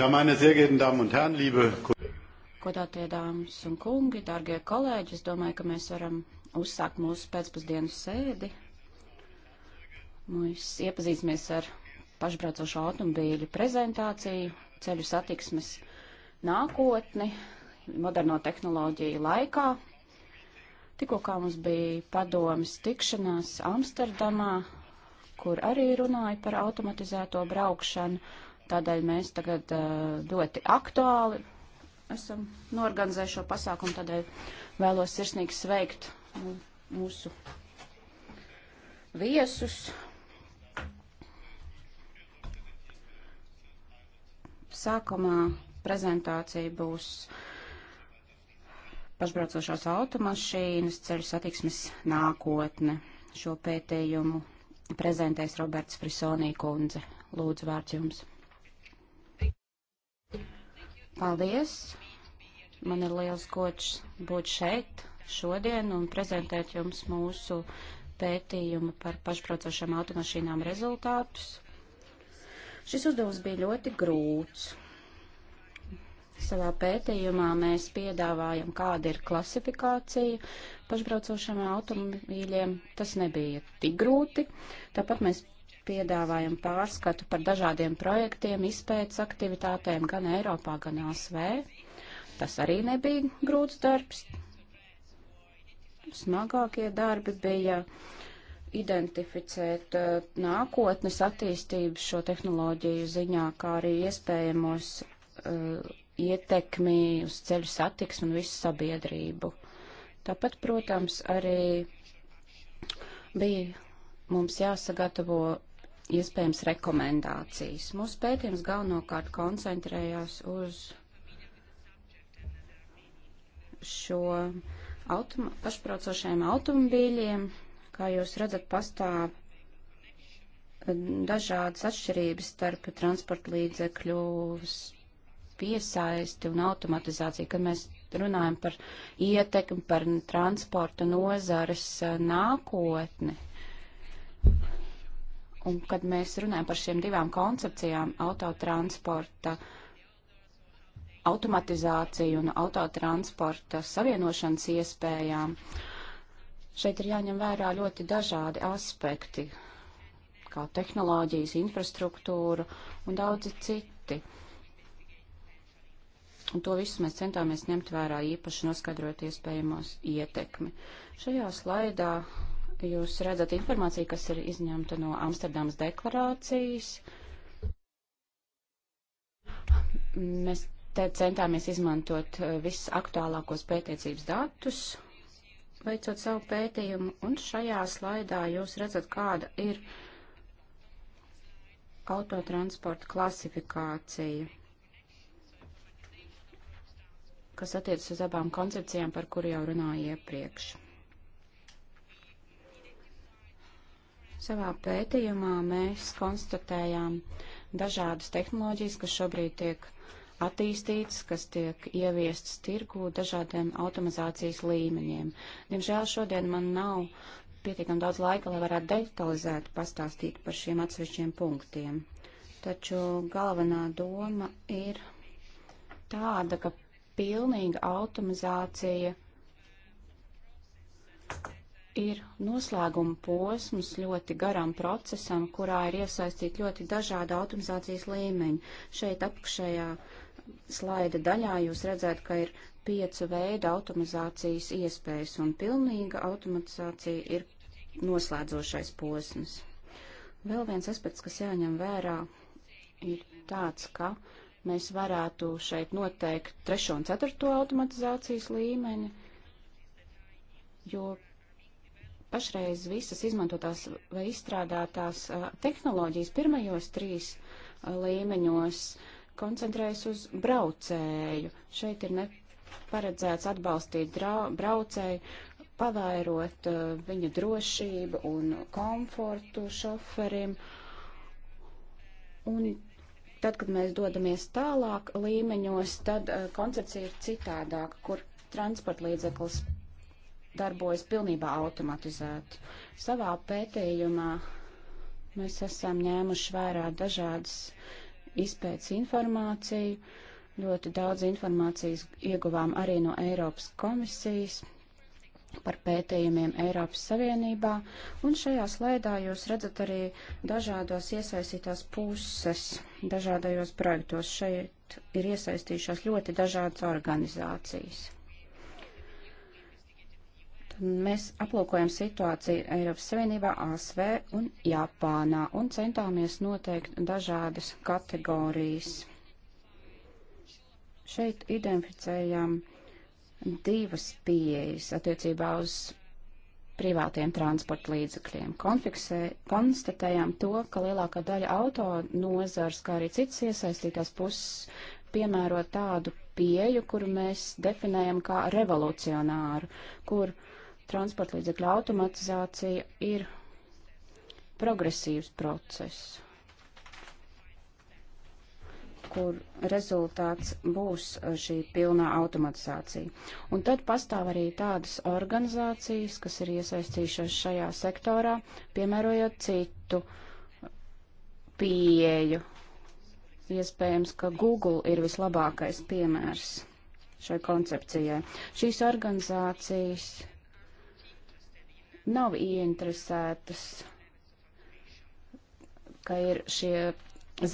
Ja, meine sehr geehrten Damen un Herren, liebe Godātie dāmas un kungi, dārgie kolēģi, es domāju, ka mēs varam uzsākt mūsu pēcpusdienas sēdi. Mēs iepazīsimies ar pašbraucošo automobīļu prezentāciju, ceļu satiksmes nākotni, moderno tehnoloģiju laikā. Tikko kā mums bija padomas tikšanās Amsterdamā, kur arī runāja par automatizēto braukšanu, Tādēļ mēs tagad ļoti aktuāli esam norganizējuši šo pasākumu, tādēļ vēlos sirsnīgi sveikt mūsu viesus. Sākumā prezentācija būs pašbraucošās automašīnas ceļu satiksmes nākotne. Šo pētījumu prezentēs Roberts Frisonī kundze. Lūdzu, vārds jums. Paldies! Man ir liels gods būt šeit šodien un prezentēt jums mūsu pētījumu par pašprocošām automašīnām rezultātus. Šis uzdevums bija ļoti grūts. Savā pētījumā mēs piedāvājam, kāda ir klasifikācija pašbraucošiem automobīļiem. Tas nebija tik grūti. Tāpat mēs piedāvājam pārskatu par dažādiem projektiem, izpētes aktivitātēm gan Eiropā, gan ASV. Tas arī nebija grūts darbs. Smagākie darbi bija identificēt uh, nākotnes attīstības šo tehnoloģiju ziņā, kā arī iespējamos uh, ietekmi uz ceļu satiksmu un visu sabiedrību. Tāpat, protams, arī bija mums jāsagatavo iespējams rekomendācijas. Mūsu pētījums galvenokārt koncentrējās uz šo automa pašprocošajiem automobīļiem. Kā jūs redzat, pastāv eh, dažādas atšķirības starp transporta līdzekļu piesaisti un automatizāciju, kad mēs runājam par ietekmi, par transporta nozares eh, nākotni. Un, kad mēs runājam par šiem divām koncepcijām, autotransporta automatizāciju un autotransporta savienošanas iespējām, šeit ir jāņem vērā ļoti dažādi aspekti, kā tehnoloģijas, infrastruktūra un daudzi citi. Un to visu mēs centāmies ņemt vērā īpaši noskaidrot iespējamos ietekmi. Šajā slaidā jūs redzat informāciju, kas ir izņemta no Amsterdamas deklarācijas. Mēs te centāmies izmantot eh, visus aktuālākos pētniecības datus, veicot savu pētījumu, un šajā slaidā jūs redzat, kāda ir autotransporta klasifikācija, kas attiecas uz abām koncepcijām, par kuru jau runāju iepriekš. Savā pētījumā mēs konstatējām dažādas tehnoloģijas, kas šobrīd tiek attīstītas, kas tiek ieviestas tirgū dažādiem automatizācijas līmeņiem. Diemžēl šodien man nav pietiekam daudz laika, lai varētu detalizēt pastāstīt par šiem atsevišķiem punktiem. Taču galvenā doma ir tāda, ka pilnīga automatizācija ir noslēguma posms ļoti garam procesam, kurā ir iesaistīti ļoti dažādi automatizācijas līmeņi. Šeit apakšējā slaida daļā jūs redzat, ka ir piecu veidu automatizācijas iespējas, un pilnīga automatizācija ir noslēdzošais posms. Vēl viens aspekts, kas jāņem vērā, ir tāds, ka mēs varētu šeit noteikt trešo un ceturto automatizācijas līmeni, jo pašreiz visas izmantotās vai izstrādātās tehnoloģijas pirmajos trīs līmeņos koncentrējas uz braucēju. Šeit ir paredzēts atbalstīt braucēju, pavairot uh, viņa drošību un komfortu šoferim. Un tad, kad mēs dodamies tālāk līmeņos, tad uh, koncepcija ir citādāka, kur transportlīdzeklis darbojas pilnībā automatizēti. Savā pētījumā mēs esam ņēmuši vērā dažādas izpētes informāciju. Ļoti daudz informācijas ieguvām arī no Eiropas komisijas par pētījumiem Eiropas Savienībā, un šajā slēdā jūs redzat arī dažādos iesaistītās puses, dažādajos projektos. Šeit ir iesaistījušās ļoti dažādas organizācijas mēs aplūkojam situāciju Eiropas Savienībā, ASV un Japānā un centāmies noteikt dažādas kategorijas. Šeit identificējam divas pieejas attiecībā uz privātiem transporta līdzekļiem. Konfiksē, konstatējām to, ka lielākā daļa auto nozars, kā arī citas iesaistītās puses, piemēro tādu pieju, kuru mēs definējam kā revolucionāru, kur uh, transporta līdzekļu automatizācija ir progresīvs process, kur rezultāts būs uh, šī pilnā automatizācija. Un tad pastāv arī tādas organizācijas, kas ir iesaistījušās šajā sektorā, piemērojot citu pieeju. Iespējams, ka Google ir vislabākais piemērs šai koncepcijai. Šīs organizācijas nav ieinteresētas, ka ir šie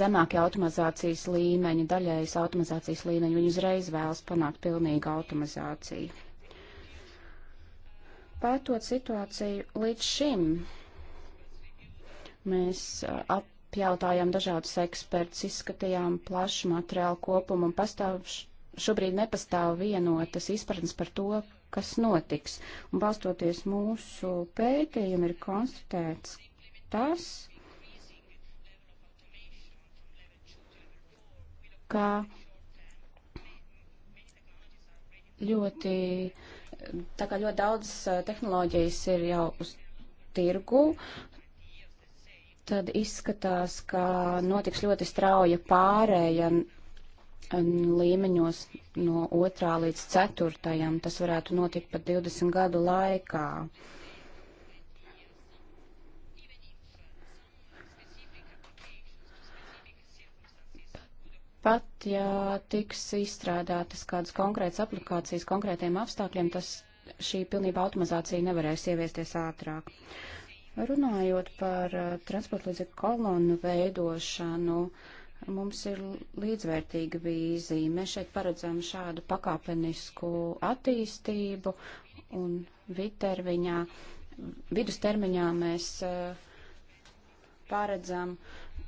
zemākie automatizācijas līmeņi, daļējas automatizācijas līmeņi, viņi uzreiz vēlas panākt pilnīgu automatizāciju. Pētot situāciju līdz šim, mēs apjautājām dažādus ekspertus, izskatījām plašu materiālu kopumu un pastāv, šobrīd nepastāv vienotas izpratnes par to, kas notiks. Un balstoties mūsu pētījumu ir konstatēts tas, ka ļoti, tā kā ļoti daudz tehnoloģijas ir jau uz tirgu, tad izskatās, ka notiks ļoti strauja pārēja līmeņos no 2. līdz 4. Tas varētu notikt pat 20 gadu laikā. Pat ja tiks izstrādātas kādas konkrētas aplikācijas konkrētiem apstākļiem, tas šī pilnība automatizācija nevarēs ieviesties ātrāk. Runājot par eh, transportlīdzekļu kolonu veidošanu, uh, Mums ir līdzvērtīga vīzija. Mēs šeit paredzam šādu pakāpenisku attīstību un vidtermiņā, vidustermiņā mēs eh, paredzam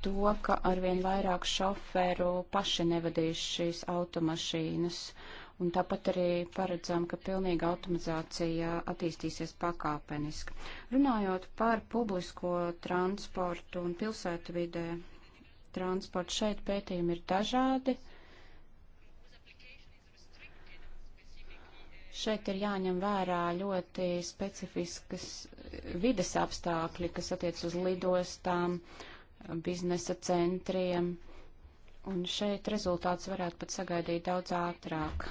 to, ka arvien vairāk šoferu paši nevadīs šīs automašīnas. Un tāpat arī paredzam, ka pilnīga automatizācija attīstīsies pakāpeniski. Runājot par publisko transportu un pilsētu vidē, transportu. Šeit pētījumi ir dažādi. Šeit ir jāņem vērā ļoti specifiskas vides apstākļi, kas attiec uz lidostām, biznesa centriem, un šeit rezultāts varētu pat sagaidīt daudz ātrāk.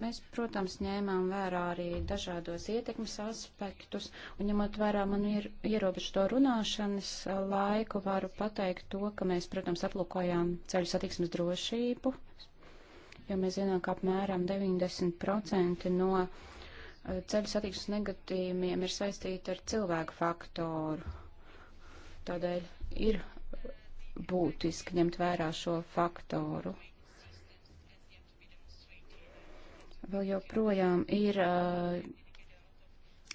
Mēs, protams, ņēmām vērā arī dažādos ietekmes aspektus, un ņemot vērā man ir ierobežoto runāšanas laiku, varu pateikt to, ka mēs, protams, aplūkojām ceļu satiksmes drošību, jo mēs zinām, ka apmēram 90% no ceļu satiksmes negadījumiem ir saistīti ar cilvēku faktoru. Tādēļ ir būtiski ņemt vērā šo faktoru. Vēl joprojām ir uh,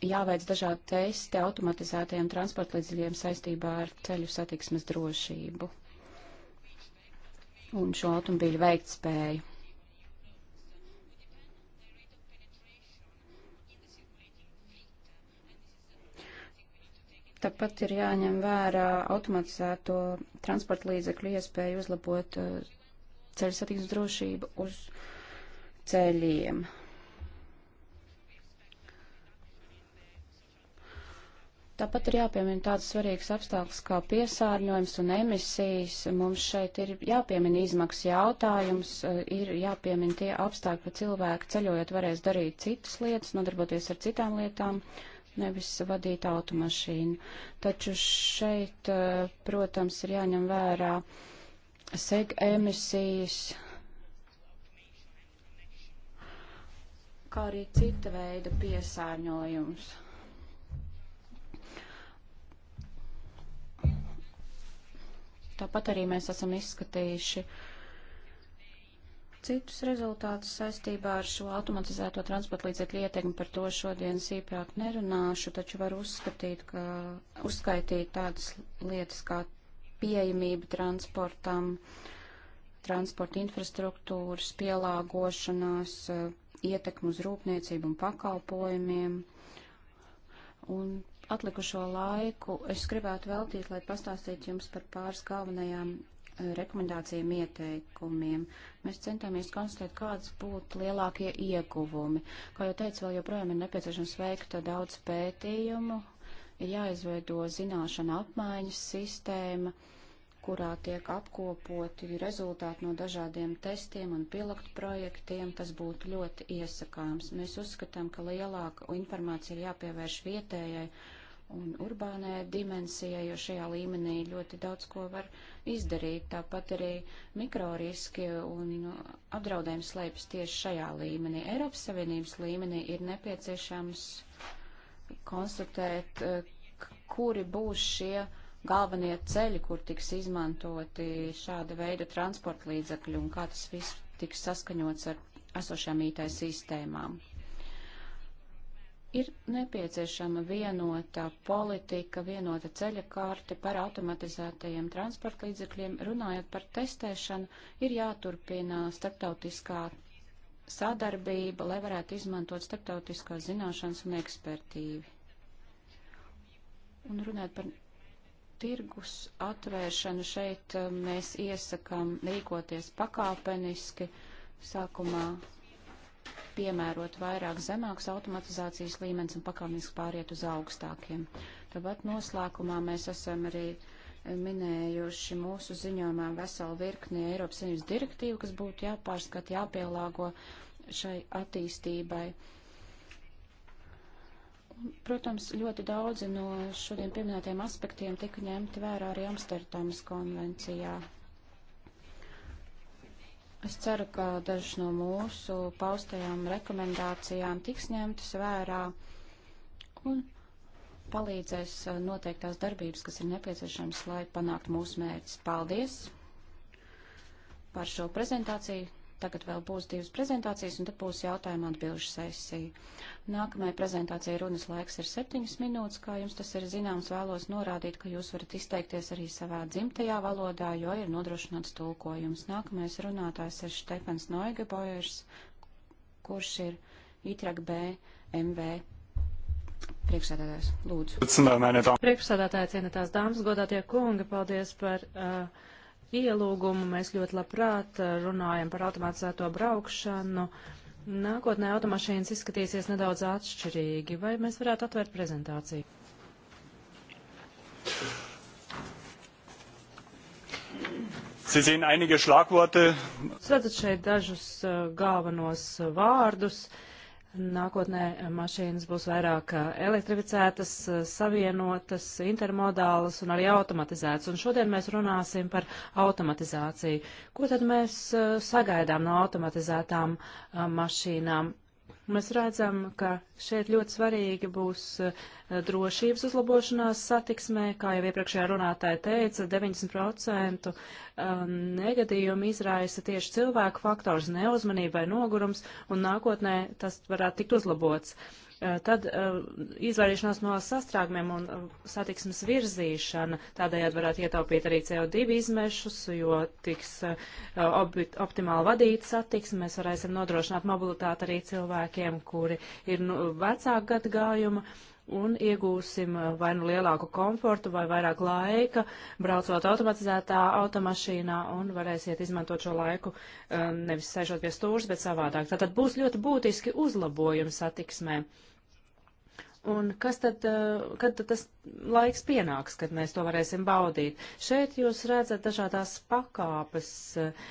jāveic dažādi testi automatizētajiem transportlīdzekļiem saistībā ar ceļu satiksmes drošību un šo automobīļu veiktspēju. Tāpat ir jāņem vērā automatizēto transportlīdzekļu iespēju uzlabot ceļu satiksmes drošību uz uh, ceļiem. Tāpat ir jāpiemina tāds svarīgs apstākļs kā piesārņojums un emisijas. Mums šeit ir jāpiemina izmaksu jautājums, ir jāpiemina tie apstākļi, ka cilvēki ceļojot varēs darīt citas lietas, nodarboties ar citām lietām, nevis vadīt automašīnu. Taču šeit, eh, protams, ir jāņem vērā seg emisijas kā arī cita veida piesārņojums. Tāpat arī mēs esam izskatījuši citus rezultātus saistībā ar šo automatizēto transporta līdzekļu ietekmi. Par to šodien sīkāk nerunāšu, taču var uzskatīt, ka uzskaitīt tādas lietas kā pieejamība transportam, transporta infrastruktūras pielāgošanās, ietekmu uz rūpniecību un pakalpojumiem. Un atlikušo laiku es gribētu veltīt, lai pastāstītu jums par pāris galvenajām eh, rekomendācijām, ieteikumiem. Mēs centāmies konstatēt, kādas būtu lielākie ieguvumi. Kā jau teicu, vēl joprojām ir nepieciešams veikt daudz pētījumu, ir jāizveido zināšana apmaiņas sistēma. Uh, kurā tiek apkopoti rezultāti no dažādiem testiem un pilotu projektiem, tas būtu ļoti iesakāms. Mēs uzskatām, ka lielāka informācija ir jāpievērš vietējai un urbānajai dimensijai, jo šajā līmenī ļoti daudz ko var izdarīt. Tāpat arī mikroriski un apdraudējums slēpjas tieši šajā līmenī. Eiropas Savienības līmenī ir nepieciešams konstatēt, eh, kuri būs šie galvenie ceļi, kur tiks izmantoti šāda veida transporta līdzakļi un kā tas viss tiks saskaņots ar esošām IT sistēmām. Ir nepieciešama vienota politika, vienota ceļa kārte par automatizētajiem transporta līdzekļiem. Runājot par testēšanu, ir jāturpina starptautiskā sadarbība, lai varētu izmantot starptautiskās zināšanas un ekspertīvi. Un runāt par tirgus atvēršanu šeit eh, mēs iesakām rīkoties pakāpeniski, sākumā piemērot vairāk zemāks automatizācijas līmenis un pakāpeniski pāriet uz augstākiem. Tāpat noslēgumā mēs esam arī minējuši mūsu ziņojumā veselu virkni Eiropas Savienības direktīvu, kas būtu jāpārskat, jāpielāgo šai attīstībai. Uh, Protams, ļoti daudzi no šodien pieminētiem aspektiem tika ņemti vērā arī Amsterdamas konvencijā. Es ceru, ka dažas no mūsu paustajām rekomendācijām tiks ņemtas vērā un palīdzēs noteikt tās darbības, kas ir nepieciešams, lai panāktu mūsu mērķis. Paldies par šo prezentāciju. Tagad vēl būs divas prezentācijas, un tad būs jautājuma atbilžu sesija. Nākamajai prezentācijai runas laiks ir septiņas minūtes. Kā jums tas ir zināms, vēlos norādīt, ka jūs varat izteikties arī savā dzimtajā valodā, jo ir nodrošināts tulkojums. Nākamais runātājs ir Štefans Noigebojers, kurš ir ITRAK B MV Priekšsēdētājs, lūdzu. Priekšsēdētāji, cienītās dāmas, godātie kungi, paldies par uh, ielūgumu. Mēs ļoti labprāt eh, runājam par automatizēto braukšanu. Nākotnē automašīnas izskatīsies nedaudz atšķirīgi. Vai mēs varētu atvērt prezentāciju? Sie sehen einige Schlagworte. Es redzat šeit dažus eh, galvenos eh, vārdus. Uh, Nākotnē mašīnas būs vairāk eh, elektrificētas, eh, savienotas, intermodālas un arī automatizētas. Un šodien mēs runāsim par automatizāciju. Ko tad mēs eh, sagaidām no automatizētām mašīnām? Mēs redzam, ka šeit ļoti svarīgi būs eh, drošības uzlabošanās satiksmē, kā jau iepriekšējā runātāja teica, 90% um, negadījumu izraisa tieši cilvēku faktors, neuzmanība vai nogurums, un nākotnē tas varētu tikt uzlabots. Eh, tad uh, izvairīšanās no sastrāgumiem un uh, satiksmes virzīšana, tādējādi varētu ietaupīt arī CO2 izmešus, jo tiks uh, ob optimāli vadīta satiksme, mēs varēsim nodrošināt mobilitāti arī cilvēkiem, kuri ir nu, vecāka gadgājuma. Un iegūsim vai nu lielāku komfortu, vai vairāk laika, braucot automatizētā automašīnā, un varēsiet izmantot šo laiku nevis sēžot pie stūrs, bet savādāk. Tātad būs ļoti būtiski uzlabojumi satiksmē. Uh, Un kas tad, eh, kad tad tas laiks pienāks, kad mēs to varēsim baudīt? Šeit jūs redzat dažādās pakāpes eh,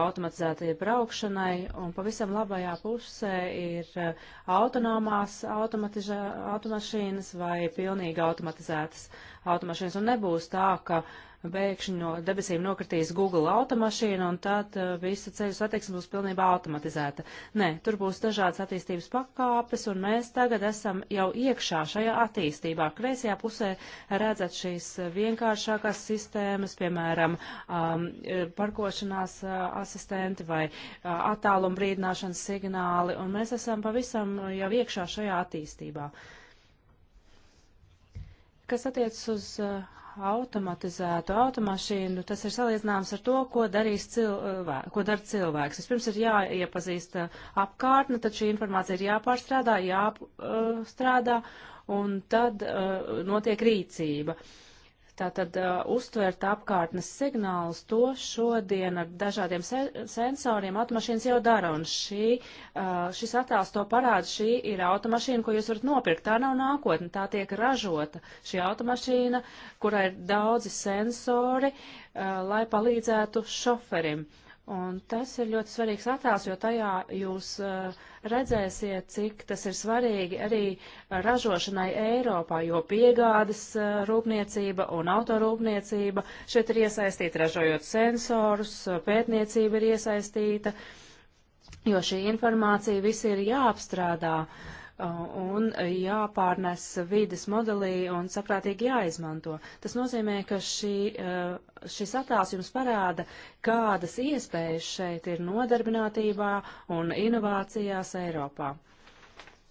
automatizētajai braukšanai, un pavisam labajā pusē ir eh, autonomās automašīnas vai pilnīgi automatizētas automašīnas, un nebūs tā, ka uh, pēkšņi no debesīm nokritīs Google automašīna un tad uh, visa ceļu satiksme būs pilnībā automatizēta. Nē, tur būs dažādas attīstības pakāpes un mēs tagad esam jau iekšā šajā attīstībā. Kreisajā pusē redzat šīs eh, vienkāršākās sistēmas, piemēram, um, eh, parkošanās uh, asistenti vai uh, attāluma brīdināšanas signāli un mēs esam pavisam jau iekšā šajā attīstībā. Kas attiecas uz uh, automatizētu automašīnu, tas ir salīdzināms ar to, ko, cilvē, ko dara cilvēks. Vispirms ir jāiepazīst uh, apkārtne, tad šī informācija ir jāpārstrādā, jāstrādā, uh, un tad uh, notiek rīcība. Uh, Tātad uh, uztvērt apkārtnes signālus, to šodien ar dažādiem se sensoriem automašīnas jau dara, un šī, uh, šis attēls to parāda, šī ir automašīna, ko jūs varat nopirkt, tā nav nākotne, tā tiek ražota, šī automašīna, kurā ir daudzi sensori, uh, lai palīdzētu šoferim. Uh, Un tas ir ļoti svarīgs attēls, jo tajā jūs uh, redzēsiet, cik tas ir svarīgi arī ražošanai Eiropā, jo piegādes uh, rūpniecība un autorūpniecība šeit ir iesaistīta, ražojot sensorus, eh, pētniecība ir iesaistīta, jo šī informācija visi ir jāapstrādā. Uh, un jāpārnes vīdes modelī un saprātīgi jāizmanto. Tas nozīmē, ka šī, eh, šis attēls jums parāda, kādas iespējas šeit ir nodarbinātībā un inovācijās Eiropā.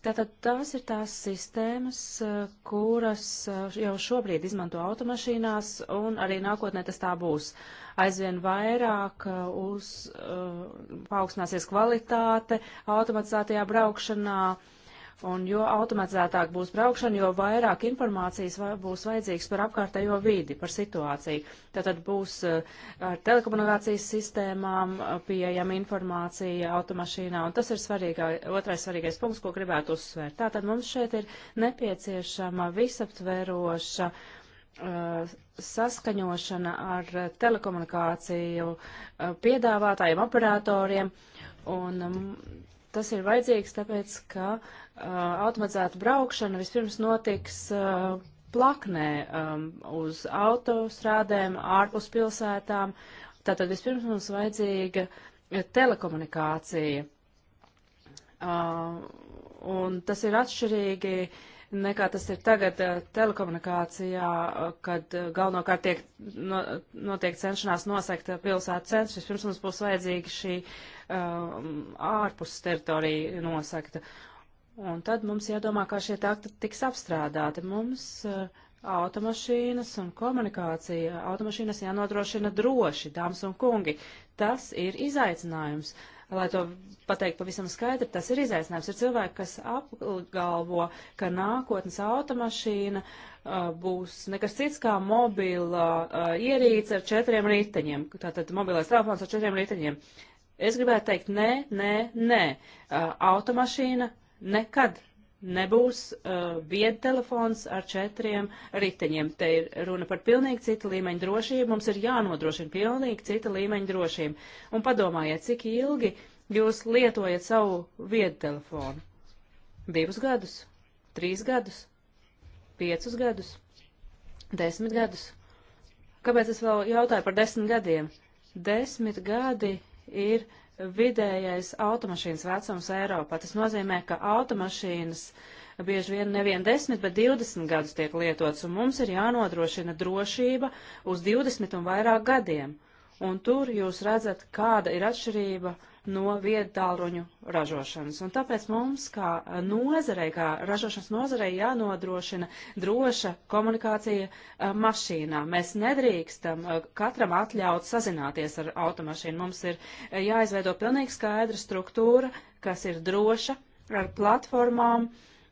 Tātad tās ir tās sistēmas, eh, kuras eh, jau šobrīd izmanto automašīnās, un arī nākotnē tas tā būs. Aizvien vairāk uz, paaugstināsies kvalitāte automatizētajā braukšanā, uh, Un jo automatizētāk būs braukšana, jo vairāk informācijas va būs vajadzīgs par apkārtējo vidi, par situāciju. Tātad būs eh, ar telekomunikācijas sistēmām eh, pieejama informācija automašīnā, un tas ir svarīgā, otrais svarīgais punkts, ko gribētu uzsvērt. Tātad mums šeit ir nepieciešama visaptveroša uh, saskaņošana ar telekomunikāciju uh, piedāvātājiem, operatoriem, un um, tas ir vajadzīgs tāpēc, ka uh, Uh, automatizēta braukšana vispirms notiks uh, plaknē um, uz autostrādēm, ārpus pilsētām. Tātad vispirms mums vajadzīga telekomunikācija. Uh, un tas ir atšķirīgi nekā tas ir tagad telekomunikācijā, kad galvenokārt tiek no, notiek cenšanās nosegt pilsētu centrus. Vispirms mums būs vajadzīga šī um, ārpus teritorija nosegta. Uh, Un tad mums jādomā, kā šie akti tiks apstrādāti. Mums uh, automašīnas un komunikācija. Automašīnas jānodrošina droši, dāmas un kungi. Tas ir izaicinājums. Lai to pateikt pavisam skaidri, tas ir izaicinājums. Ir cilvēki, kas apgalvo, ka nākotnes automašīna uh, būs nekas cits kā mobila uh, ierīce ar četriem riteņiem. Tātad mobilais telefons ar četriem riteņiem. Es gribētu teikt, nē, nē, nē. Uh, automašīna nekad nebūs uh, viedtelefons ar četriem riteņiem. Te ir runa par pilnīgi cita līmeņa drošību. Mums ir jānodrošina pilnīgi cita līmeņa drošība. Un padomājiet, cik ilgi jūs lietojat savu viedtelefonu. Divus gadus, trīs gadus, piecus gadus, desmit gadus. Kāpēc es vēl jautāju par desmit gadiem? Desmit gadi ir uh, vidējais automašīnas vecums Eiropā. Tas nozīmē, ka automašīnas bieži vien nevien 10, bet 20 gadus tiek lietots, un mums ir jānodrošina drošība uz 20 un vairāk gadiem. Un tur jūs redzat, kāda ir atšķirība uh, no viedu tālruņu ražošanas. Un tāpēc mums, kā nozarei, kā ražošanas nozarei, jānodrošina droša komunikācija a, eh, mašīnā. Mēs nedrīkstam a, eh, katram atļaut sazināties ar automašīnu. Mums ir a, eh, jāizveido pilnīgi skaidra struktūra, kas ir droša ar platformām.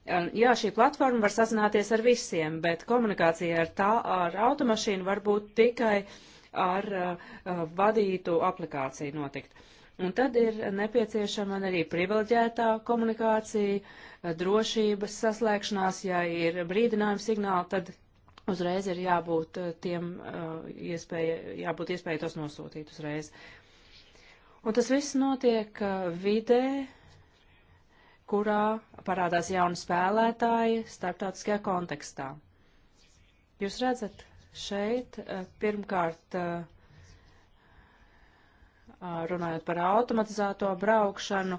Jā, šī platforma var sazināties ar visiem, bet komunikācija ar, tā, ar automašīnu var būt tikai ar uh, vadītu aplikāciju notikt. Uh, Un tad ir nepieciešama arī privileģētā komunikācija, drošības saslēgšanās, ja ir brīdinājuma signāli, tad uzreiz ir jābūt uh, tiem, uh, iespēja, jābūt iespēja tos nosūtīt uzreiz. Un tas viss notiek uh, vidē, kurā parādās jauni spēlētāji starptautiskajā kontekstā. Jūs redzat šeit pirmkārt runājot par automatizēto braukšanu,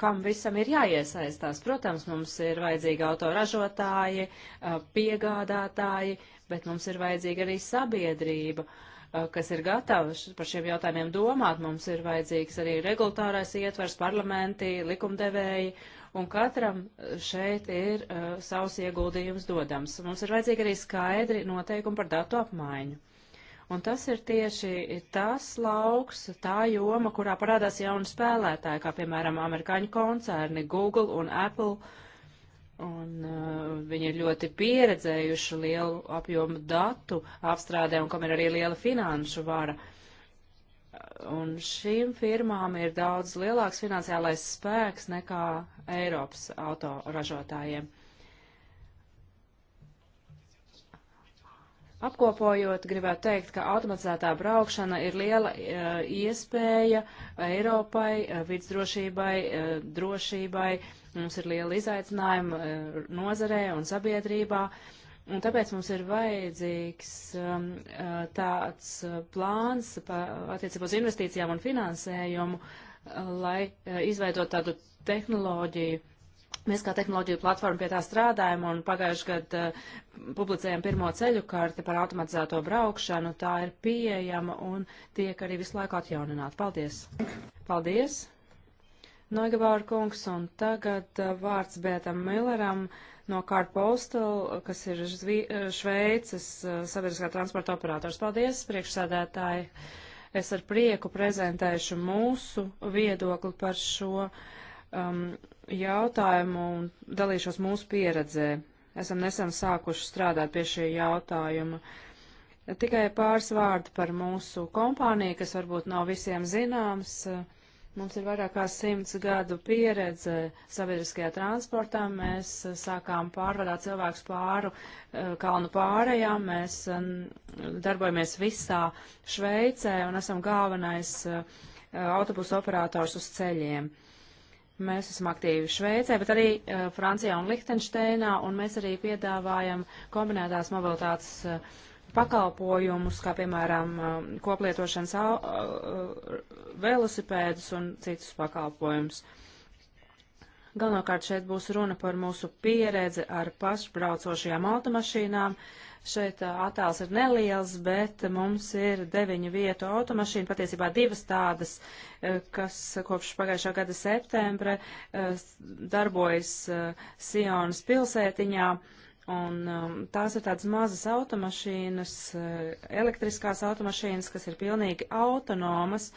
kam visam ir jāiesaistās. Protams, mums ir vajadzīgi autoražotāji, piegādātāji, bet mums ir vajadzīga arī sabiedrība, kas ir gatava par šiem jautājumiem domāt. Mums ir vajadzīgs arī regulatārais ietvers, parlamenti, likumdevēji, un katram šeit ir uh, savs ieguldījums dodams. Mums ir vajadzīgi arī skaidri noteikumi par datu apmaiņu. Un tas ir tieši tas lauks, tā joma, kurā parādās jauni spēlētāji, kā piemēram amerikāņu koncerni Google un Apple. Un, uh, viņi ir ļoti pieredzējuši lielu apjomu datu apstrādē un kam ir arī liela finanšu vara. Un šīm firmām ir daudz lielāks finansiālais spēks nekā Eiropas autoražotājiem. Apkopojot, gribētu teikt, ka automatizētā braukšana ir liela uh, iespēja Eiropai, uh, vidsdrošībai, uh, drošībai. Mums ir liela izaicinājuma uh, nozarē un sabiedrībā. Un tāpēc mums ir vajadzīgs um, tāds plāns attiecībā uz investīcijām un finansējumu, uh, lai uh, izveidot tādu tehnoloģiju Mēs kā tehnoloģiju platforma pie tā strādājam un pagājuši gadu uh, eh, publicējam pirmo ceļu karti par automatizēto braukšanu. Tā ir pieejama un tiek arī visu laiku atjaunināta. Paldies! Paldies! Noigavāra kungs un tagad uh, vārds Bētam Milleram no Car Postal, kas ir Žvi eh, Šveices uh, sabiedriskā transporta operators. Paldies, priekšsēdētāji! Es ar prieku prezentēšu mūsu viedokli par šo. Uh, um, jautājumu un dalīšos mūsu pieredzē. Esam nesen sākuši strādāt pie šī jautājuma. Tikai pāris vārdi par mūsu kompāniju, kas varbūt nav visiem zināms. Mums ir vairāk kā simts gadu pieredze sabiedriskajā transportā. Mēs sākām pārvadāt cilvēkus pāru uh, kalnu pārējām. Mēs um, darbojamies visā Šveicē un esam galvenais uh, autobusu operators uz ceļiem. Uh, Mēs esam aktīvi Šveicē, bet arī uh, Francijā un Lihtenšteinā, un mēs arī piedāvājam kombinētās mobilitātes uh, pakalpojumus, kā piemēram uh, koplietošanas uh, velosipēdus un citus pakalpojumus. Galvenokārt šeit būs runa par mūsu pieredzi ar pašbraucošajām automašīnām, uh, Šeit attēls ir neliels, bet mums ir deviņu vietu automašīna, patiesībā divas tādas, kas kopš pagājušā gada septembra darbojas Sionas pilsētiņā. Un um, tās ir tādas mazas automašīnas, elektriskās automašīnas, kas ir pilnīgi autonomas,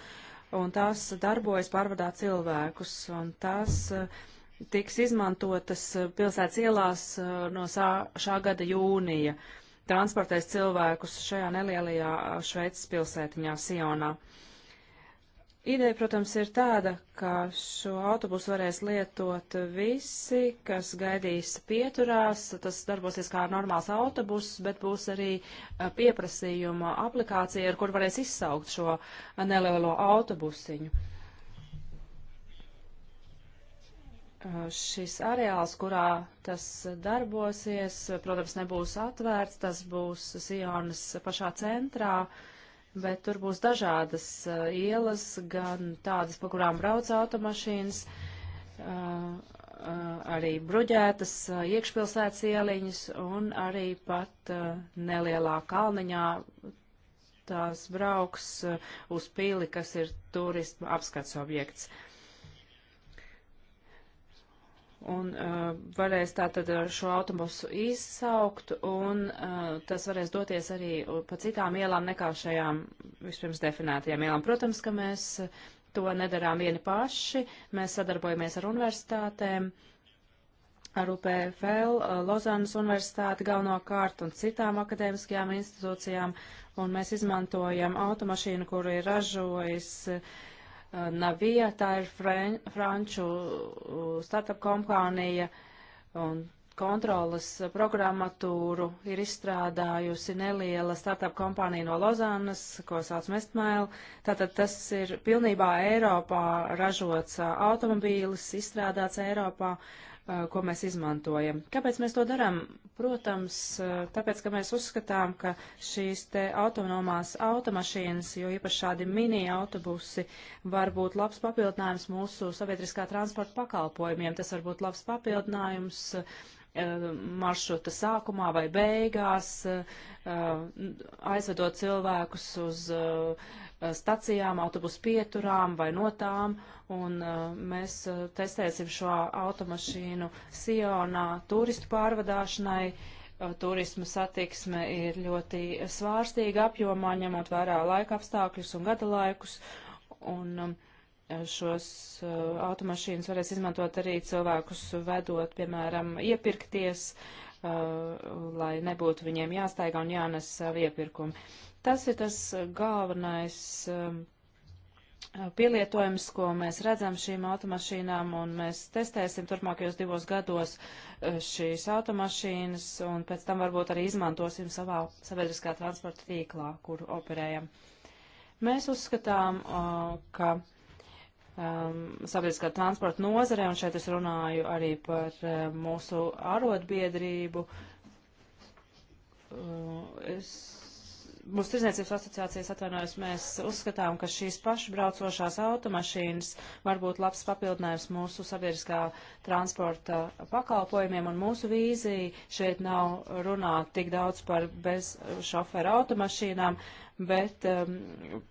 un tās darbojas pārvadā cilvēkus. Un tās uh, tiks izmantotas pilsētas ielās uh, no sā, šā gada jūnija. Uh, transportēs cilvēkus šajā nelielajā Šveices pilsētiņā Sionā. Ideja, protams, ir tāda, ka šo autobusu varēs lietot visi, kas gaidīs pieturās. Tas darbosies kā normāls autobuss, bet būs arī pieprasījuma aplikācija, ar kur varēs izsaukt šo nelielo autobusiņu. Uh, šis areāls, kurā tas darbosies, protams, nebūs atvērts, tas būs Sionas pašā centrā, bet tur būs dažādas uh, ielas, gan tādas, pa kurām brauc automašīnas, uh, uh, arī bruģētas uh, iekšpilsētas ieliņas un arī pat uh, nelielā kalniņā tās brauks uz pili, kas ir turisma apskats objekts. Un uh, varēs tātad šo autobusu izsaukt, un uh, tas varēs doties arī pa citām ielām nekā šajām vispirms definētajām ielām. Protams, ka mēs uh, to nedarām vieni paši, mēs sadarbojamies ar universitātēm, ar UPFL, uh, Lozanas universitāti galvenokārt un citām akadēmiskajām institūcijām, un mēs izmantojam automašīnu, kuru ir ražojis. Uh, Navija, tā ir fren, franču startup kompānija, un kontrolas programmatūru ir izstrādājusi neliela startup kompānija no Lozānas, ko sauc Mestmail. Tātad tas ir pilnībā Eiropā ražots automobīlis, izstrādāts Eiropā, uh, ko mēs izmantojam. Kāpēc mēs to darām? Protams, tāpēc, ka mēs uzskatām, ka šīs te autonomās automašīnas, jo īpaši šādi mini autobusi, var būt labs papildinājums mūsu sabiedriskā transporta pakalpojumiem. Tas var būt labs papildinājums maršruta sākumā vai beigās, aizvedot cilvēkus uz uh, Eh, stacijām, autobusu pieturām vai no tām, un eh, mēs eh, testēsim šo automašīnu Sionā turistu pārvadāšanai. Turisma satiksme ir ļoti svārstīga apjomā, ņemot vērā laika apstākļus un gada laikus, un um, šos automašīnas varēs izmantot arī cilvēkus vedot, piemēram, iepirkties, uh, Uh, lai nebūtu viņiem jāstaigā un jānes savu iepirkumu. Tas ir tas galvenais um, uh, pielietojums, ko mēs redzam šīm automašīnām, un mēs testēsim turpmākajos divos gados uh, šīs automašīnas, un pēc tam varbūt arī izmantosim savā sabiedriskā transporta tīklā, kur operējam. Mēs uzskatām, ka um, sabiedriskā transporta nozare, un šeit es runāju arī par uh, mūsu arotbiedrību. Uh, es, mūsu tirzniecības asociācijas atvainojas, mēs uzskatām, ka šīs pašbraucošās automašīnas var būt labs papildinājums mūsu sabiedriskā transporta pakalpojumiem, un mūsu vīzija šeit nav runāt tik daudz par bez šoferu automašīnām, bet um,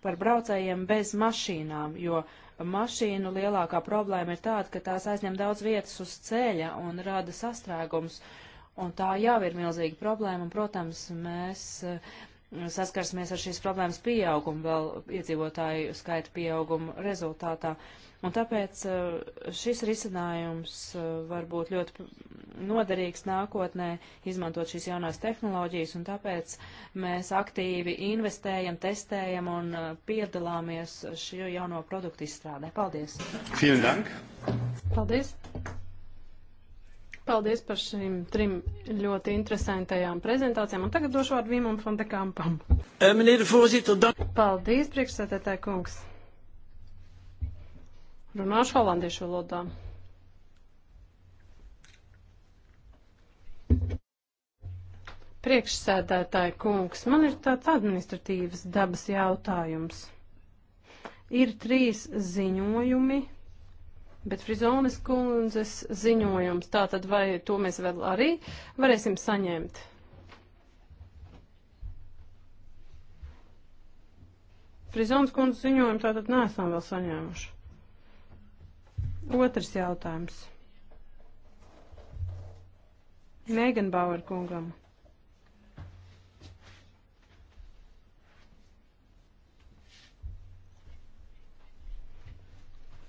par braucējiem bez mašīnām, jo uh, mašīnu lielākā problēma ir tāda, ka tās aizņem daudz vietas uz ceļa un rada sastrēgums. Un tā jau ir milzīga problēma, un, protams, mēs uh, saskarsimies ar šīs problēmas pieaugumu, vēl iedzīvotāju skaita pieaugumu rezultātā. Un tāpēc uh, šis risinājums uh, var būt ļoti noderīgs nākotnē, izmantot šīs jaunās tehnoloģijas, un tāpēc mēs aktīvi investējam, testējam un uh, piedalāmies šo jauno produktu izstrādē. Paldies! Paldies! Paldies par šīm trim ļoti interesantajām prezentācijām. Un tagad došu vārdu Vimam Fondekampam. Eh, Paldies, priekšsēdētāji kungs. Runāšu holandiešu valodā. Priekšsēdētāji kungs, man ir tāds administratīvas dabas jautājums. Ir trīs ziņojumi Bet Frizonas kundzes ziņojums, tātad vai to mēs vēl arī varēsim saņemt? Frizonas kundzes ziņojumu tātad neesam vēl saņēmuši. Otrs jautājums. Megan Bauer kungam.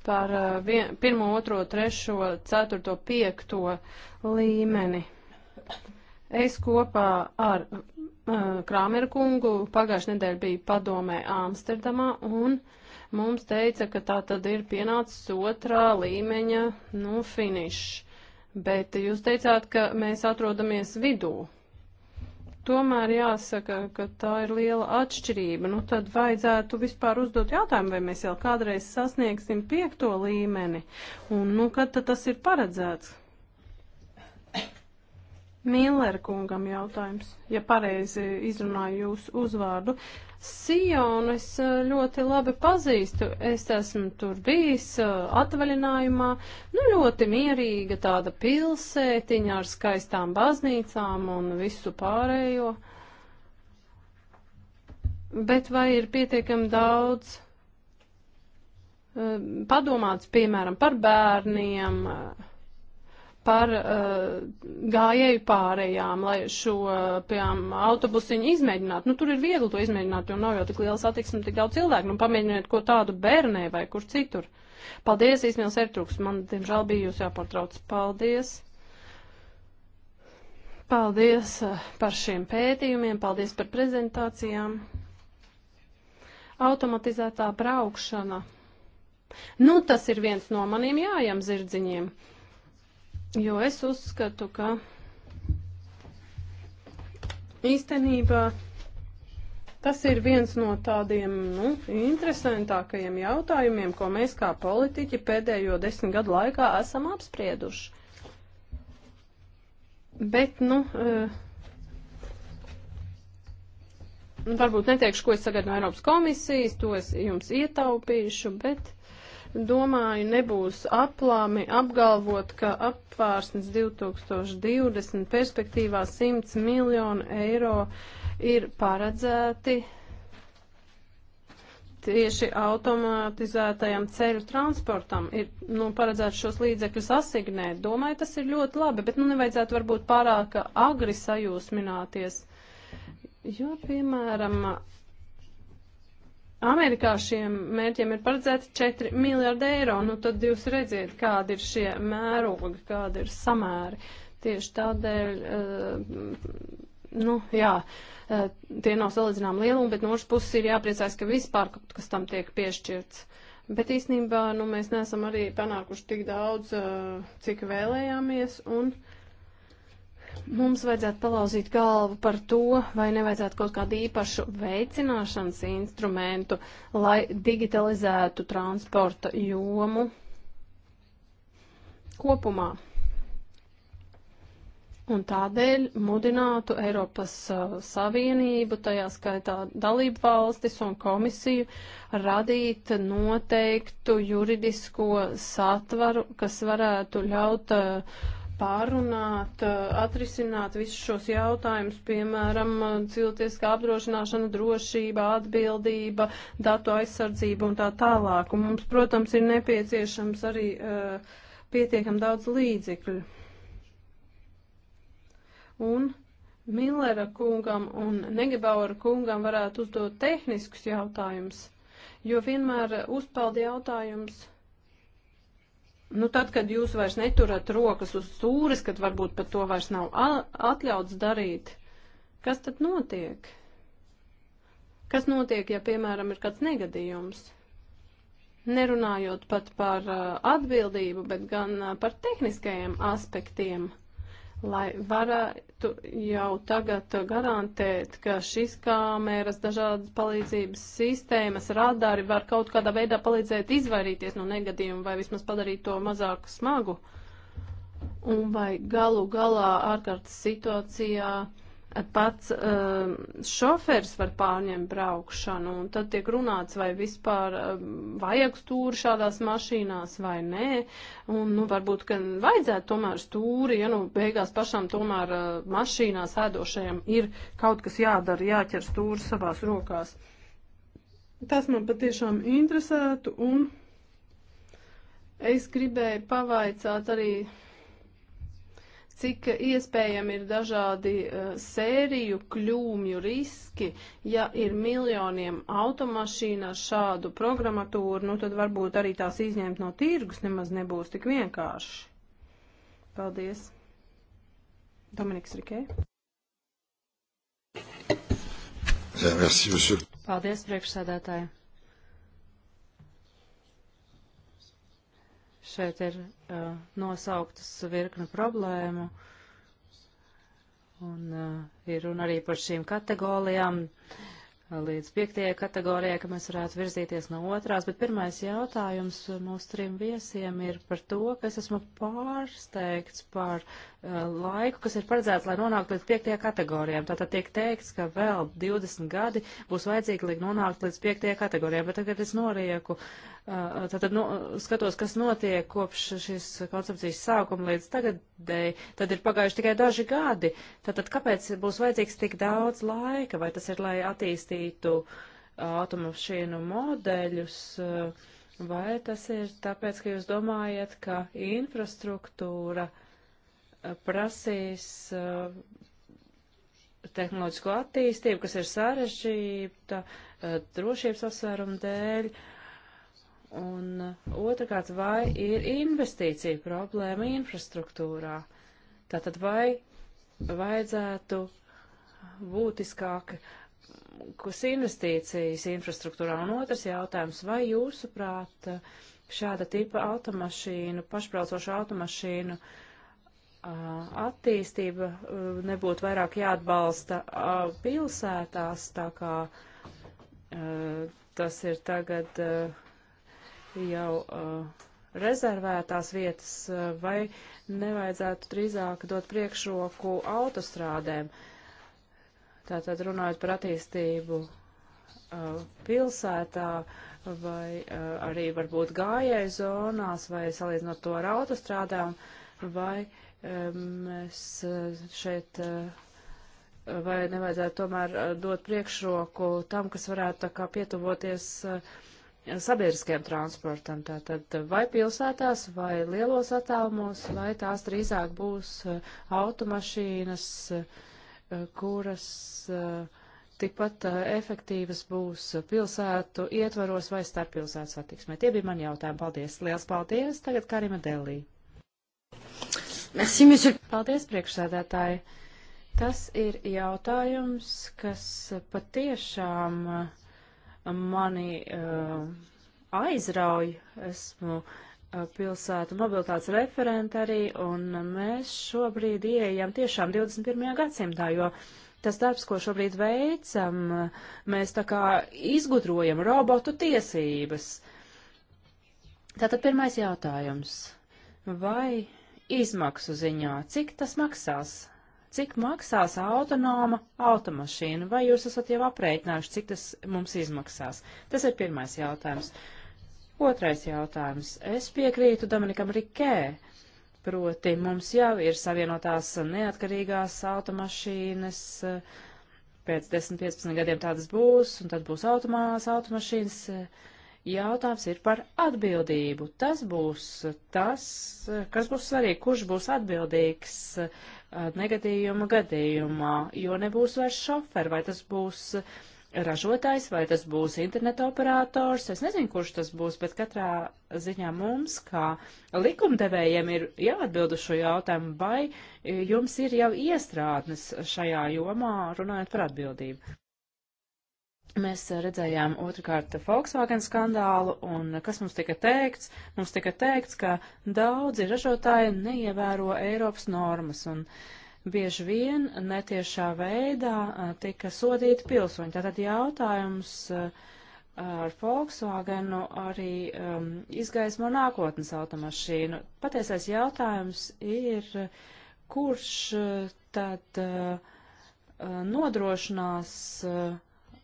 par eh, vien, pirmo, otro, trešo, ceturto, piekto līmeni. Es kopā ar uh, Krāmeru kungu pagājušajā nedēļā biju padomē Āmsterdamā un mums teica, ka tā tad ir pienācis otrā līmeņa, nu, finišs. Bet jūs teicāt, ka mēs atrodamies vidū. Tomēr jāsaka, ka tā ir liela atšķirība. Nu, tad vajadzētu vispār uzdot jautājumu, vai mēs jau kādreiz sasniegsim piekto līmeni, un nu, kad tas ir paredzēts. Miller kungam jautājums, ja pareizi izrunāju jūsu uzvārdu. Sionu es eh, ļoti labi pazīstu, es esmu tur bijis eh, atvaļinājumā, nu ļoti mierīga tāda pilsētiņa ar skaistām baznīcām un visu pārējo. Bet vai ir pietiekami daudz eh, padomāts, piemēram, par bērniem? par uh, gājēju pārējām, lai šo, eh, piemēram, autobusiņu izmēģinātu. Nu, tur ir viegli to izmēģināt, jo nav jau tik liela satiksme, tik daudz cilvēku. Nu, pamēģiniet ko tādu bērnē vai kur citur. Paldies, Īsmīls Ertrūks. Man, diemžēl, bija jūs jāpārtrauc. Paldies. Paldies eh, par šiem pētījumiem, paldies par prezentācijām. Automatizētā braukšana. Nu, tas ir viens no maniem jājam zirdziņiem jo es uzskatu, ka īstenībā tas ir viens no tādiem nu, interesantākajiem jautājumiem, ko mēs kā politiķi pēdējo desmit gadu laikā esam apsprieduši. Bet, nu, eh, varbūt neteikšu, ko es sagaidu no Eiropas komisijas, to es jums ietaupīšu, bet Domāju, nebūs aplāmi apgalvot, ka apvārsnes 2020 perspektīvā 100 miljonu eiro ir paredzēti tieši automatizētajam ceļu transportam ir nu, paredzēts šos līdzekļus asignēt. Domāju, tas ir ļoti labi, bet nu, nevajadzētu varbūt pārāk agri sajūsmināties. Jo, piemēram, Amerikā šiem mērķiem ir paredzēti 4 miljārdi eiro, nu tad jūs redziet, kādi ir šie mērogi, kādi ir samēri. Tieši tādēļ, eh, nu jā, eh, tie nav salīdzinām lielumi, bet no otras puses ir jāpriecājas, ka vispār kaut kas tam tiek piešķirts. Bet īstenībā nu, mēs neesam arī panākuši tik daudz, eh, cik vēlējāmies. Un, uh, Mums vajadzētu palauzīt galvu par to, vai nevajadzētu kaut kādu īpašu veicināšanas instrumentu, lai digitalizētu transporta jomu kopumā. Un tādēļ mudinātu Eiropas uh, Savienību, tajā skaitā dalību valstis un komisiju, radīt noteiktu juridisko satvaru, kas varētu ļaut uh, pārunāt, eh, atrisināt visus šos jautājumus, piemēram, eh, cilvēciskā apdrošināšana, drošība, atbildība, datu aizsardzība un tā tālāk. Un mums, protams, ir nepieciešams arī uh, pietiekam daudz līdzekļu. Un Millera kungam un Negebaura kungam varētu uzdot tehniskus jautājumus, jo vienmēr uzpeldi jautājums Nu, tad, kad jūs vairs neturat rokas uz stūres, kad varbūt pat to vairs nav atļauts darīt, kas tad notiek? Kas notiek, ja, piemēram, ir kāds negadījums? Nerunājot pat par uh, atbildību, bet gan uh, par tehniskajiem aspektiem lai varētu jau tagad garantēt, ka šīs kāmēras, dažādas palīdzības sistēmas, radari var kaut kādā veidā palīdzēt izvairīties no negadījuma vai vismaz padarīt to mazāk smagu. Un vai galu galā ārkārtas situācijā uh, pats uh, šofers var pārņemt braukšanu, un tad tiek runāts, vai vispār uh, vajag stūri šādās mašīnās vai nē, un, nu, varbūt, ka vajadzētu tomēr stūri, ja, nu, beigās pašam tomēr uh, mašīnās ēdošajam ir kaut kas jādara, jāķer stūri savās rokās. Tas man patiešām interesētu, un es gribēju pavaicāt arī cik iespējami ir dažādi uh, sēriju kļūmju riski, ja ir miljoniem automašīnā šādu programmatūru, nu tad varbūt arī tās izņemt no tirgus nemaz nebūs tik vienkārši. Paldies. Dominiks Rikē. Paldies, priekšsēdētāji. Šeit ir uh, nosauktas virkne problēmu, un uh, ir runa arī par šīm kategorijām, līdz piektajai kategorijai, ka mēs varētu virzīties no otrās, bet pirmais jautājums mūsu trim viesiem ir par to, ka es esmu pārsteigts par Eh, laiku, kas ir paredzēts, lai nonāktu līdz piektajā kategorijām. Tātad tiek teikts, ka vēl 20 gadi būs vajadzīgi, lai nonāktu līdz piektajā kategorijām, bet tagad es norieku, eh, tātad no, skatos, kas notiek kopš šīs koncepcijas sākuma līdz tagadēji, tad ir pagājuši tikai daži gadi. Tātad kāpēc būs vajadzīgs tik daudz laika, vai tas ir, lai attīstītu eh, automašīnu modeļus? Vai tas ir tāpēc, ka jūs domājat, ka infrastruktūra uh, prasīs eh, tehnoloģisko attīstību, kas ir sarežģīta eh, drošības asvērumu dēļ. Un eh, otrkārt, vai ir investīcija problēma infrastruktūrā? Tātad vai vajadzētu būtiskāk kas investīcijas infrastruktūrā? Un otrs jautājums, vai jūsuprāt šāda tipa automašīnu, pašbraucošu automašīnu uh, attīstība nebūtu vairāk jāatbalsta pilsētās, tā kā tas ir tagad jau rezervētās vietas, vai nevajadzētu drīzāk dot priekšroku autostrādēm. Tātad runājot par attīstību pilsētā vai arī varbūt gājēju zonās vai salīdzinot to ar autostrādām vai uh, mēs eh, šeit eh, vai nevajadzētu tomēr eh, dot priekšroku tam, kas varētu tā kā pietuvoties sabiedriskajam transportam, tātad vai pilsētās, vai lielos attālumos, vai tās drīzāk būs automašīnas, kuras tikpat efektīvas būs pilsētu ietvaros vai starppilsētu satiksmē. Tie bija mani jautājumi. Paldies! Liels paldies! Tagad Karima Delī. Merci, monsieur. Paldies, priekšsēdētāji. Tas ir jautājums, kas patiešām uh, mani uh, aizrauj. Esmu uh, pilsētu mobilitātes referenta arī, un mēs šobrīd ieejam tiešām 21. gadsimtā, jo tas darbs, ko šobrīd veicam, uh, mēs tā kā izgudrojam robotu tiesības. Tātad pirmais jautājums. Vai izmaksu ziņā, cik tas maksās? Cik maksās autonoma automašīna? Vai jūs esat jau aprēķinājuši, cik tas mums izmaksās? Tas ir pirmais jautājums. Otrais jautājums. Es piekrītu Dominikam Rikē, proti mums jau ir savienotās neatkarīgās automašīnas, pēc 10-15 gadiem tādas būs, un tad būs automās automašīnas Jautājums ir par atbildību. Tas būs tas, kas būs svarīgi, kurš būs atbildīgs uh, negadījuma gadījumā, jo nebūs vairs šoferi, vai tas būs ražotājs, vai tas būs interneta operators. Es nezinu, kurš tas būs, bet katrā ziņā mums, kā likumdevējiem, ir jāatbild uz šo jautājumu, vai jums ir jau iestrādnes šajā jomā, runājot par atbildību. Mēs eh, redzējām otrkārt Volkswagen skandālu, un eh, kas mums tika teikts? Mums tika teikts, ka daudzi ražotāji neievēro Eiropas normas, un bieži vien netiešā veidā eh, tika sodīti pilsoņi. Tātad jautājums ar Volkswagenu arī um, izgaismo nākotnes automašīnu. Patiesais jautājums ir, kurš tad uh, nodrošinās uh,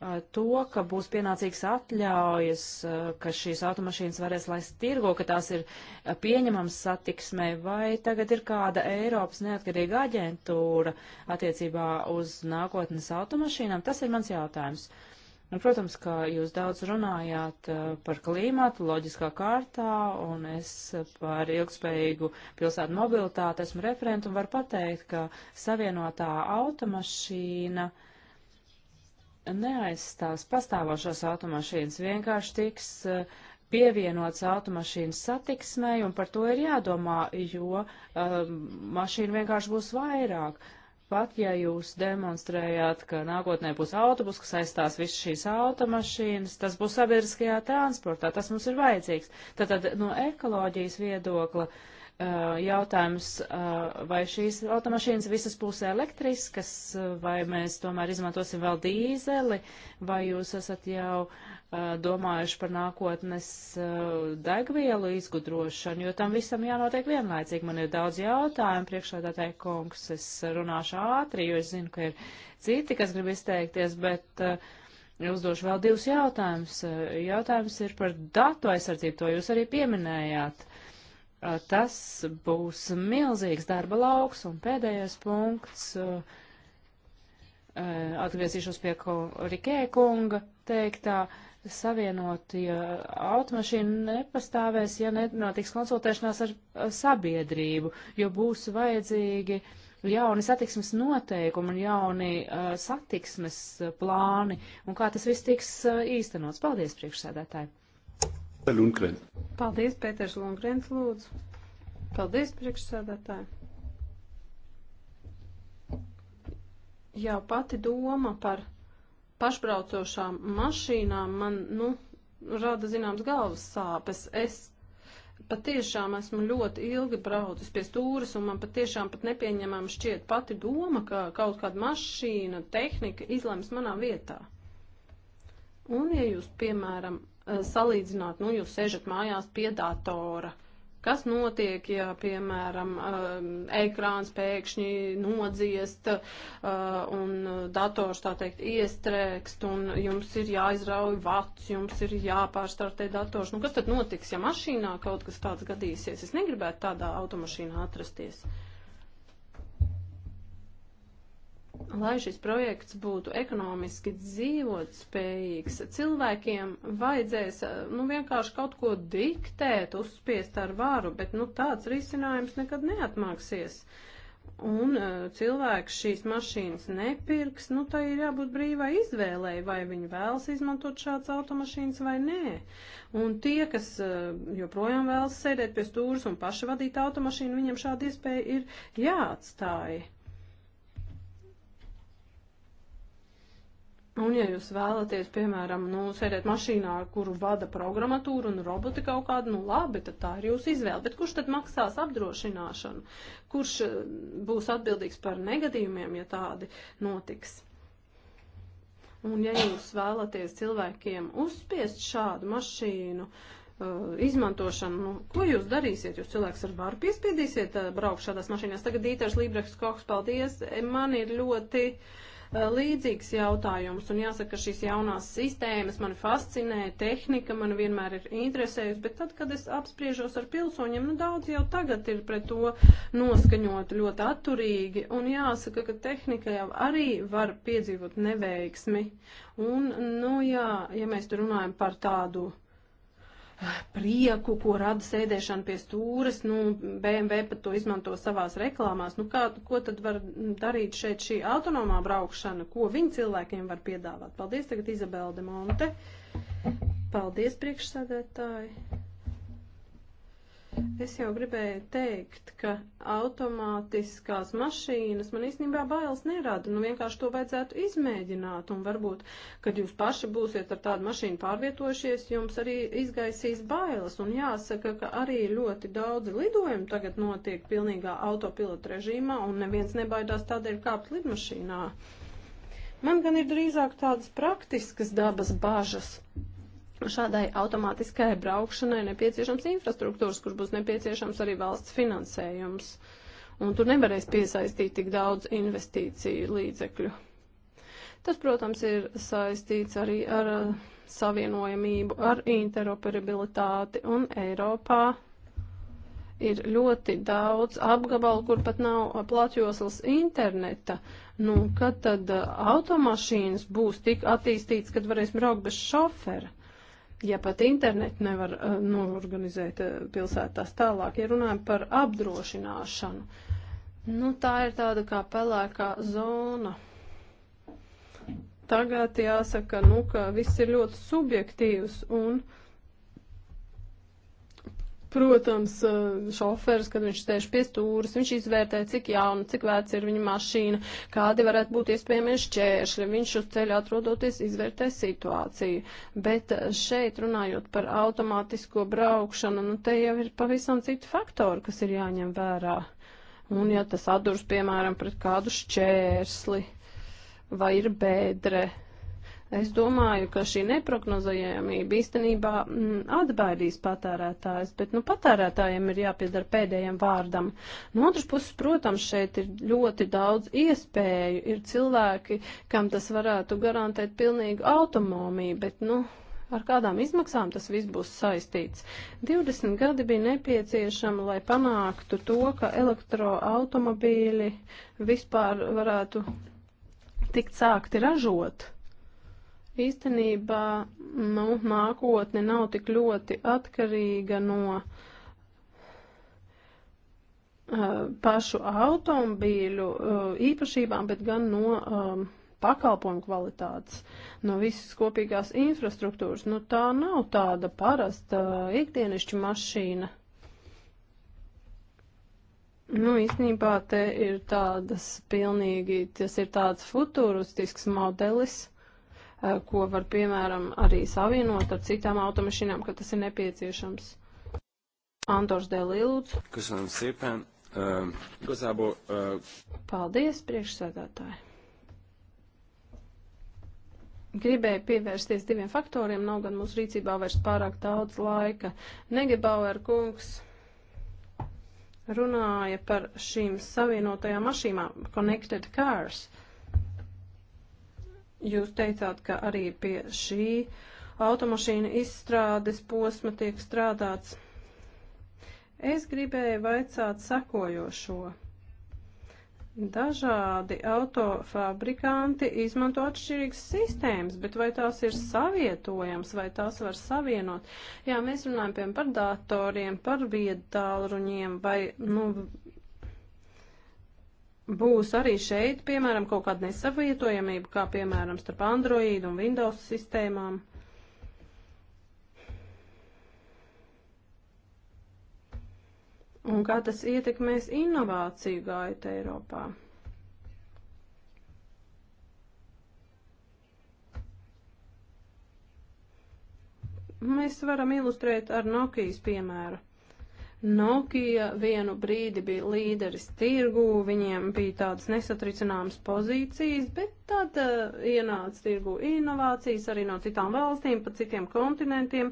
Eh, to, ka būs pienācīgs atļaujas, eh, ka šīs automašīnas varēs laist tirgo, ka tās ir eh, pieņemams satiksmē, vai tagad ir kāda Eiropas neatkarīga aģentūra attiecībā uz nākotnes automašīnām? Tas ir mans jautājums. Un, protams, ka jūs daudz runājāt par klīmatu loģiskā kārtā, un es par ilgspējīgu pilsētu mobilitāti esmu referentu un varu pateikt, ka savienotā automašīna uh, neaizstās pastāvošās automašīnas, vienkārši tiks eh, pievienots automašīnas satiksmei, un par to ir jādomā, jo um, eh, mašīnu vienkārši būs vairāk. Pat ja jūs demonstrējāt, ka nākotnē būs autobus, kas aizstās visas šīs automašīnas, tas būs sabiedriskajā transportā, tas mums ir vajadzīgs. Tātad no ekoloģijas viedokla uh, jautājums, vai šīs automašīnas visas būs elektriskas, vai mēs tomēr izmantosim vēl dīzeli, vai jūs esat jau domājuši par nākotnes degvielu izgudrošanu, jo tam visam jānotiek vienlaicīgi. Man ir daudz jautājumu, priekšādātāji kungs, es runāšu ātri, jo es zinu, ka ir citi, kas grib izteikties, bet uh, uzdošu vēl divus jautājumus. Jautājums ir par datu aizsardzību, to jūs arī pieminējāt Eh, tas būs milzīgs darba lauks. Un pēdējais punkts, eh, eh, atgriezīšos pie Rikē kunga teiktā, savienotie automašīnu nepastāvēs, ja nenotiks konsultēšanās ar sabiedrību, jo būs vajadzīgi jauni satiksmes noteikumi un jauni uh, satiksmes plāni un kā tas viss tiks uh, īstenots. Paldies, priekšsēdētāji! Lundgren. Paldies, Pēters Lundgrens, lūdzu. Paldies, priekšsēdētāji. Jau pati doma par pašbraucošām mašīnām man, nu, rada zināms galvas sāpes. Es patiešām esmu ļoti ilgi braucis pie stūras, un man patiešām pat nepieņemam šķiet pati doma, ka kaut kāda mašīna, tehnika izlems manā vietā. Un, ja jūs, piemēram, Eh, salīdzināt, nu, jūs sežat mājās pie datora. Kas notiek, ja, piemēram, eh, ekrāns pēkšņi nodziest eh, un dators, tā teikt, iestrēgst un jums ir jāizrauj vats, jums ir jāpārstartē dators. Nu, kas tad notiks, ja mašīnā kaut kas tāds gadīsies? Es negribētu tādā automašīnā atrasties. Uh, lai šis projekts būtu ekonomiski dzīvot spējīgs, cilvēkiem vajadzēs, eh, nu, vienkārši kaut ko diktēt, uzspiest ar varu, bet, nu, tāds risinājums nekad neatmāksies. Un eh, cilvēks šīs mašīnas nepirks, nu, tai ir jābūt brīvai izvēlei, vai viņi vēlas izmantot šāds automašīnas vai nē. Un tie, kas eh, joprojām vēlas sēdēt pie stūras un paši vadīt automašīnu, viņam šāda iespēja ir jāatstāja. Un, ja jūs vēlaties, piemēram, nu, sēdēt mašīnā, kuru vada programmatūra un roboti kaut kādu, nu labi, tad tā ir jūsu izvēle. Bet kurš tad maksās apdrošināšanu? Kurš eh, būs atbildīgs par negadījumiem, ja tādi notiks? Un, ja jūs vēlaties cilvēkiem uzspiest šādu mašīnu, uh, Izmantošanu, nu, ko jūs darīsiet? Jūs cilvēks ar varu piespiedīsiet uh, braukt šādās mašīnās. Tagad Dīters Lībreks Koks, paldies. Man ir ļoti uh, Eh, līdzīgs jautājums, un jāsaka, ka šīs jaunās sistēmas man fascinē, tehnika man vienmēr ir interesējusi, bet tad, kad es apspriežos ar pilsoņiem, nu daudz jau tagad ir pret to noskaņot ļoti atturīgi, un jāsaka, ka tehnika jau arī var piedzīvot neveiksmi. Un, nu jā, ja mēs tur runājam par tādu prieku, ko rada sēdēšana pie stūres, nu, BMW pat to izmanto savās reklāmās. Nu, kā, ko tad var darīt šeit šī autonomā braukšana, ko viņi cilvēkiem var piedāvāt? Paldies tagad Izabelde Monte. Paldies priekšsēdētāji. Es jau gribēju teikt, ka automātiskās mašīnas man īstenībā bailes nerada. Nu, vienkārši to vajadzētu izmēģināt. Un varbūt, kad jūs paši būsiet ar tādu mašīnu pārvietojušies, jums arī izgaisīs bailes. Un jāsaka, ka arī ļoti daudzi lidojumi tagad notiek pilnīgā autopilota režīmā, un neviens nebaidās tādēļ kāpt lidmašīnā. Man gan ir drīzāk tādas praktiskas dabas bažas. Nu, šādai automātiskai braukšanai nepieciešams infrastruktūras, kur būs nepieciešams arī valsts finansējums. Un tur nevarēs piesaistīt tik daudz investīciju līdzekļu. Tas, protams, ir saistīts arī ar uh, savienojamību, ar interoperabilitāti un Eiropā ir ļoti daudz apgabalu, kur pat nav uh, platjoslas interneta. Nu, kad tad uh, automašīnas būs tik attīstīts, kad varēs braukt bez šofera? ja pat internetu nevar uh, norganizēt uh, pilsētās tālāk, ja runājam par apdrošināšanu, nu tā ir tāda kā pelēkā zona. Tagad jāsaka, nu, ka viss ir ļoti subjektīvs un uh, Protams, eh, šoferis, kad viņš sēž pie stūras, viņš izvērtē, cik jauna, cik veca ir viņa mašīna, kādi varētu būt iespējami šķēršļi. Viņš uz ceļa atrodoties izvērtē situāciju. Bet eh, šeit runājot par automātisko braukšanu, nu te jau ir pavisam citi faktori, kas ir jāņem vērā. Un ja tas atdurs, piemēram, pret kādu šķērsli vai ir bēdre Es domāju, ka šī neprognozējamība īstenībā m, mm, atbaidīs patērētājs, bet nu, patērētājiem ir jāpiedara pēdējiem vārdam. No otras puses, protams, šeit ir ļoti daudz iespēju. Ir cilvēki, kam tas varētu garantēt pilnīgu autonomiju, bet nu, ar kādām izmaksām tas viss būs saistīts. 20 gadi bija nepieciešama, lai panāktu to, ka elektroautomobīļi vispār varētu tikt sākti ražot. Īstenībā nu, nākotne nav tik ļoti atkarīga no uh, pašu automobīļu uh, īpašībām, bet gan no um, pakalpojumu kvalitātes, no visas kopīgās infrastruktūras. Nu, tā nav tāda parasta uh, ikdienišķa mašīna. Nu, īstenībā te ir tādas pilnīgi, tas ir tāds futuristisks modelis, Eh, ko var, piemēram, arī savienot ar citām automašīnām, ka tas ir nepieciešams. Antors Dēlīlūds. Köszönöm szépen. Uh, igazából... Uh... Paldies, priekšsēdētāji. Gribēju pievērsties diviem faktoriem, nav gan mūsu rīcībā vairs pārāk daudz laika. Negebauer kungs runāja par šīm savienotajām mašīnām, connected cars. Uh, Jūs teicāt, ka arī pie šī automašīna izstrādes posma tiek strādāts. Es gribēju vaicāt sekojošo. Dažādi autofabrikanti izmanto atšķirīgas sistēmas, bet vai tās ir savietojams, vai tās var savienot? Jā, mēs runājam piemēram par datoriem, par viedtālruņiem, vai nu, būs arī šeit, piemēram, kaut kāda nesavietojamība, kā piemēram starp Android un Windows sistēmām. Un kā tas ietekmēs inovāciju gaitu Eiropā? Mēs varam ilustrēt ar Nokijas piemēru. Nokia vienu brīdi bija līderis tirgū, viņiem bija tādas nesatricināmas pozīcijas, bet tad uh, ienāca tirgū inovācijas arī no citām valstīm, pa citiem kontinentiem,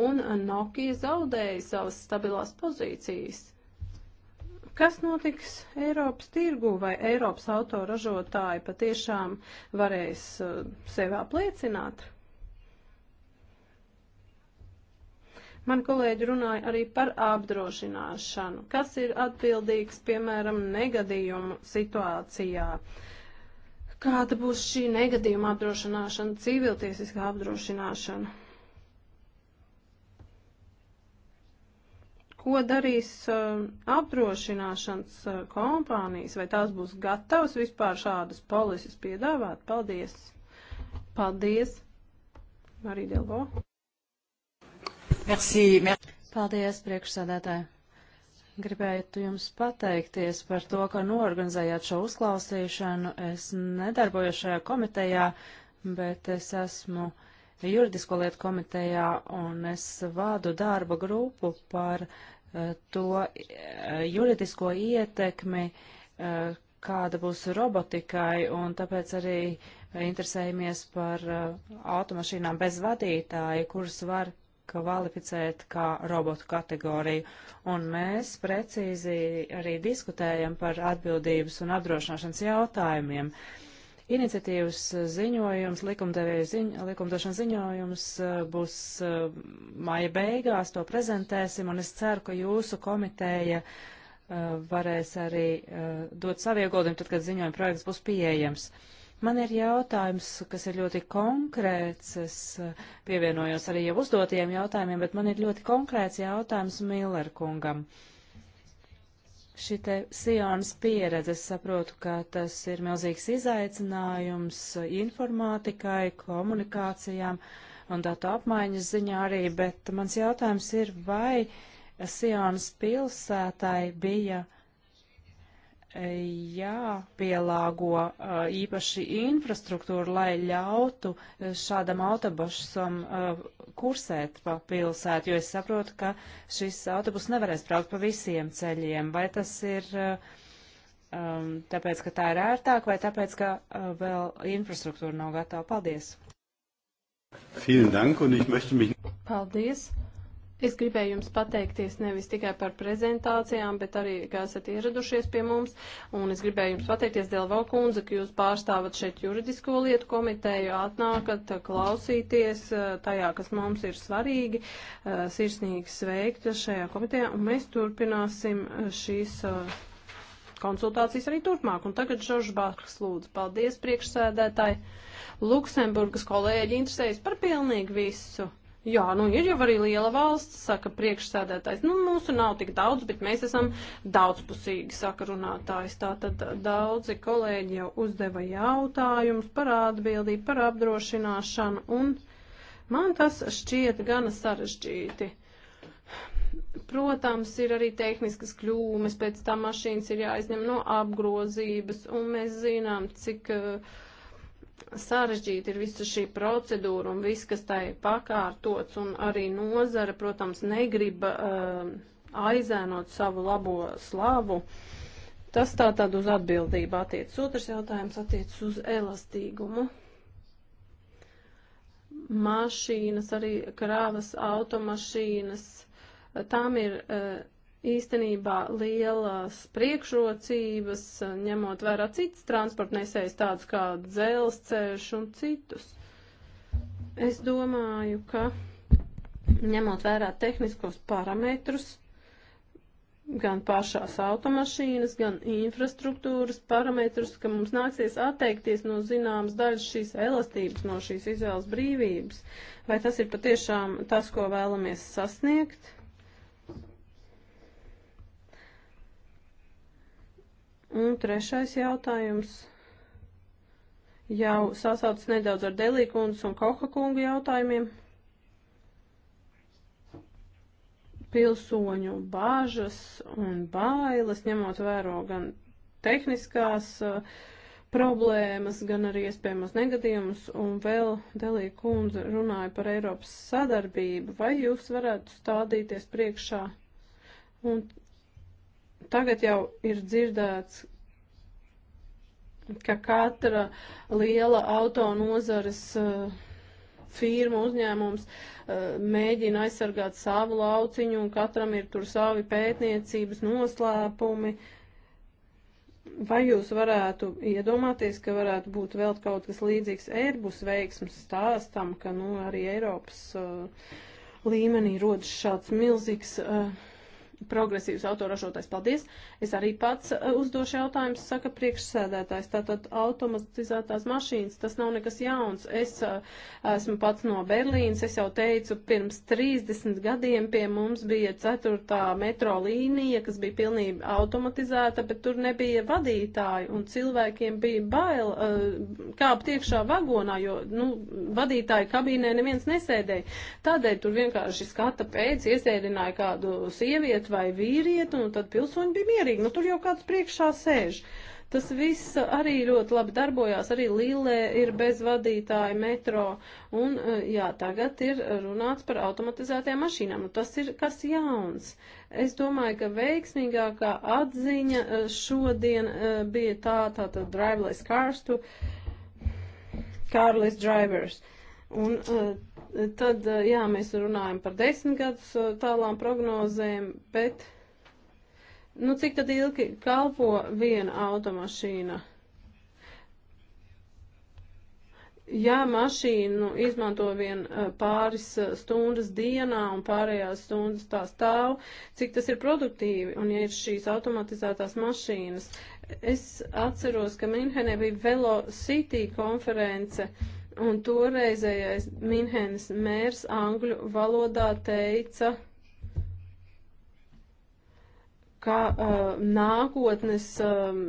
un Nokia zaudēja savas stabilās pozīcijas. Kas notiks Eiropas tirgu vai Eiropas autoražotāji patiešām varēs uh, sevi apliecināt? Man kolēģi runāja arī par apdrošināšanu. Kas ir atbildīgs, piemēram, negadījumu situācijā? Kāda būs šī negadījuma apdrošināšana, civiltiesiskā apdrošināšana? Ko darīs uh, apdrošināšanas uh, kompānijas? Vai tās būs gatavas vispār šādas polises piedāvāt? Paldies! Paldies! Marija Delvo! Merci, merci. Paldies, priekšsādātāji. Gribētu jums pateikties par to, ka norganizējāt šo uzklausīšanu. Es nedarbojos šajā komitejā, bet es esmu juridisko lietu komitejā un es vādu darba grupu par uh, to eh, juridisko ietekmi, uh, kāda būs robotikai, un tāpēc arī interesējamies par uh, automašīnām bez vadītāja, kuras var kvalificēt kā robotu kategoriju. Un mēs precīzi arī diskutējam par atbildības un apdrošināšanas jautājumiem. Iniciatīvas ziņojums, ziņ, likumdošanas ziņojums uh, būs uh, māja beigās, to prezentēsim, un es ceru, ka jūsu komiteja uh, varēs arī dot savu ieguldījumu, tad, kad ziņojuma projekts būs pieejams. Uh, Man ir jautājums, kas ir ļoti konkrēts. Es eh, pievienojos arī jau uzdotajiem jautājumiem, bet man ir ļoti konkrēts jautājums Miller kungam. Šī te Sionas pieredze, es saprotu, ka tas ir milzīgs izaicinājums informātikai, komunikācijām un datu apmaiņas ziņā arī, bet mans jautājums ir, vai Sionas pilsētai bija uh, jāpielāgo uh, īpaši infrastruktūra, lai ļautu uh, šādam autobusam uh, kursēt pa pilsētu, jo es saprotu, ka šis autobus nevarēs braukt pa visiem ceļiem. Vai tas ir um, tāpēc, ka tā ir ērtāk, vai tāpēc, ka vēl infrastruktūra nav gatava? Paldies! Paldies! Es gribēju jums pateikties nevis tikai par prezentācijām, bet arī, ka esat ieradušies pie mums, un es gribēju jums pateikties, Delvo kundze, ka jūs pārstāvat šeit juridisko lietu komiteju, atnākat klausīties eh, tajā, kas mums ir svarīgi, eh, sirsnīgi sveikta šajā komitejā, un mēs turpināsim eh, šīs konsultācijas arī turpmāk. Un tagad Žoržs Bārks lūdzu, paldies priekšsēdētāji. Luksemburgas kolēģi interesējas par pilnīgi visu. Jā, nu ir jau arī liela valsts, saka priekšsēdētājs. Nu, mūsu nav tik daudz, bet mēs esam daudzpusīgi, saka runātājs. Tātad daudzi kolēģi jau uzdeva jautājumus par atbildību, par apdrošināšanu, un man tas šķiet gana sarežģīti. Protams, ir arī tehniskas kļūmes, pēc tam mašīnas ir jāizņem no apgrozības, un mēs zinām, cik. Uh, cik sarežģīta ir visa šī procedūra un viss, kas tai pakārtots, un arī nozara, protams, negrib uh, aizēnot savu labo slavu. Tas tā tad uz atbildību attiec. Otrs jautājums attiec uz elastīgumu mašīnas, arī krāvas automašīnas. Tām ir uh, īstenībā lielas priekšrocības, ņemot vērā citas transportnesējas, tādus kā dzelzceļš un citus. Es domāju, ka ņemot vērā tehniskos parametrus, gan pašās automašīnas, gan infrastruktūras parametrus, ka mums nāksies atteikties no zināmas daļas šīs elastības, no šīs izvēles brīvības. Vai tas ir patiešām tas, ko vēlamies sasniegt? Un trešais jautājums jau sasaucas nedaudz ar Delīkundas un Koha kungu jautājumiem. Pilsoņu bāžas un bailes, ņemot vēro gan tehniskās uh, problēmas, gan arī iespējamos negadījumus, un vēl Delija kundze runāja par Eiropas sadarbību. Vai jūs varētu stādīties priekšā un Tagad jau ir dzirdēts, ka katra liela auto nozares uh, firma uzņēmums uh, mēģina aizsargāt savu lauciņu un katram ir tur savi pētniecības noslēpumi. Vai jūs varētu iedomāties, ka varētu būt vēl kaut kas līdzīgs Airbus veiksmas stāstam, ka nu, arī Eiropas uh, līmenī rodas šāds milzīgs uh, progresīvs autoražotājs. Paldies! Es arī pats e, uzdošu jautājumus, saka priekšsēdētājs. Tātad automatizētās mašīnas, tas nav nekas jauns. Es e, esmu pats no Berlīnas. Es jau teicu, pirms 30 gadiem pie mums bija ceturtā metro līnija, kas bija pilnībā automatizēta, bet tur nebija vadītāji un cilvēkiem bija bail e, kāpt iekšā vagonā, jo nu, vadītāju kabīnē neviens nesēdēja. Tādēļ tur vienkārši skata pēc iesēdināja kādu sievietu vai vīrieti, un tad pilsoņi bija mierīgi. Nu, tur jau kāds priekšā sēž. Tas viss arī ļoti labi darbojās, arī Lillē ir bezvadītāji metro, un eh, jā, tagad ir runāts par automatizētajām mašīnām, nu tas ir kas jauns. Es domāju, ka veiksmīgākā atziņa eh, šodien eh, bija tā, tā tad driveless cars to carless drivers. Un tad, eh, jā, mēs runājam par desmit gadus eh, tālām prognozēm, bet, nu, cik tad ilgi kalpo viena automašīna? Ja mašīnu izmanto vien eh, pāris stundas dienā un pārējās stundas tā stāv, cik tas ir produktīvi, un ja ir šīs automatizētās mašīnas. Es atceros, ka Minhenē bija Velo City konference, uh, un toreizējais Minhenes mērs angļu valodā teica, ka uh, nākotnes, um,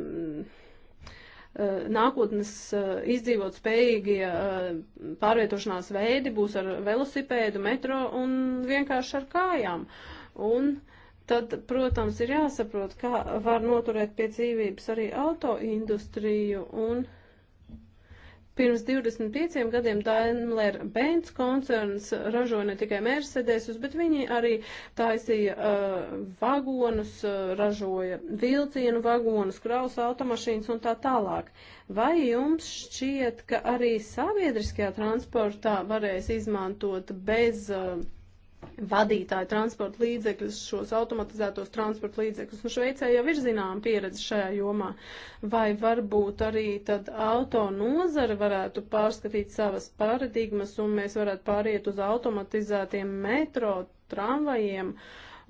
uh, nākotnes uh, izdzīvot spējīgie uh, pārvietošanās veidi būs ar velosipēdu, metro un vienkārši ar kājām. Un tad, protams, ir jāsaprot, kā var noturēt pie dzīvības arī autoindustriju un Pirms 25 gadiem Daimler-Benz koncerns ražoja ne tikai Mercedesus, bet viņi arī taisīja uh, vagonus, uh, ražoja vilcienu vagonus, kraus automašīnas un tā tālāk. Vai jums šķiet, ka arī sabiedriskajā transportā varēs izmantot bez uh, vadītāji transporta līdzekļus, šos automatizētos transporta līdzekļus. Nu, Šveicē jau ir zināma pieredze šajā jomā. Vai varbūt arī tad auto nozara varētu pārskatīt savas paradigmas un mēs varētu pāriet uz automatizētiem metro tramvajiem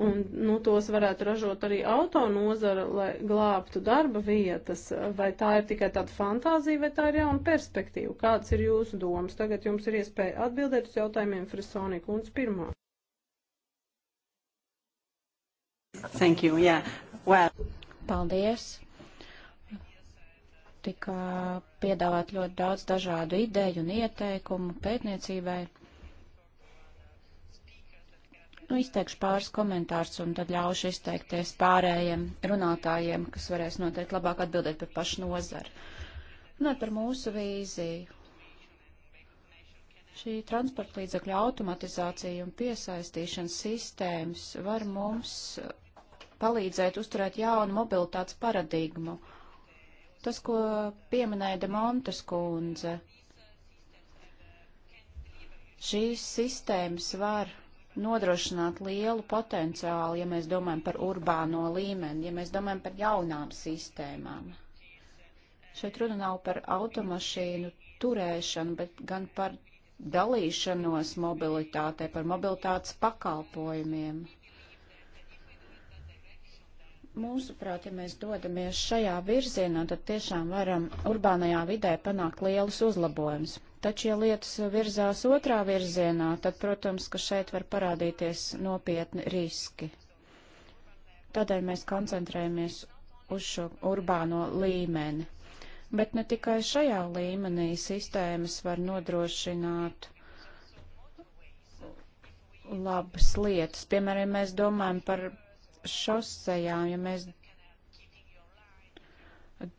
un nu, tos varētu ražot arī auto nozara, lai glābtu darba vietas. Vai tā ir tikai tāda fantāzija vai tā ir jauna perspektīva? Kāds ir jūsu domas? Tagad jums ir iespēja atbildēt uz jautājumiem Frisonī kundz pirmā. Thank you, yeah. Well. Paldies. Tika piedāvāt ļoti daudz dažādu ideju un ieteikumu pētniecībai. Nu, izteikšu pāris komentārus un tad ļaušu izteikties pārējiem runātājiem, kas varēs noteikti labāk atbildēt par pašu nozaru. Runāt par mūsu vīziju. Šī transporta līdzakļa automatizācija un piesaistīšanas sistēmas var mums palīdzēt uzturēt jaunu mobilitātes paradigmu. Tas, ko pieminēja Demontas kundze, šīs sistēmas var nodrošināt lielu potenciālu, ja mēs domājam par urbāno līmeni, ja mēs domājam par jaunām sistēmām. Šeit runa nav par automašīnu turēšanu, bet gan par dalīšanos mobilitātei, par mobilitātes pakalpojumiem. Mūsuprāt, ja mēs dodamies šajā virzienā, tad tiešām varam urbānajā vidē panākt lielus uzlabojumus. Taču, ja lietas virzās otrā virzienā, tad, protams, ka šeit var parādīties nopietni riski. Tādēļ mēs koncentrējamies uz šo urbāno līmeni. Bet ne tikai šajā līmenī sistēmas var nodrošināt labas lietas. Piemēram, mēs domājam par šosejām, ja mēs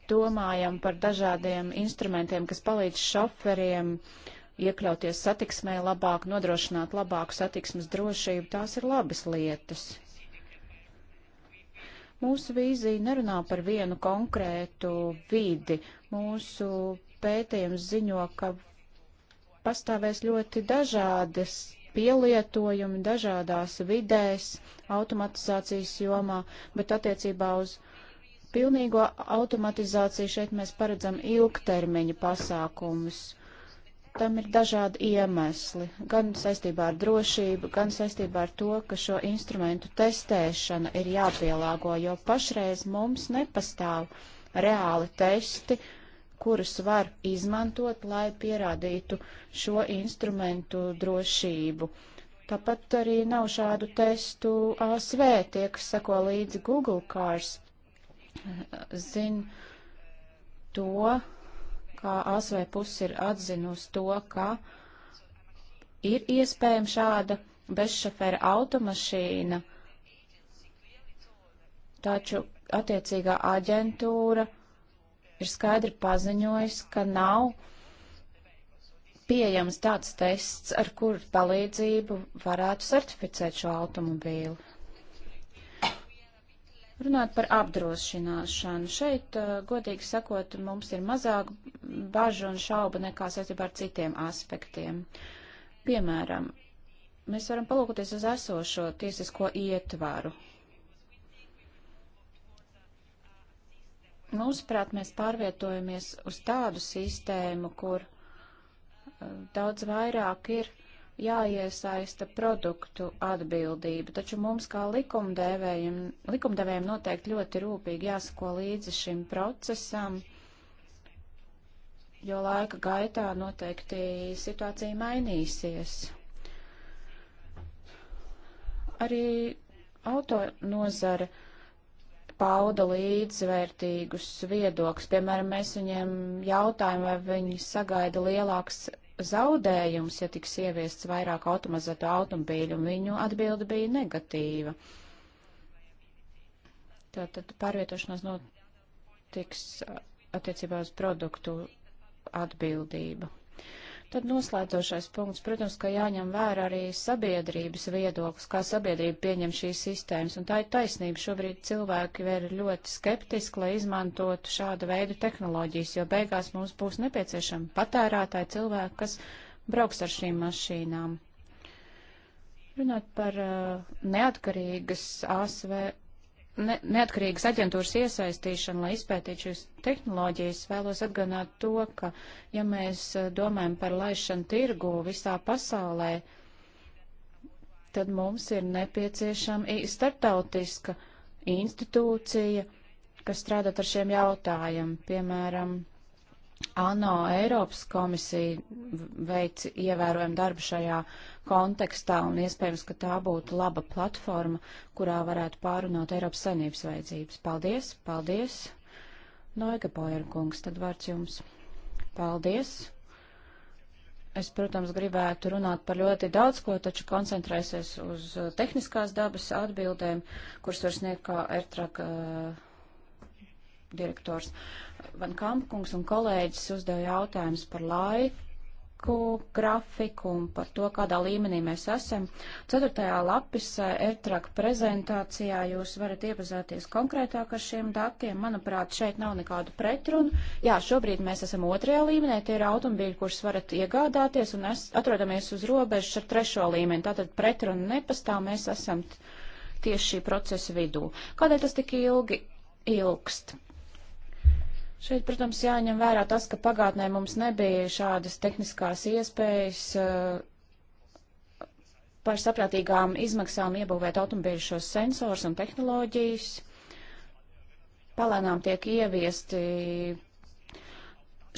domājam par dažādiem instrumentiem, kas palīdz šoferiem iekļauties satiksmē labāk, nodrošināt labāku satiksmes drošību, tās ir labas lietas. Mūsu vīzija nerunā par vienu konkrētu vidi. Mūsu pētījums ziņo, ka pastāvēs ļoti dažādas pielietojumi dažādās vidēs, automatizācijas jomā, bet attiecībā uz pilnīgo automatizāciju šeit mēs paredzam ilgtermiņa pasākumus. Tam ir dažādi iemesli, gan saistībā ar drošību, gan saistībā ar to, ka šo instrumentu testēšana ir jāpielāgo, jo pašreiz mums nepastāv reāli testi, uh, kurus var izmantot, lai pierādītu šo instrumentu drošību. Tāpat arī nav šādu testu ASV. Tie, kas seko līdzi Google kārs, zina to, kā ASV puses ir atzinusi to, ka ir iespējama šāda bezšofera automašīna, taču attiecīgā aģentūra ir skaidri paziņojis, ka nav pieejams tāds tests, ar kur palīdzību varētu certificēt šo automobīlu. Runāt par apdrošināšanu. Šeit, uh, godīgi sakot, mums ir mazāk bažu un šauba nekā saistībā ar citiem aspektiem. Piemēram, mēs varam palūkoties uz esošo tiesisko ietvaru, Mūsuprāt, mēs pārvietojamies uz tādu sistēmu, kur eh, daudz vairāk ir jāiesaista produktu atbildība, taču mums kā likumdevējiem, likumdevējiem noteikti ļoti rūpīgi jāsako līdzi šim procesam, jo laika gaitā noteikti situācija mainīsies. Arī auto nozara pauda līdzvērtīgus viedokļus. Piemēram, mēs viņiem jautājam, vai viņi sagaida lielāks zaudējums, ja tiks ieviests vairāk automatizēto automobīļu, un viņu atbilde bija negatīva. Tātad pārvietošanās notiks uh, attiecībā uz produktu atbildību. Tad noslēdzošais punkts, protams, ka jāņem vērā arī sabiedrības viedoklis, kā sabiedrība pieņem šīs sistēmas, un tā ir taisnība. Šobrīd cilvēki ir ļoti skeptiski, lai izmantotu šādu veidu tehnoloģijas, jo beigās mums būs nepieciešama patērētāja cilvēka, kas brauks ar šīm mašīnām. Runāt par uh, neatkarīgas ASV ne, neatkarīgas aģentūras iesaistīšanu, lai izpētītu šīs tehnoloģijas, vēlos atgādināt to, ka, ja mēs eh, domājam par laišanu tirgu visā pasaulē, tad mums ir nepieciešama starptautiska institūcija, kas strādāt ar šiem jautājumiem, piemēram, ANO Eiropas komisija veic ievērojumu darbu šajā kontekstā, un iespējams, ka tā būtu laba platforma, kurā varētu pārunāt Eiropas saimnības vajadzības. Paldies, paldies! Noiga Pojerkungs, tad vārds jums. Paldies! Es, protams, gribētu runāt par ļoti daudz ko, taču koncentrēsies uz tehniskās dabas atbildēm, kuras var sniegt kā ERTRAK uh, direktors Van Kampkungs un kolēģis uzdeva jautājumus par laiku grafiku un par to, kādā līmenī mēs esam. Ceturtajā lapisē eh, ERTRAK prezentācijā jūs varat iepazēties konkrētāk ar šiem datiem. Manuprāt, šeit nav nekādu pretrunu. Jā, šobrīd mēs esam otrajā līmenī, tie ir automobīļi, kurus varat iegādāties, un es atrodamies uz robežas ar trešo līmeni. Tātad pretrunu nepastāv, mēs esam tieši šī procesa vidū. Kādēļ tas tik ilgi ilgst? Šeit, protams, jāņem vērā tas, ka pagātnē mums nebija šādas tehniskās iespējas eh, par saprātīgām izmaksām iebūvēt automobīļu šos sensors un tehnoloģijas. Palēnām tiek ieviesti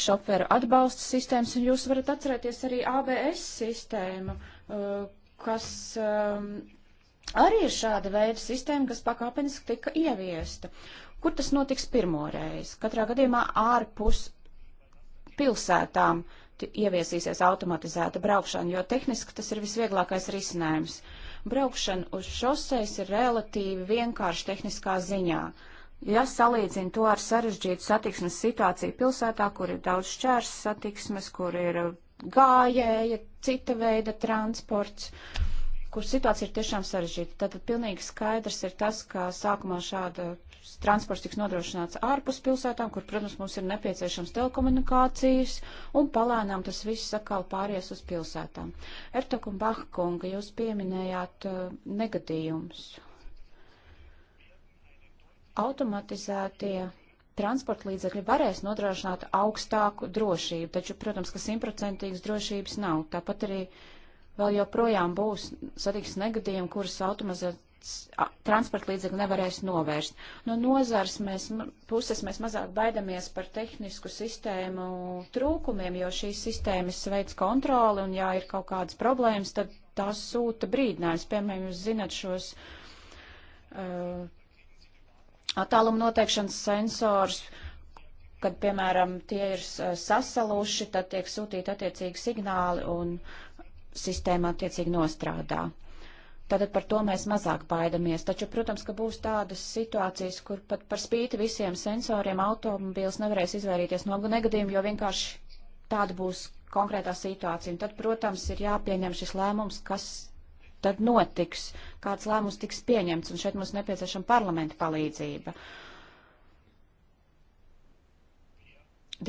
šoferu atbalsta sistēmas, un jūs varat atcerēties arī ABS sistēmu, eh, kas eh, arī ir šāda veida sistēma, kas pakāpeniski tika ieviesta. Kur tas notiks pirmoreiz? Katrā gadījumā ārpus pilsētām ieviesīsies automatizēta braukšana, jo tehniski tas ir visvieglākais risinājums. Braukšana uz šoseis ir relatīvi vienkārši tehniskā ziņā. Ja salīdzina to ar sarežģītu satiksmes situāciju pilsētā, kur ir daudz šķērs satiksmes, kur ir uh, gājēja, cita veida transports, kur situācija ir tiešām sarežģīta, tad pilnīgi skaidrs ir tas, ka sākumā šāda transports tiks nodrošināts ārpus pilsētām, kur, protams, mums ir nepieciešams telekomunikācijas, un palēnām tas viss atkal pāries uz pilsētām. Ertok un Bahkunga, jūs pieminējāt uh, negadījumus. Automatizētie transporta līdzekļi varēs nodrošināt augstāku drošību, taču, protams, ka simtprocentīgas drošības nav. Tāpat arī vēl joprojām būs satiksmes negadījumi, kuras automatizēt transporta līdzekļi nevarēs novērst. No nozars mēs, puses mēs mazāk baidamies par tehnisku sistēmu trūkumiem, jo šīs sistēmas veids kontroli un ja ir kaut kādas problēmas, tad tās sūta brīdinājums. Piemēram, jūs zinat šos uh, attālumu noteikšanas sensors, kad, piemēram, tie ir sasaluši, tad tiek sūtīti attiecīgi signāli un sistēma attiecīgi nostrādā. Uh, Tātad par to mēs mazāk baidamies. Taču, protams, ka būs tādas situācijas, kur pat par spīti visiem sensoriem automobīls nevarēs izvairīties no negadījuma, jo vienkārši tāda būs konkrētā situācija. Un tad, protams, ir jāpieņem šis lēmums, kas tad notiks, kāds lēmums tiks pieņemts, un šeit mums nepieciešama parlamenta palīdzība.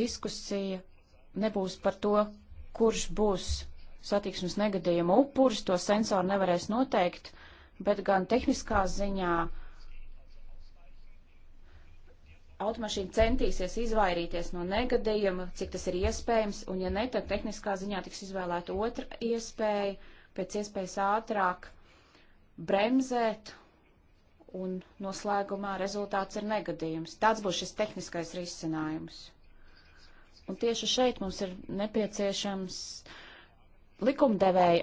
Diskusija nebūs par to, kurš būs satiksmes negadījuma upurus, to sensori nevarēs noteikt, bet gan tehniskā ziņā automašīna centīsies izvairīties no negadījuma, cik tas ir iespējams, un ja ne, tad tehniskā ziņā tiks izvēlēta otra iespēja, pēc iespējas ātrāk bremzēt, un noslēgumā rezultāts ir negadījums. Tāds būs šis tehniskais risinājums. Un tieši šeit mums ir nepieciešams uh, likumdevēja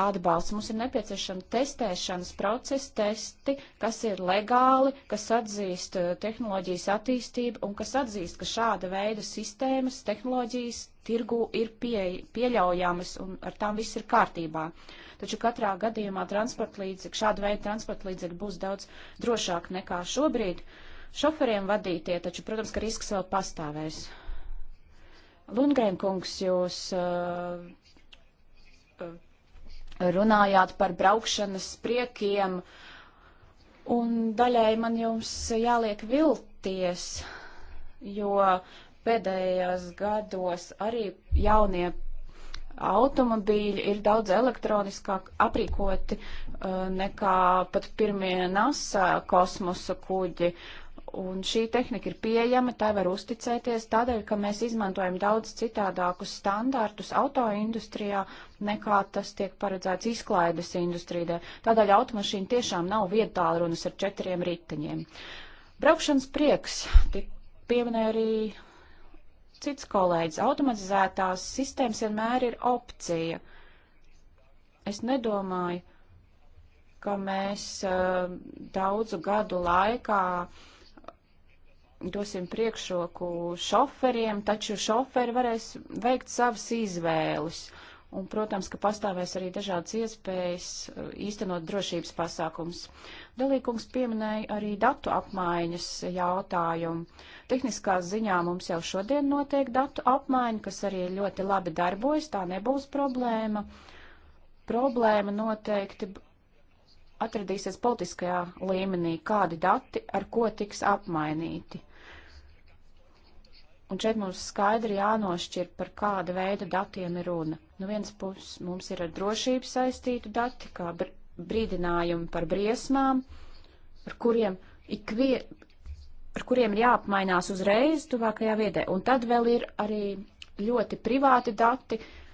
atbalsts. Mums ir nepieciešama testēšanas procesa, testi, kas ir legāli, kas atzīst eh, tehnoloģijas attīstību un kas atzīst, ka šāda veida sistēmas, tehnoloģijas tirgu ir pie, pieļaujamas un ar tām viss ir kārtībā. Taču katrā gadījumā transportlīdzekļi, šāda veida transportlīdzekļi būs daudz drošāk nekā šobrīd. Šoferiem vadītie, taču, protams, ka risks vēl pastāvēs. Lundgren kungs, jūs uh, Eh, runājāt par braukšanas priekiem, un daļai man jums jāliek vilties, jo pēdējos gados arī jaunie automobīļi ir daudz elektroniskāk aprīkoti eh, nekā pat pirmie NASA kosmosa kuģi. Uh, un šī tehnika ir pieejama, tā var uzticēties tādēļ, ka mēs izmantojam daudz citādākus standārtus autoindustrijā nekā tas tiek paredzēts izklaides industrijā. Tādēļ automašīna tiešām nav vietāla runas ar četriem riteņiem. Braukšanas prieks, tik pieminēja arī cits kolēģis, automatizētās sistēmas vienmēr ir opcija. Es nedomāju, ka mēs uh, daudzu gadu laikā uh, dosim priekšroku šoferiem, taču šoferi varēs veikt savas izvēles. Un, protams, ka pastāvēs arī dažādas iespējas uh, īstenot drošības pasākums. Dalīkums pieminēja arī datu apmaiņas jautājumu. Tehniskā ziņā mums jau šodien notiek datu apmaiņa, kas arī ļoti labi darbojas, tā nebūs problēma. Problēma noteikti atradīsies politiskajā līmenī, kādi dati ar ko tiks apmainīti. Un šeit mums skaidri jānošķir, par kādu veidu datiem ir runa. Nu viens puses mums ir ar drošību saistītu dati, kā br brīdinājumi par briesmām, ar kuriem ikvie, ar kuriem ir jāapmainās uzreiz tuvākajā viedē. Un tad vēl ir arī ļoti privāti dati, uh,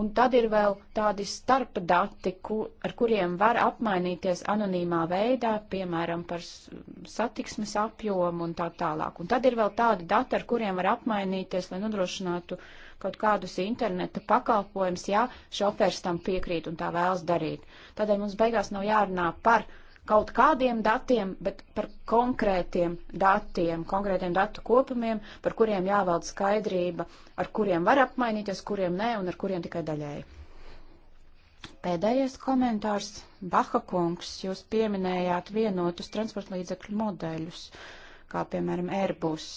Un tad ir vēl tādi starpdati, ku, ar kuriem var apmainīties anonīmā veidā, piemēram, par satiksmes apjomu un tā tālāk. Un tad ir vēl tādi dati, ar kuriem var apmainīties, lai nodrošinātu kaut kādus interneta pakalpojumus, ja šofērs tam piekrīt un tā vēlas darīt. Tādēļ mums beigās nav jārunā par uh, kaut kādiem datiem, bet par konkrētiem datiem, konkrētiem datu kopumiem, par kuriem jāvalda skaidrība, ar kuriem var apmainīties, kuriem nē un ar kuriem tikai daļēji. Pēdējais komentārs. Baha kungs, jūs pieminējāt vienotus transporta līdzekļu modeļus, kā piemēram Airbus.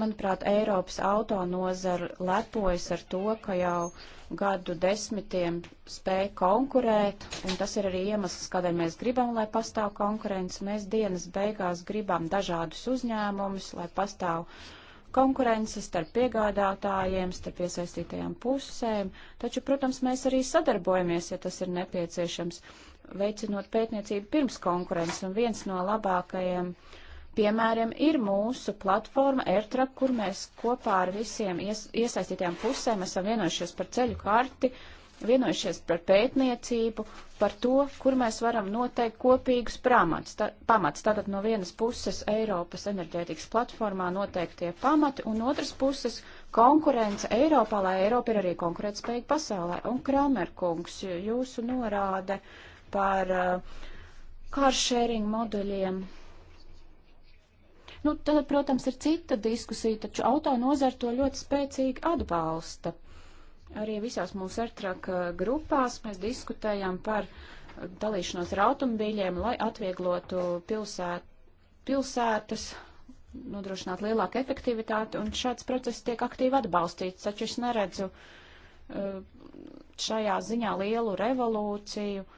Manuprāt, Eiropas autonozara lepojas ar to, ka jau gadu desmitiem spēja konkurēt, un tas ir arī iemesls, kādēļ mēs gribam, lai pastāv konkurence. Mēs dienas beigās gribam dažādus uzņēmumus, lai pastāv konkurence starp piegādātājiem, starp iesaistītajām pusēm, taču, protams, mēs arī sadarbojamies, ja tas ir nepieciešams, veicinot pētniecību pirms konkurences, un viens no labākajiem uh, Piemēram, ir mūsu platforma AirTrack, kur mēs kopā ar visiem ies, iesaistītajām pusēm esam vienojušies par ceļu karti, vienojušies par pētniecību, par to, kur mēs varam noteikt kopīgus pramats, tā, pamats. Tātad no vienas puses Eiropas enerģētikas platformā noteiktie pamati, un otras puses konkurence Eiropā, lai Eiropa ir arī konkurētspējīga pasaulē. Un Kramerkungs, jūsu norāde par uh, car sharing moduļiem Nu, tad, protams, ir cita diskusija, taču auto nozara to ļoti spēcīgi atbalsta. Arī visās mūsu ertraka eh, grupās mēs diskutējām par eh, dalīšanos ar automobīļiem, lai atvieglotu pilsēt, pilsētas nodrošināt lielāku efektivitāti, un šāds process tiek aktīvi atbalstīts, taču es neredzu eh, šajā ziņā lielu revolūciju. Uh,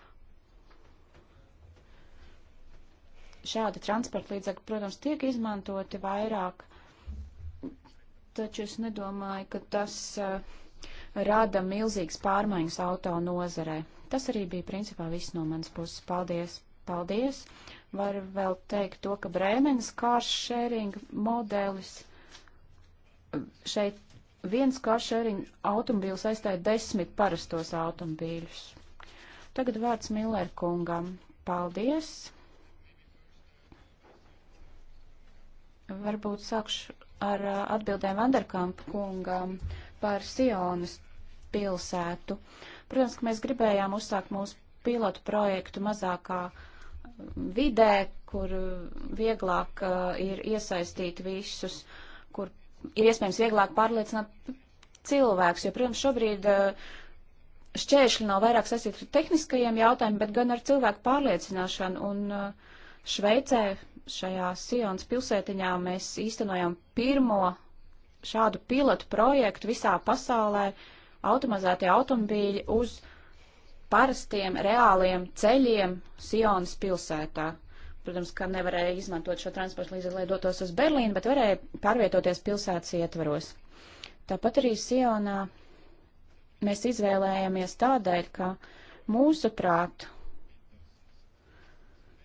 šādi transporta līdzekļi, protams, tiek izmantoti vairāk, taču es nedomāju, ka tas eh, rada milzīgas pārmaiņas auto nozarē. Tas arī bija principā viss no manas puses. Paldies! Paldies! Var vēl teikt to, ka Brēmenes kāršēringa modelis šeit viens kāršēringa automobīls aizstāja desmit parastos automobīļus. Tagad vārds Miller kungam. Paldies! Varbūt sākšu ar atbildēm Vanderkamp kungam par Sionas pilsētu. Protams, ka mēs gribējām uzsākt mūsu pilotu projektu mazākā vidē, kur vieglāk uh, ir iesaistīt visus, kur ir iespējams vieglāk pārliecināt cilvēks, jo, protams, šobrīd uh, šķēršļi nav vairāk saistīti ar tehniskajiem jautājumiem, bet gan ar cilvēku pārliecināšanu. Un uh, Šveicē šajā Sionas pilsētiņā mēs īstenojam pirmo šādu pilotu projektu visā pasaulē automatizētie automobīļi uz parastiem reāliem ceļiem Sionas pilsētā. Protams, ka nevarēja izmantot šo transportu līdzekli, lai dotos uz Berlīnu, bet varēja pārvietoties pilsētas ietvaros. Tāpat arī Sionā mēs izvēlējāmies tādēļ, ka mūsuprāt,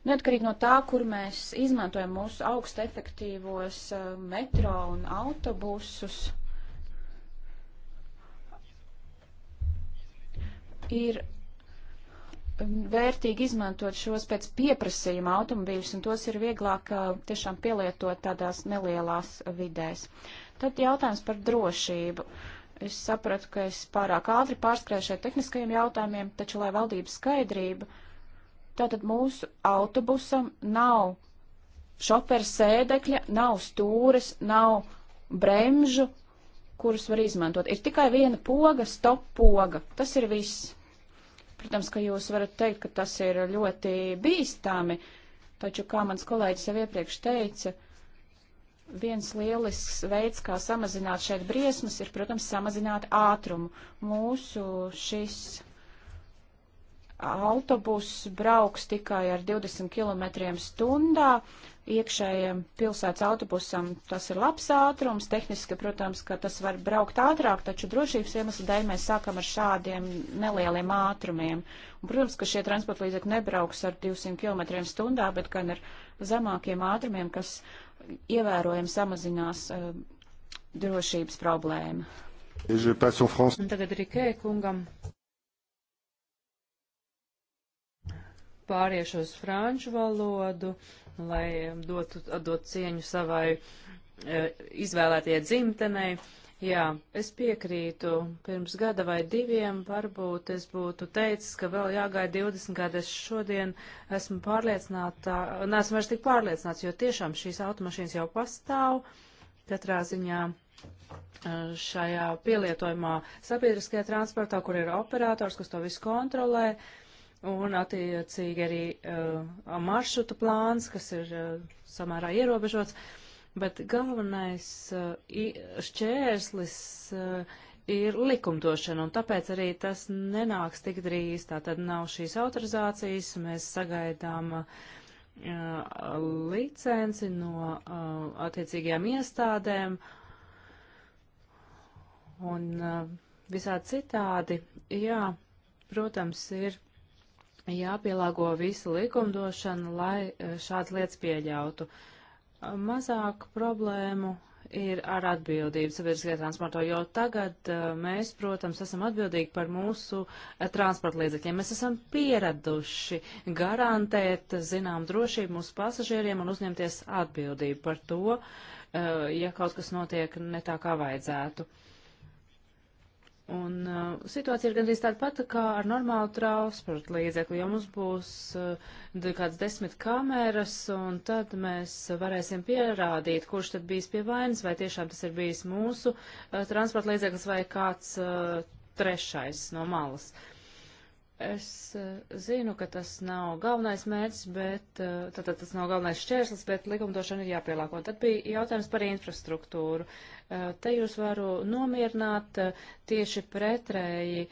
Neatkarīgi no tā, kur mēs izmantojam mūsu augstu efektīvos eh, metro un autobusus, ir vērtīgi izmantot šos pēc pieprasījuma automobīļus, un tos ir vieglāk eh, tiešām pielietot tādās nelielās vidēs. Tad jautājums par drošību. Es sapratu, ka es pārāk ātri pārskrēju šeit tehniskajiem jautājumiem, taču, lai valdības skaidrība, uh, Tātad mūsu autobusam nav šoferis sēdekļa, nav stūres, nav bremžu, kurus var izmantot. Ir tikai viena poga, stop poga. Tas ir viss. Protams, ka jūs varat teikt, ka tas ir ļoti bīstami, taču, kā mans kolēģis jau iepriekš teica, viens lielisks veids, kā samazināt šeit briesmas, ir, protams, samazināt ātrumu. Mūsu šis autobuss brauks tikai ar 20 km stundā. Iekšējiem pilsētas autobusam tas ir labs ātrums. Tehniski, protams, ka tas var braukt ātrāk, taču drošības iemeslu dēļ mēs sākam ar šādiem nelieliem ātrumiem. Un, protams, ka šie transporta līdzekļi nebrauks ar 200 km stundā, bet gan ar zemākiem ātrumiem, kas ievērojami samazinās uh, drošības problēmu. Un tagad arī Kē kungam. pāriešu uz franču valodu, lai dotu, dotu cieņu savai e, izvēlētajai dzimtenei. Jā, es piekrītu. Pirms gada vai diviem varbūt es būtu teicis, ka vēl jāgaida 20 gadi. Es šodien esmu pārliecināta, neesmu vairs tik pārliecināts, jo tiešām šīs automašīnas jau pastāv. Katrā ziņā e, šajā pielietojumā sabiedriskajā transportā, kur ir operators, kas to visu kontrolē, uh, un attiecīgi arī uh, maršrutu plāns, kas ir uh, samērā ierobežots, bet galvenais uh, šķērslis uh, ir likumdošana, un tāpēc arī tas nenāks tik drīz. Tā tad nav šīs autorizācijas, mēs sagaidām uh, licenci no uh, attiecīgajām iestādēm, un uh, visā citādi, jā, protams, ir jāpielāgo visa likumdošana, lai eh, šādas lietas pieļautu. Mazāk problēmu ir ar atbildību sabiedriskajā transportā, jo tagad uh, mēs, protams, esam atbildīgi par mūsu uh, transporta līdzekļiem. Mēs esam pieraduši garantēt, zinām, drošību mūsu pasažieriem un uzņemties atbildību par to, uh, ja kaut kas notiek ne tā, kā vajadzētu. Uh, Un uh, situācija ir gandrīz tāda pati kā ar normālu transporta līdzekli, jo mums būs uh, kāds desmit kameras, un tad mēs varēsim pierādīt, kurš tad bijis pie vainas, vai tiešām tas ir bijis mūsu uh, transporta līdzeklis vai kāds uh, trešais no malas. Uh, Es eh, zinu, ka tas nav galvenais mērķis, bet eh, tātad tas nav galvenais šķērslis, bet likumdošana ir jāpielāgo. Tad bija jautājums par infrastruktūru. Eh, te jūs varu nomierināt tieši pretrēji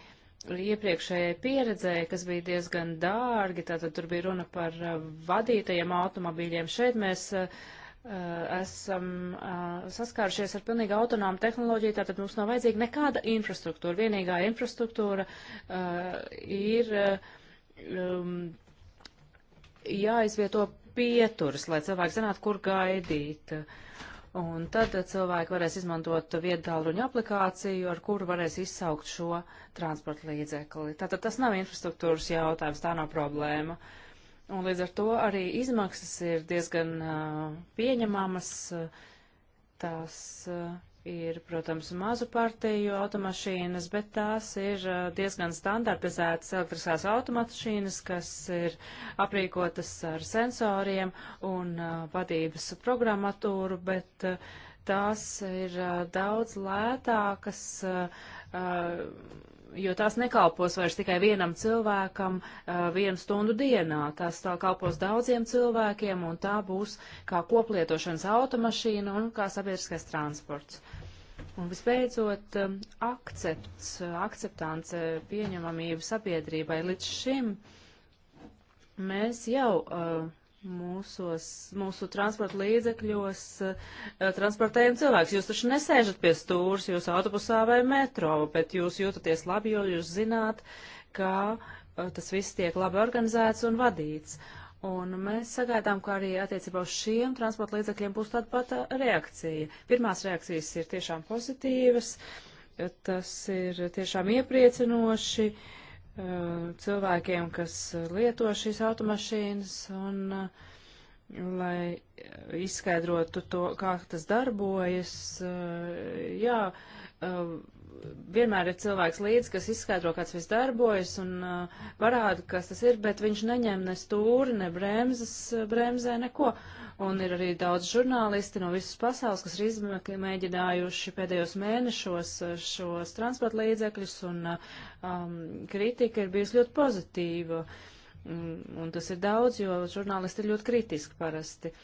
iepriekšējai pieredzēji, kas bija diezgan dārgi, tātad tur bija runa par vadītajiem automobīļiem. Šeit mēs uh, Eh, esam eh, saskārušies ar pilnīgi autonomu tehnoloģiju, tātad mums nav vajadzīga nekāda infrastruktūra. Vienīgā infrastruktūra eh, ir um, jāizvieto pieturas, lai cilvēki zinātu, kur gaidīt. Un tad cilvēki varēs izmantot viedtālruņa aplikāciju, ar kuru varēs izsaukt šo transporta līdzekli. Tātad tas nav infrastruktūras jautājums, tā nav problēma. Uh, un līdz ar to arī izmaksas ir diezgan uh, pieņemamas. Tās uh, ir, protams, mazu partiju automašīnas, bet tās ir uh, diezgan standartizētas elektriskās automašīnas, kas ir aprīkotas ar sensoriem un vadības programmatūru, bet tās ir daudz lētākas jo tās nekalpos vairs tikai vienam cilvēkam uh, vienu stundu dienā. Tās tā kalpos daudziem cilvēkiem, un tā būs kā koplietošanas automašīna un kā sabiedriskais transports. Un visbeidzot, akcepts, akceptance, pieņemamība sabiedrībai līdz šim mēs jau uh, mūsos, mūsu transporta līdzekļos eh, transportējam cilvēks. Jūs taču nesēžat pie stūras, jūs autobusā vai metro, bet jūs jūtaties labi, jo jūs zināt, ka eh, tas viss tiek labi organizēts un vadīts. Un mēs sagaidām, ka arī attiecībā uz šiem transporta līdzekļiem būs tāda pata reakcija. Pirmās reakcijas ir tiešām pozitīvas, tas ir tiešām iepriecinoši. Uh, Eh, cilvēkiem, kas lieto šīs automašīnas, un eh, lai izskaidrotu to, kā tas darbojas, eh, jā, vienmēr ir cilvēks līdzi, kas izskaidro, kāds viss darbojas un uh, parāda, kas tas ir, bet viņš neņem ne stūri, ne bremzes, uh, bremzē neko. Un ir arī daudz žurnālisti no visas pasaules, kas ir izmēģinājuši pēdējos mēnešos uh, šos transporta līdzekļus, un uh, um, kritika ir bijusi ļoti pozitīva. Un, un tas ir daudz, jo žurnālisti ir ļoti kritiski parasti.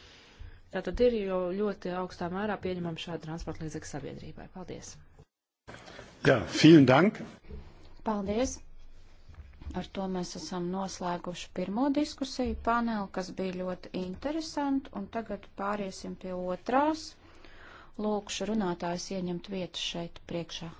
Tātad ir jau ļoti augstā mērā pieņemama šāda transporta līdzekļa sabiedrībai. Paldies! Jā, ja, vielen dank! Paldies! Ar to mēs esam noslēguši pirmo diskusiju paneli, kas bija ļoti interesanti, un tagad pāriesim pie otrās. Lūkšu runātājs ieņemt vietu šeit priekšā.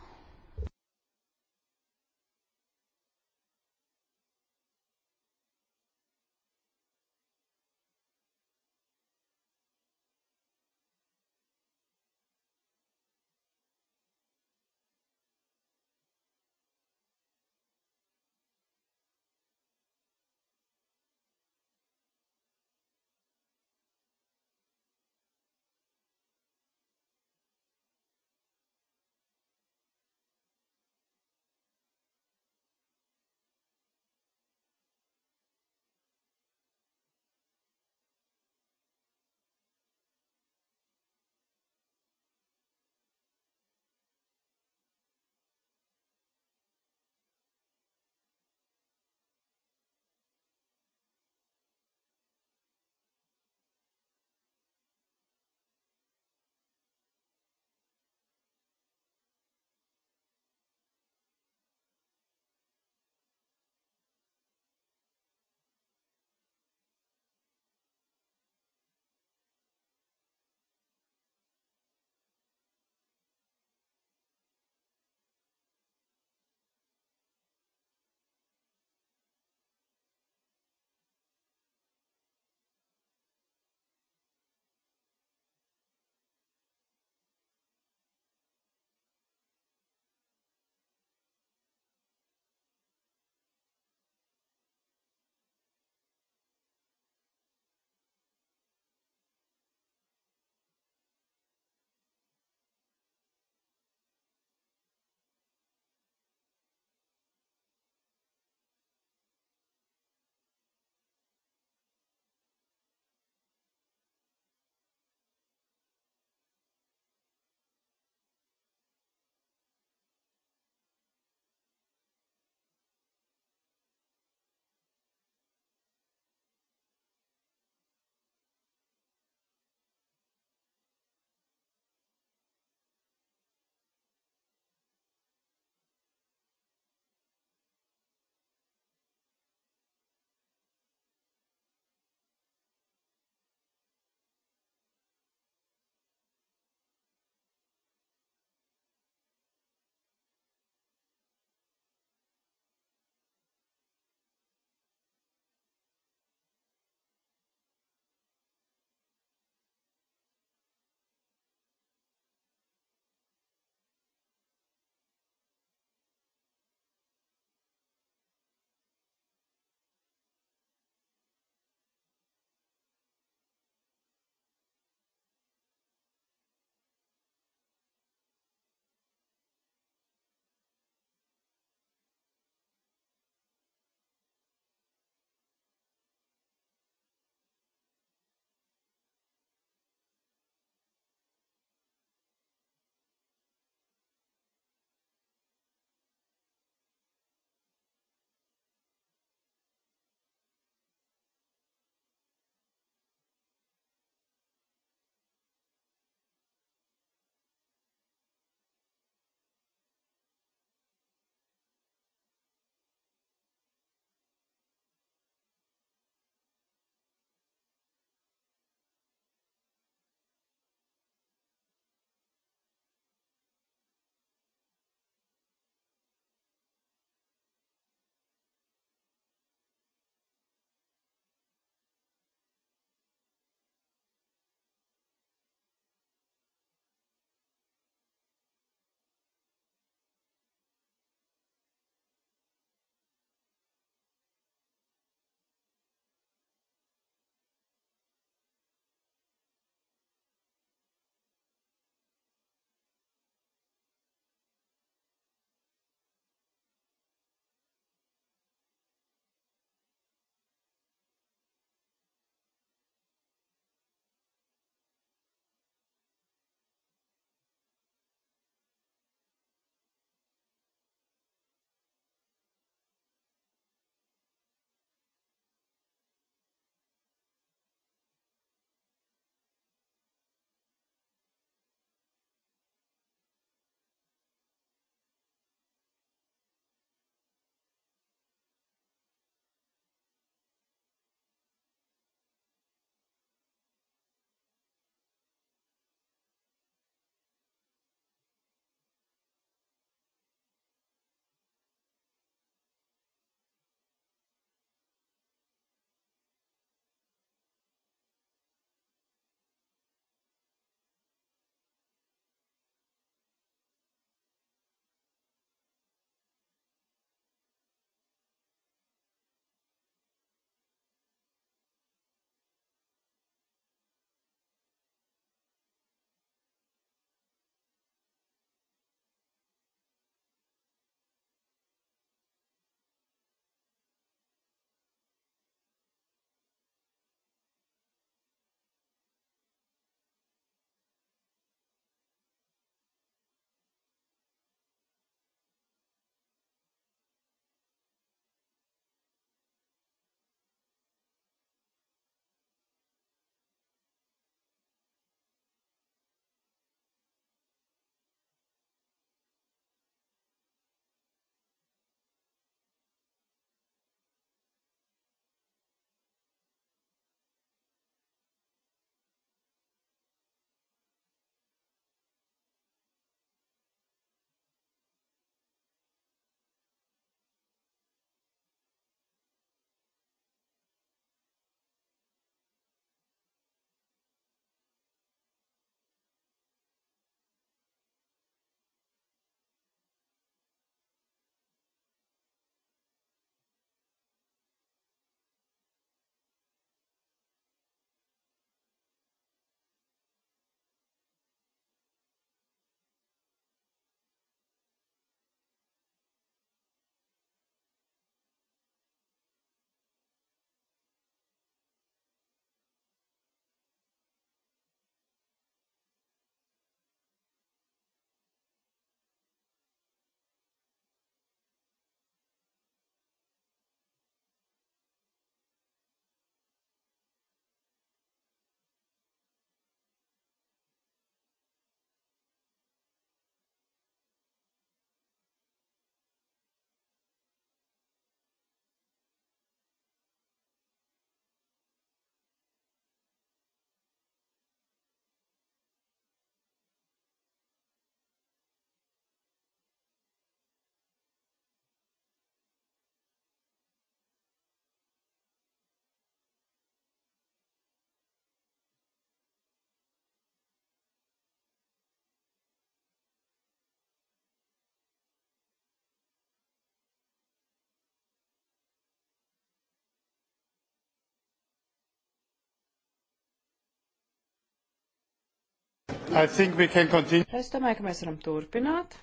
Es domāju, ka mēs varam turpināt.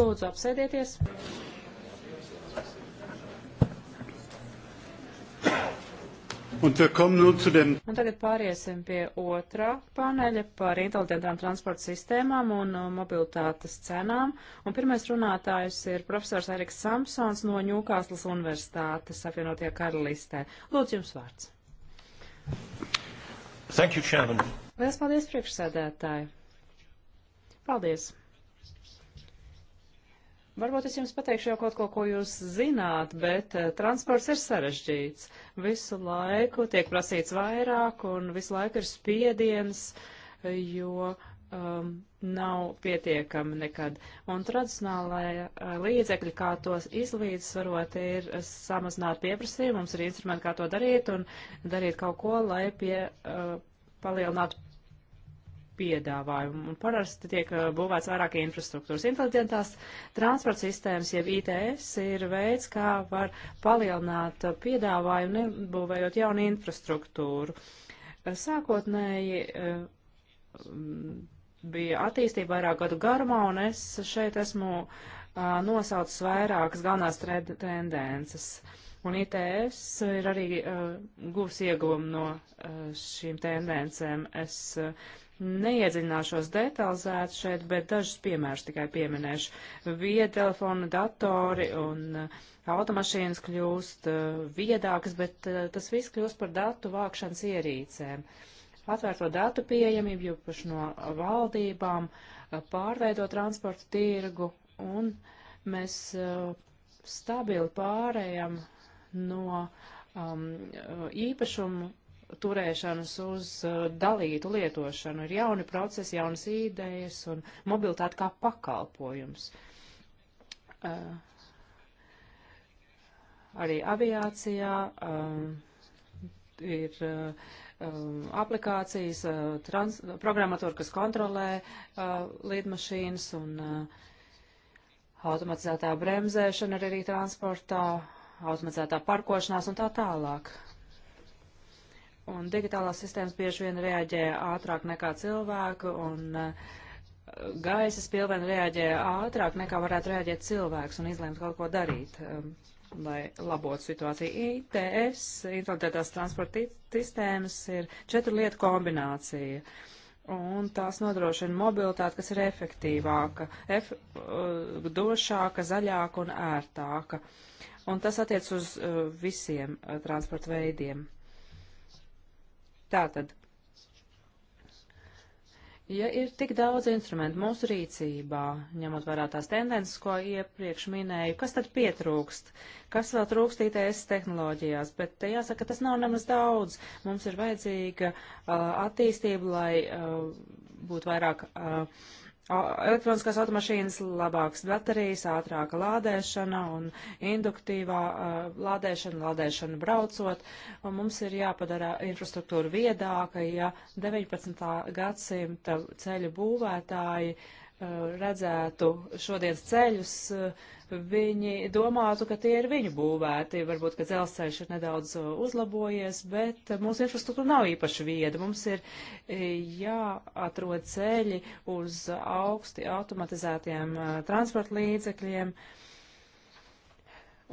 Lūdzu, apsēdieties. Un, nu un tagad pāriesim pie otrā paneļa par inteliģentām transporta sistēmām un uh, mobilitātes cenām. Un pirmais runātājs ir profesors Eriks Samsons no Ņūkāslas Universitātes apvienotie karalistē. Lūdzu, jums vārds. Thank you, Chairman. Lielas paldies, priekšsēdētāji. Paldies. Varbūt es jums pateikšu jau kaut ko, ko jūs zināt, bet uh, transports ir sarežģīts. Visu laiku tiek prasīts vairāk un visu laiku ir spiediens, jo um, nav pietiekami nekad. Un tradicionālai uh, eh, līdzekļi, kā tos izlīdzsvarot, ir samazināt pieprasījumu, mums ir instrumenti, kā to darīt un darīt kaut ko, lai pie, uh, palielinātu piedāvājumu. Un parasti tiek uh, būvēts vairāk infrastruktūras. Inteliģentās transporta sistēmas, jeb ITS, ir veids, kā var palielināt uh, piedāvājumu, nebūvējot jaunu infrastruktūru. Uh, sākotnēji bija attīstība vairāk gadu garumā, un es šeit esmu nosaucis vairākas galvenās tendences. Un ITS ir arī uh, gūs ieguvumu no uh, šīm tendencēm. Es uh, Neiedzināšos detalizēt šeit, bet dažus piemērus tikai pieminēšu. Viedtelefona datori un uh, automašīnas kļūst uh, viedākas, bet uh, tas viss kļūst par datu vākšanas ierīcēm. Atvērto datu pieejamību jūpaši no valdībām, pārveido transporta tirgu un mēs stabili pārējam no um, īpašumu turēšanas uz uh, dalītu lietošanu. Ir jauni procesi, jaunas idejas un mobilitāte kā pakalpojums. Uh, arī aviācijā uh, ir uh, um, aplikācijas, uh, trans, programmatūra, kas kontrolē uh, lidmašīnas un automatizētā bremzēšana ir arī transportā, automatizētā parkošanās un tā tālāk. Un digitālās sistēmas bieži vien reaģē ātrāk nekā cilvēku, un uh, gaisa spilvena reaģē ātrāk nekā varētu reaģēt cilvēks un izlēmt kaut ko darīt, um, lai labotu situāciju. ITS, intelektuālās transporta sistēmas, ir četru lietu kombinācija. Un tās nodrošina mobilitāti, kas ir efektīvāka, ef uh, došāka, zaļāka un ērtāka. Un tas attiec uz uh, visiem uh, transporta veidiem. Uh, Tātad, ja ir tik daudz instrumentu mūsu rīcībā, ņemot vērā tās tendences, ko iepriekš minēju, kas tad pietrūkst? Kas vēl trūkst ITS tehnoloģijās? Bet te jāsaka, tas nav nemaz daudz. Mums ir vajadzīga uh, attīstība, lai uh, būtu vairāk. Uh, elektroniskās automašīnas, labāks baterijas, ātrāka lādēšana un induktīvā uh, lādēšana, lādēšana braucot. Un mums ir jāpadara infrastruktūra viedāka, ja 19. gadsimta ceļu būvētāji uh, Eh, redzētu šodienas ceļus, eh, viņi domātu, ka tie ir viņu būvēti. Varbūt, ka dzelzceļš ir nedaudz eh, uzlabojies, bet mūsu infrastruktūra nav īpaši vieda. Mums ir jāatrod ceļi uz augsti automatizētiem transporta līdzekļiem.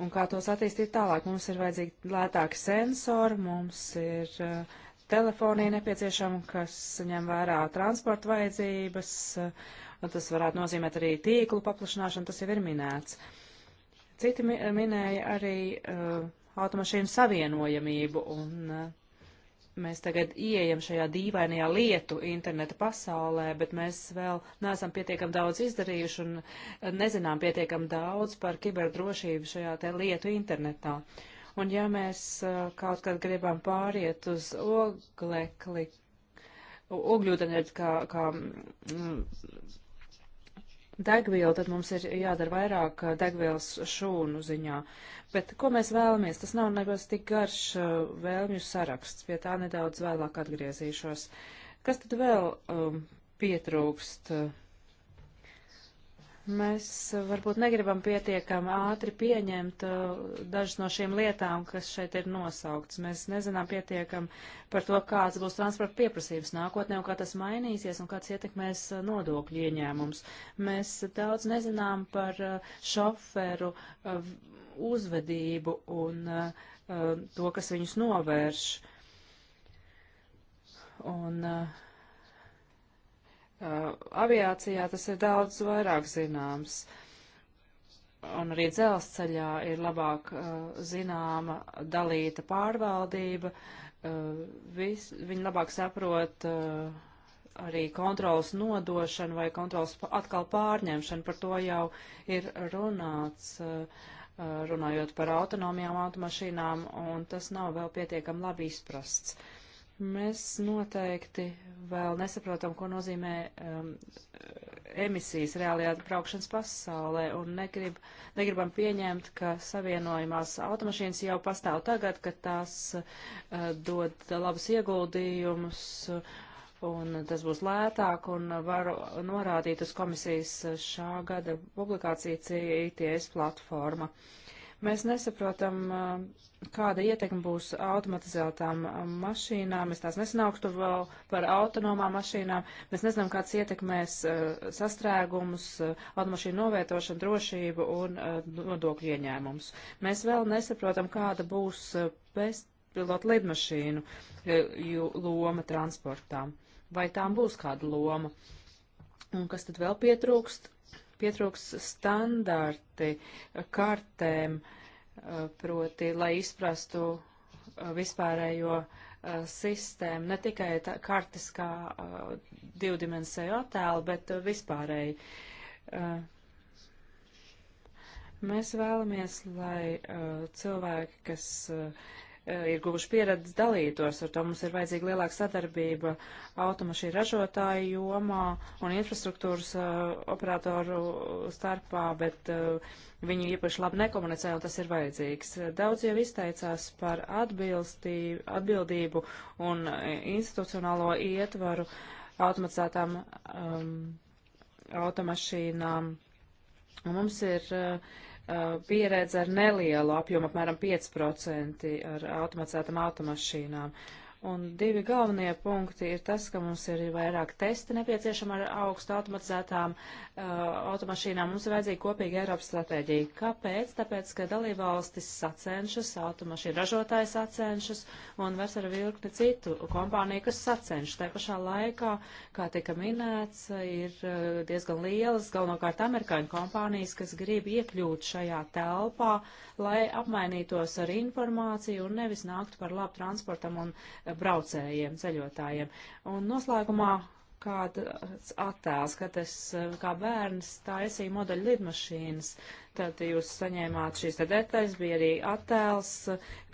Un kā tos attīstīt tālāk? Mums ir vajadzīgi lētāki sensori, mums ir uh, telefonija nepieciešama, kas ņem vērā transporta vajadzības, uh, Tas varētu nozīmēt arī tīklu paplašināšanu, tas jau ir minēts. Citi minēja arī uh, automašīnu savienojamību, un uh, mēs tagad ieejam šajā dīvainajā lietu interneta pasaulē, bet mēs vēl neesam pietiekam daudz izdarījuši un uh, nezinām pietiekam daudz par kiberdrošību šajā te lietu internetā. Un ja mēs uh, kaut kad gribam pāriet uz oglekli, ogļūdeni kā, kā mm, degvielu, tad mums ir jādara vairāk eh, degvielas šūnu ziņā. Bet ko mēs vēlamies? Tas nav nekas tik garš eh, vēlmju saraksts, pie tā nedaudz vēlāk atgriezīšos. Kas tad vēl um, pietrūkst? Uh, Mēs eh, varbūt negribam pietiekami ātri pieņemt eh, dažas no šīm lietām, kas šeit ir nosauktas. Mēs nezinām pietiekami par to, kāds būs transporta pieprasības nākotnē un kā tas mainīsies un kāds ietekmēs eh, nodokļu ieņēmums. Mēs daudz nezinām par šoferu uzvedību un to, kas viņus novērš. Un, uh, aviācijā tas ir daudz vairāk zināms. Un arī dzelzceļā ir labāk uh, zināma dalīta pārvaldība, uh, vis, viņi labāk saprot uh, arī kontrolas nodošanu vai kontrolas atkal pārņemšanu, par to jau ir runāts, uh, runājot par autonomijām automašīnām, un tas nav vēl pietiekam labi izprasts. Uh, Mēs noteikti vēl nesaprotam, ko nozīmē um, emisijas reālajā braukšanas pasaulē un negrib, negribam pieņemt, ka savienojumās automašīnas jau pastāv tagad, ka tās uh, dod labus ieguldījumus un tas būs lētāk un varu norādīt uz komisijas šā gada publikāciju CITS platforma. Uh, Mēs nesaprotam, kāda ietekme būs automatizētām mašīnām. Mēs tās nesanauktu vēl par autonomām mašīnām. Mēs nezinām, kāds ietekmēs sastrēgumus, automašīnu novietošanu, drošību un nodokļu ieņēmumus. Mēs vēl nesaprotam, kāda būs bezpilotu lidmašīnu loma transportām. Vai tām būs kāda loma? Un kas tad vēl pietrūkst? pietrūks standarti kartēm, eh, proti, lai izprastu eh, vispārējo eh, sistēmu, ne tikai tā, kartes kā divdimensēju attēlu, bet vispārēji. Mēs vēlamies, lai cilvēki, kas Eh, ir guvuši pieredzi dalītos, ar to mums ir vajadzīga lielāka sadarbība automašīnu ražotāju jomā un infrastruktūras uh, operatoru starpā, bet uh, eh, viņi īpaši labi nekomunicē, un tas ir vajadzīgs. Daudz jau izteicās par atbildību un institucionālo ietvaru automatizētām um, automašīnām. Un mums ir uh, Uh, pieredze ar nelielu apjomu, apmēram 5% ar automatizētām automašīnām. Un divi galvenie punkti ir tas, ka mums ir vairāk testi nepieciešama ar augstu automatizētām uh, automašīnām. Mums ir vajadzīga kopīga Eiropas stratēģija. Kāpēc? Tāpēc, ka dalībvalstis sacenšas, automašīnu ražotāji sacenšas un vairs ar virkni citu kompāniju, kas sacenšas. Tā pašā laikā, kā tika minēts, ir uh, diezgan lielas, galvenokārt amerikāņu kompānijas, kas grib iekļūt šajā telpā, lai apmainītos ar informāciju un nevis nāktu par labu transportam un uh, braucējiem, ceļotājiem. Un noslēgumā kāds attēls, kad es kā bērns taisīju modeļu lidmašīnas, tad jūs saņēmāt šīs te detaļas, bija arī attēls,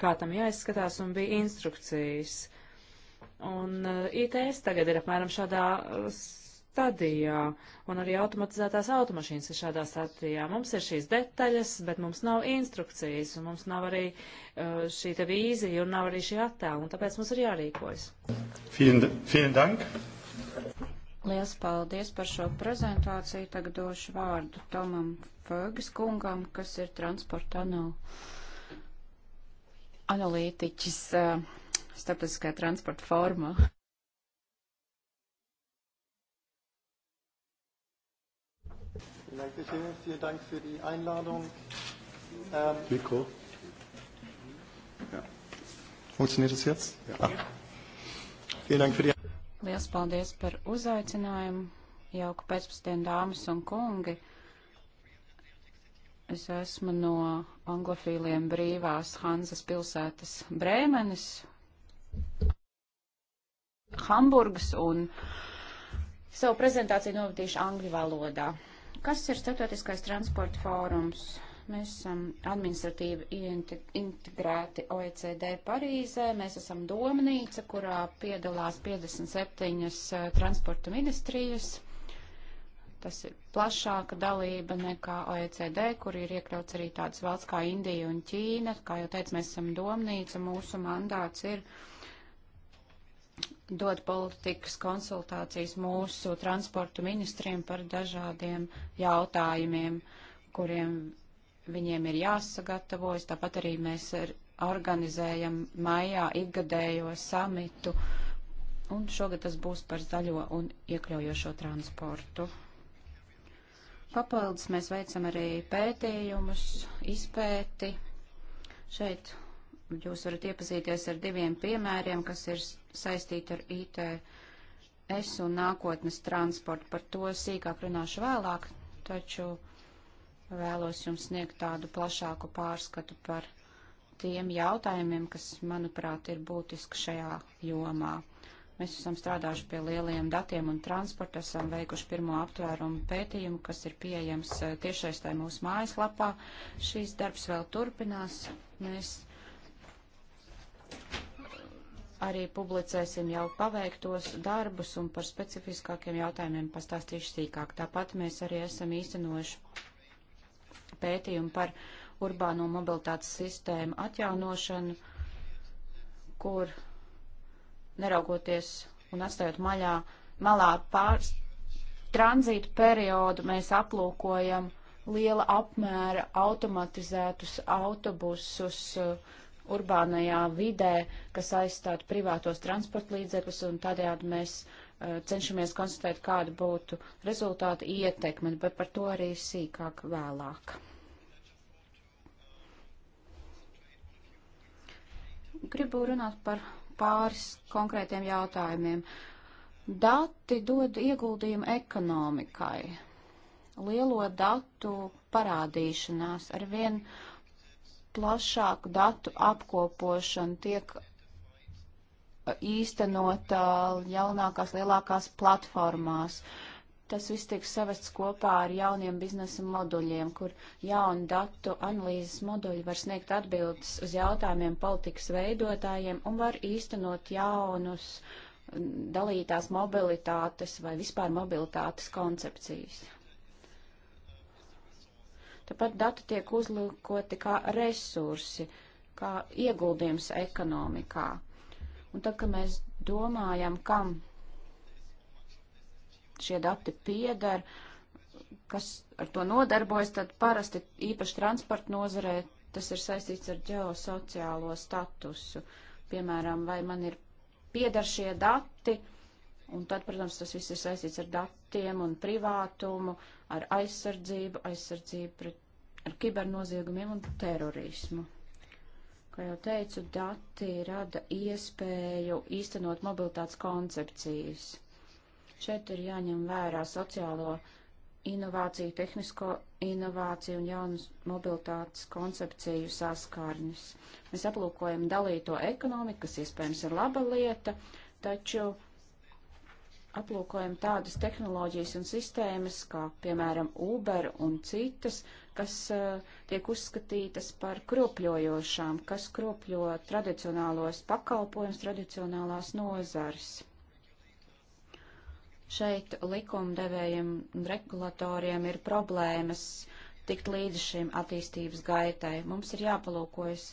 kā tam jāizskatās un bija instrukcijas. Un uh, ITS tagad ir apmēram šādā uh, stadijā, un arī automatizētās automašīnas ir šādā stadijā. Mums ir šīs detaļas, bet mums nav instrukcijas, un mums nav arī uh, šī te vīzija, un nav arī šī attēla, un tāpēc mums ir jārīkojas. Vielen, vielen dank! Liels paldies par šo prezentāciju. Tagad došu vārdu Tomam Fergus kungam, kas ir transporta anal analītiķis uh, starptautiskajā transporta formā. Danke schön, vielen Dank für die Einladung. Ähm, Mikro. Ja. Funktioniert es jetzt? Ja. Ah. Vielen Dank für die Liels paldies par uzaicinājumu. Jauka pēcpusdienu, dāmas un kungi. Es esmu no anglofīliem brīvās Hanzas pilsētas Brēmenes, Hamburgas un savu prezentāciju novadīšu angļu valodā. Kas ir Startautiskais transporta fórums? Mēs esam administratīvi integrēti OECD Parīzē. Mēs esam domnīca, kurā piedalās 57 transporta ministrijas. Tas ir plašāka dalība nekā OECD, kur ir iekļauts arī tādas valsts kā Indija un Ķīna. Kā jau teicu, mēs esam domnīca, mūsu mandāts ir uh, dod politikas konsultācijas mūsu transportu ministriem par dažādiem jautājumiem, kuriem viņiem ir jāsagatavojas. Tāpat arī mēs organizējam maijā ikgadējo samitu, un šogad tas būs par zaļo un iekļaujošo transportu. Papildus mēs veicam arī pētījumus, izpēti. Šeit Jūs varat iepazīties ar diviem piemēriem, kas ir saistīti ar ITS un nākotnes transportu. Par to sīkāk runāšu vēlāk, taču vēlos jums sniegt tādu plašāku pārskatu par tiem jautājumiem, kas, manuprāt, ir būtiski šajā jomā. Mēs esam strādājuši pie lieliem datiem un transporta, esam veikuši pirmo aptvērumu pētījumu, kas ir pieejams eh, tiešaistē mūsu mājaslapā. Šīs darbs vēl turpinās. Mēs arī publicēsim jau paveiktos darbus un par specifiskākiem jautājumiem pastāstīšu sīkāk. Tāpat mēs arī esam īstenojuši pētījumu par urbāno mobilitātes sistēmu atjaunošanu, kur neraugoties un atstājot maļā, malā pār tranzītu periodu, mēs aplūkojam liela apmēra automatizētus autobusus, uh, urbānajā vidē, kas aizstātu privātos transporta līdzekļus, un tādējādi mēs uh, cenšamies konstatēt, kāda būtu rezultāta ietekme, bet par to arī sīkāk vēlāk. Gribu runāt par pāris konkrētiem jautājumiem. Dati dod ieguldījumu ekonomikai. Lielo datu parādīšanās arvien uh, plašāku datu apkopošanu tiek īstenota jaunākās, lielākās platformās. Tas viss tiek savests kopā ar jauniem biznesa moduļiem, kur jauni datu analīzes moduļi var sniegt atbildes uz jautājumiem politikas veidotājiem un var īstenot jaunus dalītās mobilitātes vai vispār mobilitātes koncepcijas. Tāpat dati tiek uzlūkoti kā resursi, kā ieguldījums ekonomikā. Un tad, kad mēs domājam, kam šie dati piedara, kas ar to nodarbojas, tad parasti īpaši transporta nozarē tas ir saistīts ar ģeosociālo statusu. Piemēram, vai man ir piedar šie dati, un tad, protams, tas viss ir saistīts ar datiem un privātumu, ar aizsardzību, aizsardzību pret ar kibernoziegumiem un terorismu. Kā jau teicu, dati rada iespēju īstenot mobilitātes koncepcijas. Šeit ir jāņem vērā sociālo inovāciju, tehnisko inovāciju un jaunas mobilitātes koncepciju saskārņus. Mēs aplūkojam dalīto ekonomiku, kas iespējams ir laba lieta, taču aplūkojam tādas tehnoloģijas un sistēmas, kā piemēram Uber un citas, kas uh, tiek uzskatītas par kropļojošām, kas kropļo tradicionālos pakalpojums, tradicionālās nozars. Šeit likumdevējiem un regulatoriem ir problēmas tikt līdz šīm attīstības gaitai. Mums ir jāpalūkojas,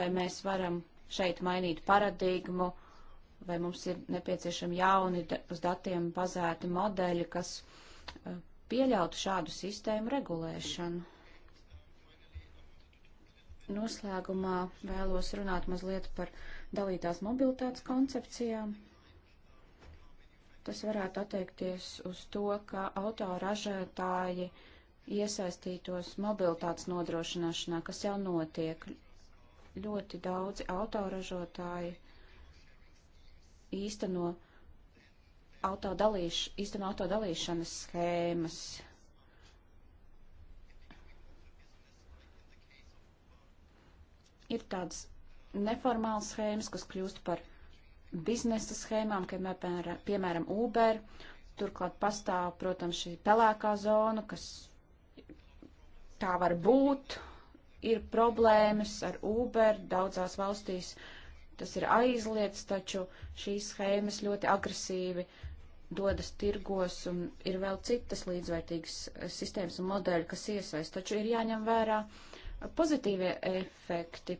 vai mēs varam šeit mainīt paradigmu, vai mums ir nepieciešami jauni uz datiem bazēti modeļi, kas eh, pieļautu šādu sistēmu regulēšanu. Noslēgumā vēlos runāt mazliet par dalītās mobilitātes koncepcijām. Tas varētu attiekties uz to, ka autoražētāji iesaistītos mobilitātes nodrošināšanā, kas jau notiek. Ļoti daudzi autoražotāji uh, īsteno autodalīš, īsteno autodalīšanas schēmas. Ir tādas neformālas schēmas, kas kļūst par biznesa schēmām, kā piemēram, piemēram Uber. Turklāt pastāv, protams, šī pelēkā zona, kas tā var būt. Ir problēmas ar Uber daudzās valstīs. Uh, tas ir aizliegts, taču šīs schēmas ļoti agresīvi dodas tirgos un ir vēl citas līdzvērtīgas sistēmas un modeļi, kas iesaist, taču ir jāņem vērā pozitīvie efekti.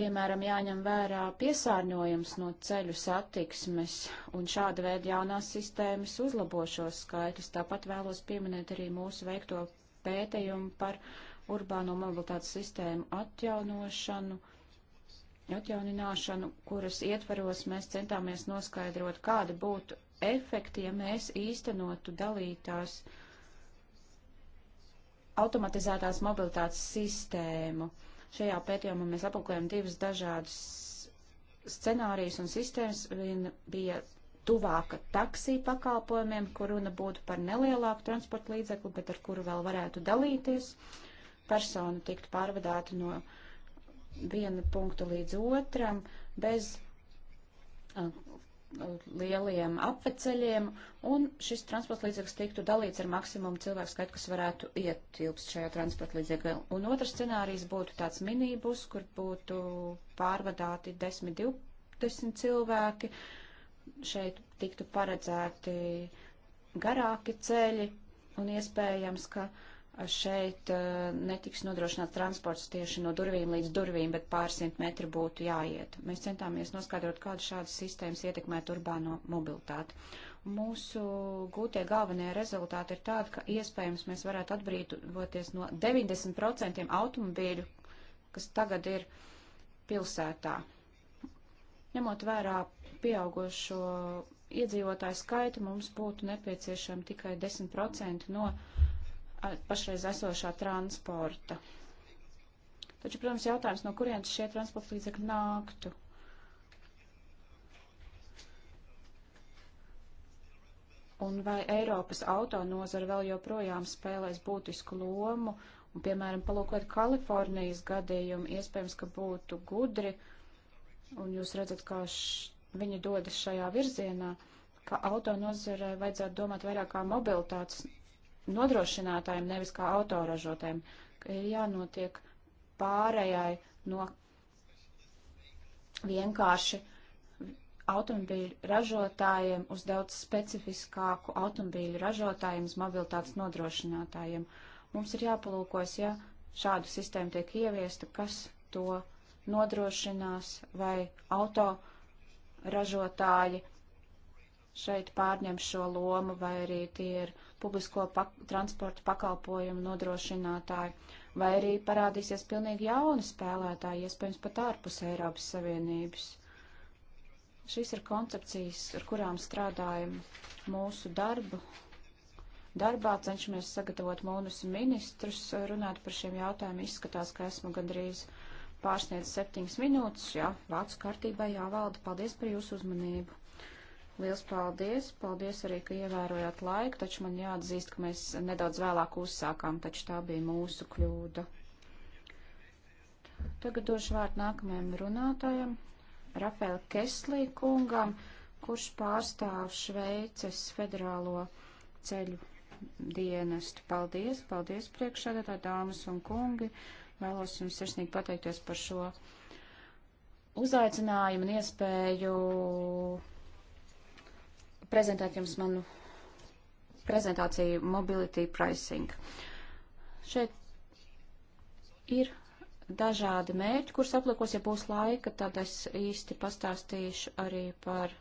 Piemēram, jāņem vērā piesārņojums no ceļu satiksmes, un šāda veida jaunās sistēmas uzlabo šos skaitļus. Tāpat vēlos pieminēt arī mūsu veikto pētījumu par uh, urbāno mobilitātes sistēmu atjaunošanu, atjaunināšanu, kuras ietvaros mēs centāmies noskaidrot, kāda būtu efekti, ja mēs īstenotu dalītās automatizētās mobilitātes sistēmu. Šajā pētījumā mēs aplūkojam divas dažādas scenārijas un sistēmas. Viena bija tuvāka taksī pakalpojumiem, kur runa būtu par nelielāku transporta līdzekli, bet ar kuru vēl varētu dalīties. Uh, persona tiktu pārvadāta no viena punkta līdz otram bez uh, lieliem apveceļiem, un šis transporta līdzeklis tiktu dalīts ar maksimumu cilvēku skaitu, kas varētu ietilpst šajā transporta līdzeklī. Un otrs scenārijs būtu tāds minibus, kur būtu pārvadāti 10-20 cilvēki. Šeit tiktu paredzēti garāki ceļi, un iespējams, ka uh, šeit eh, netiks nodrošināts transports tieši no durvīm līdz durvīm, bet pārsimt metri būtu jāiet. Mēs centāmies noskaidrot, kāda šādas sistēmas ietekmētu urbāno mobilitāti. Mūsu gūtie galvenie rezultāti ir tādi, ka iespējams mēs varētu atbrīvoties no 90% automobīļu, kas tagad ir pilsētā. Ņemot vērā pieaugošo iedzīvotāju skaitu, mums būtu nepieciešama tikai 10% no uh, pašreiz esošā transporta. Taču, protams, jautājums, no kurienes šie transporta līdzekļi nāktu. Un vai Eiropas autonozara vēl joprojām spēlēs būtisku lomu? Un, piemēram, palūkot Kalifornijas gadījumu, iespējams, ka būtu gudri, un jūs redzat, kā š... viņi dodas šajā virzienā, ka autonozarei vajadzētu domāt vairāk kā mobilitātes nodrošinātājiem, nevis kā autoražotājiem, ka ir jānotiek pārējai no vienkārši automobīļu ražotājiem uz daudz specifiskāku automobīļu ražotājiem, uz mobilitātes nodrošinātājiem. Mums ir jāpalūkojas, ja šāda sistēma tiek ieviesta, kas to nodrošinās vai auto ražotāji šeit pārņem šo lomu, vai arī tie ir publisko pak transporta pakalpojumu nodrošinātāji, vai arī parādīsies pilnīgi jauni spēlētāji, iespējams pat ārpus Eiropas Savienības. Šīs ir koncepcijas, ar kurām strādājam mūsu darbu. Darbā cenšamies sagatavot mūnus ministrus, runāt par šiem jautājumiem. Izskatās, ka esmu gandrīz pārsniedz septiņas minūtes. Jā, vācu kārtībā jāvalda. Paldies par jūsu uzmanību! Liels paldies! Paldies arī, ka ievērojāt laiku, taču man jāatzīst, ka mēs nedaudz vēlāk uzsākām, taču tā bija mūsu kļūda. Tagad došu vārdu nākamajam runātājam, Rafēla Keslī kungam, kurš pārstāv Šveices federālo ceļu dienestu. Paldies, paldies priekšsēdētāji, dāmas un kungi. Vēlos jums sirsnīgi pateikties par šo uzaicinājumu un iespēju prezentēt jums manu prezentāciju Mobility Pricing. Šeit ir dažādi mērķi, kurus aplikos, ja būs laika, tad es īsti pastāstīšu arī par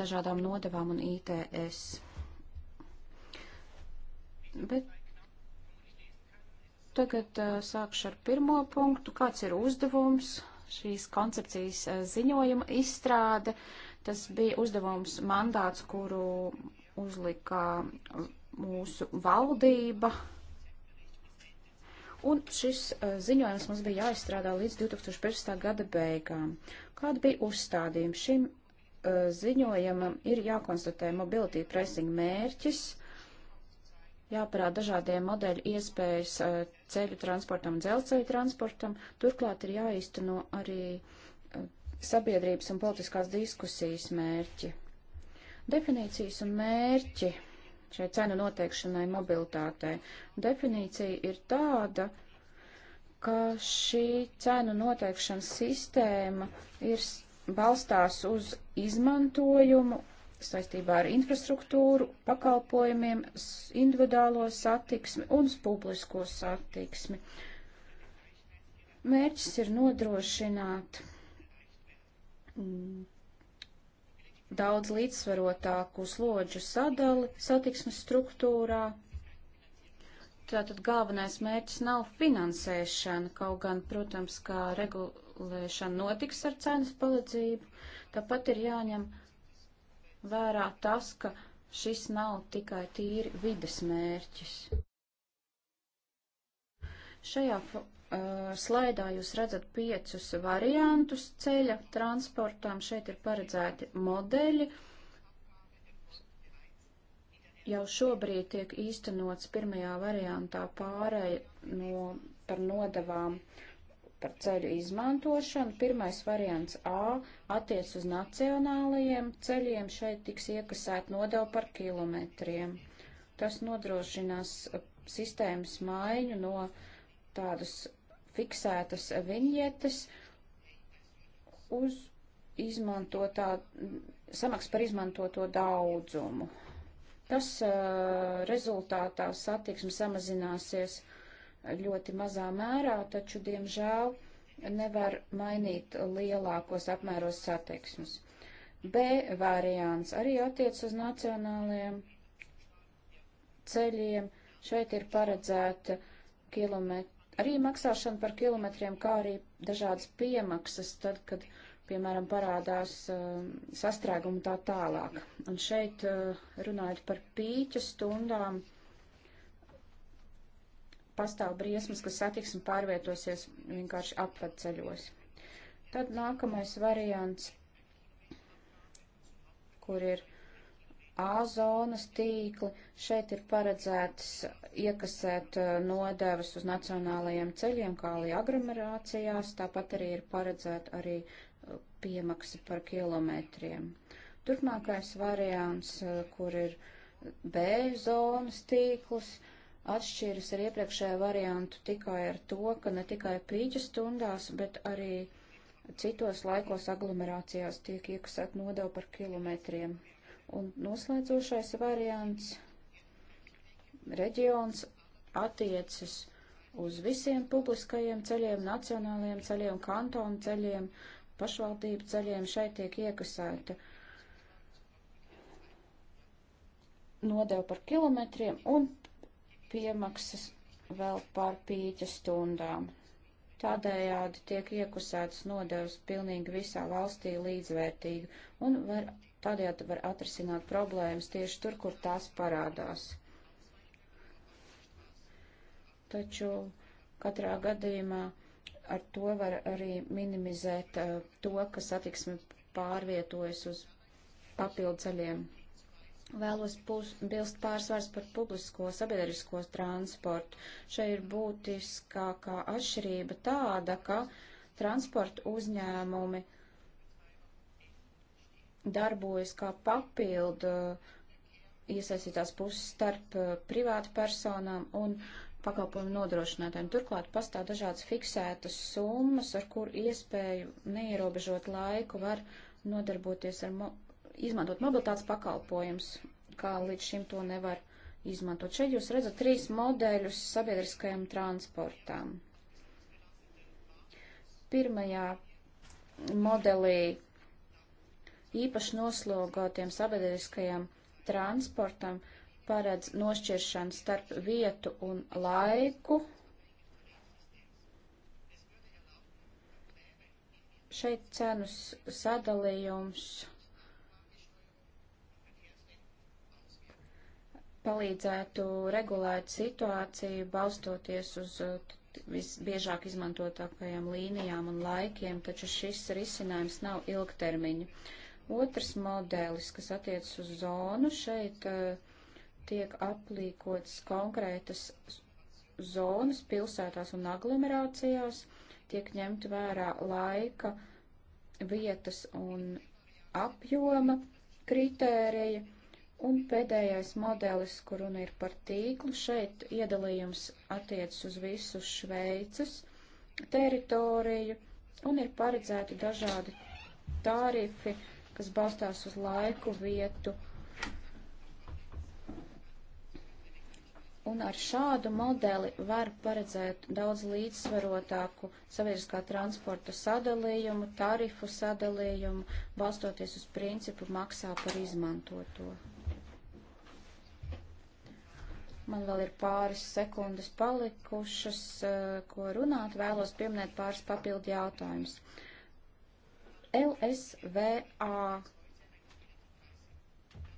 dažādām nodevām un ITS. Bet tagad uh, sākšu ar pirmo punktu. Kāds ir uzdevums šīs koncepcijas uh, ziņojuma izstrāde? Uh, Tas bija uzdevums mandāts, kuru uzlika mūsu valdība. Un šis eh, ziņojums mums bija jāizstrādā līdz 2015. gada beigām. Kāda bija uzstādījuma? Šim eh, ziņojumam ir jākonstatē mobility pressing mērķis, jāparāda dažādie modeļi iespējas eh, ceļu transportam, dzelzceļu transportam, turklāt ir jāīsteno arī uh, sabiedrības un politiskās diskusijas mērķi. Definīcijas un mērķi šai cenu noteikšanai mobilitātei. Definīcija ir tāda, ka šī cenu noteikšanas sistēma ir balstās uz izmantojumu saistībā ar infrastruktūru, pakalpojumiem, individuālo satiksmi un publisko satiksmi. Mērķis ir nodrošināt Mm. daudz līdzsvarotāku slodžu sadali satiksmes struktūrā. Tātad galvenais mērķis nav finansēšana, kaut gan, protams, kā regulēšana notiks ar cenas palīdzību, tāpat ir jāņem vērā tas, ka šis nav tikai tīri vides mērķis. Šajā Uh, slaidā jūs redzat piecus variantus ceļa transportām. Šeit ir paredzēti modeļi. Jau šobrīd tiek īstenots pirmajā variantā pārēja no, par nodavām par ceļu izmantošanu. Pirmais variants A attiec uz nacionālajiem ceļiem. Šeit tiks iekasēt nodevu par kilometriem. Tas nodrošinās sistēmas maiņu no tādus fiksētas viņietes uz izmantotā, samaks par izmantoto daudzumu. Tas uh, rezultātā satiksme samazināsies ļoti mazā mērā, taču, diemžēl, nevar mainīt lielākos apmēros satiksmes. B variants arī attiec uz nacionālajiem ceļiem. Šeit ir paredzēta kilometru arī maksāšana par kilometriem, kā arī dažādas piemaksas, tad, kad, piemēram, parādās uh, sastrēgumi tā tālāk. Un šeit uh, runājot par pīķa stundām, pastāv briesmas, ka satiksme pārvietosies vienkārši apveceļos. Tad nākamais variants, kur ir A zonas tīkli. Šeit ir paredzēts iekasēt uh, nodevas uz nacionālajiem ceļiem, kā arī aglomerācijās, tāpat arī ir paredzēta arī uh, piemaksa par kilometriem. Turpmākais variants, uh, kur ir B zonas tīkls, atšķiras ar iepriekšējo variantu tikai ar to, ka ne tikai pīķa stundās, bet arī citos laikos aglomerācijās tiek iekasēt nodevu par kilometriem. Un noslēdzošais variants reģions attiecas uz visiem publiskajiem ceļiem, nacionālajiem ceļiem, kantonu ceļiem, pašvaldību ceļiem. Šeit tiek iekasēta nodeva par kilometriem un piemaksas vēl par pīķa stundām. Tādējādi tiek iekusētas nodevas pilnīgi visā valstī līdzvērtīgi un var Tādējādi var atrisināt problēmas tieši tur, kur tās parādās. Taču katrā gadījumā ar to var arī minimizēt uh, to, ka satiksme pārvietojas uz papildu ceļiem. Vēlos bilst pārsvars par publisko sabiedrisko transportu. Šeit ir būtiskākā atšķirība tāda, ka transporta uzņēmumi uh, darbojas kā papildu uh, iesaistītās puses starp uh, privātu personām un pakalpojumu nodrošinātājiem. Turklāt pastāv dažādas fiksētas summas, ar kur iespēju neierobežot laiku var nodarboties ar, mo izmantot mobilitātes pakalpojumus, kā līdz šim to nevar izmantot. Šeit jūs redzat trīs modeļus sabiedriskajam transportām. Pirmajā modelī īpaši noslogotiem sabiedriskajam transportam paredz nošķiršanu starp vietu un laiku. Šeit cenu sadalījums palīdzētu regulēt situāciju, balstoties uz uh, visbiežāk izmantotākajām līnijām un laikiem, taču šis risinājums nav ilgtermiņa. Uh, Otrs modelis, kas attiecas uz zonu, šeit eh, tiek aplīkots konkrētas zonas pilsētās un aglomerācijās, tiek ņemt vērā laika, vietas un apjoma kritērija. Un pēdējais modelis, kur runa ir par tīklu, šeit iedalījums attiecas uz visu Šveices teritoriju un ir paredzēti dažādi tārifi kas balstās uz laiku, vietu. Un ar šādu modeli var paredzēt daudz līdzsvarotāku sabiedriskā transporta sadalījumu, tarifu sadalījumu, balstoties uz principu maksā par izmantoto. Man vēl ir pāris sekundes palikušas, eh, ko runāt. Vēlos pieminēt pāris papildu jautājumus. LSVA.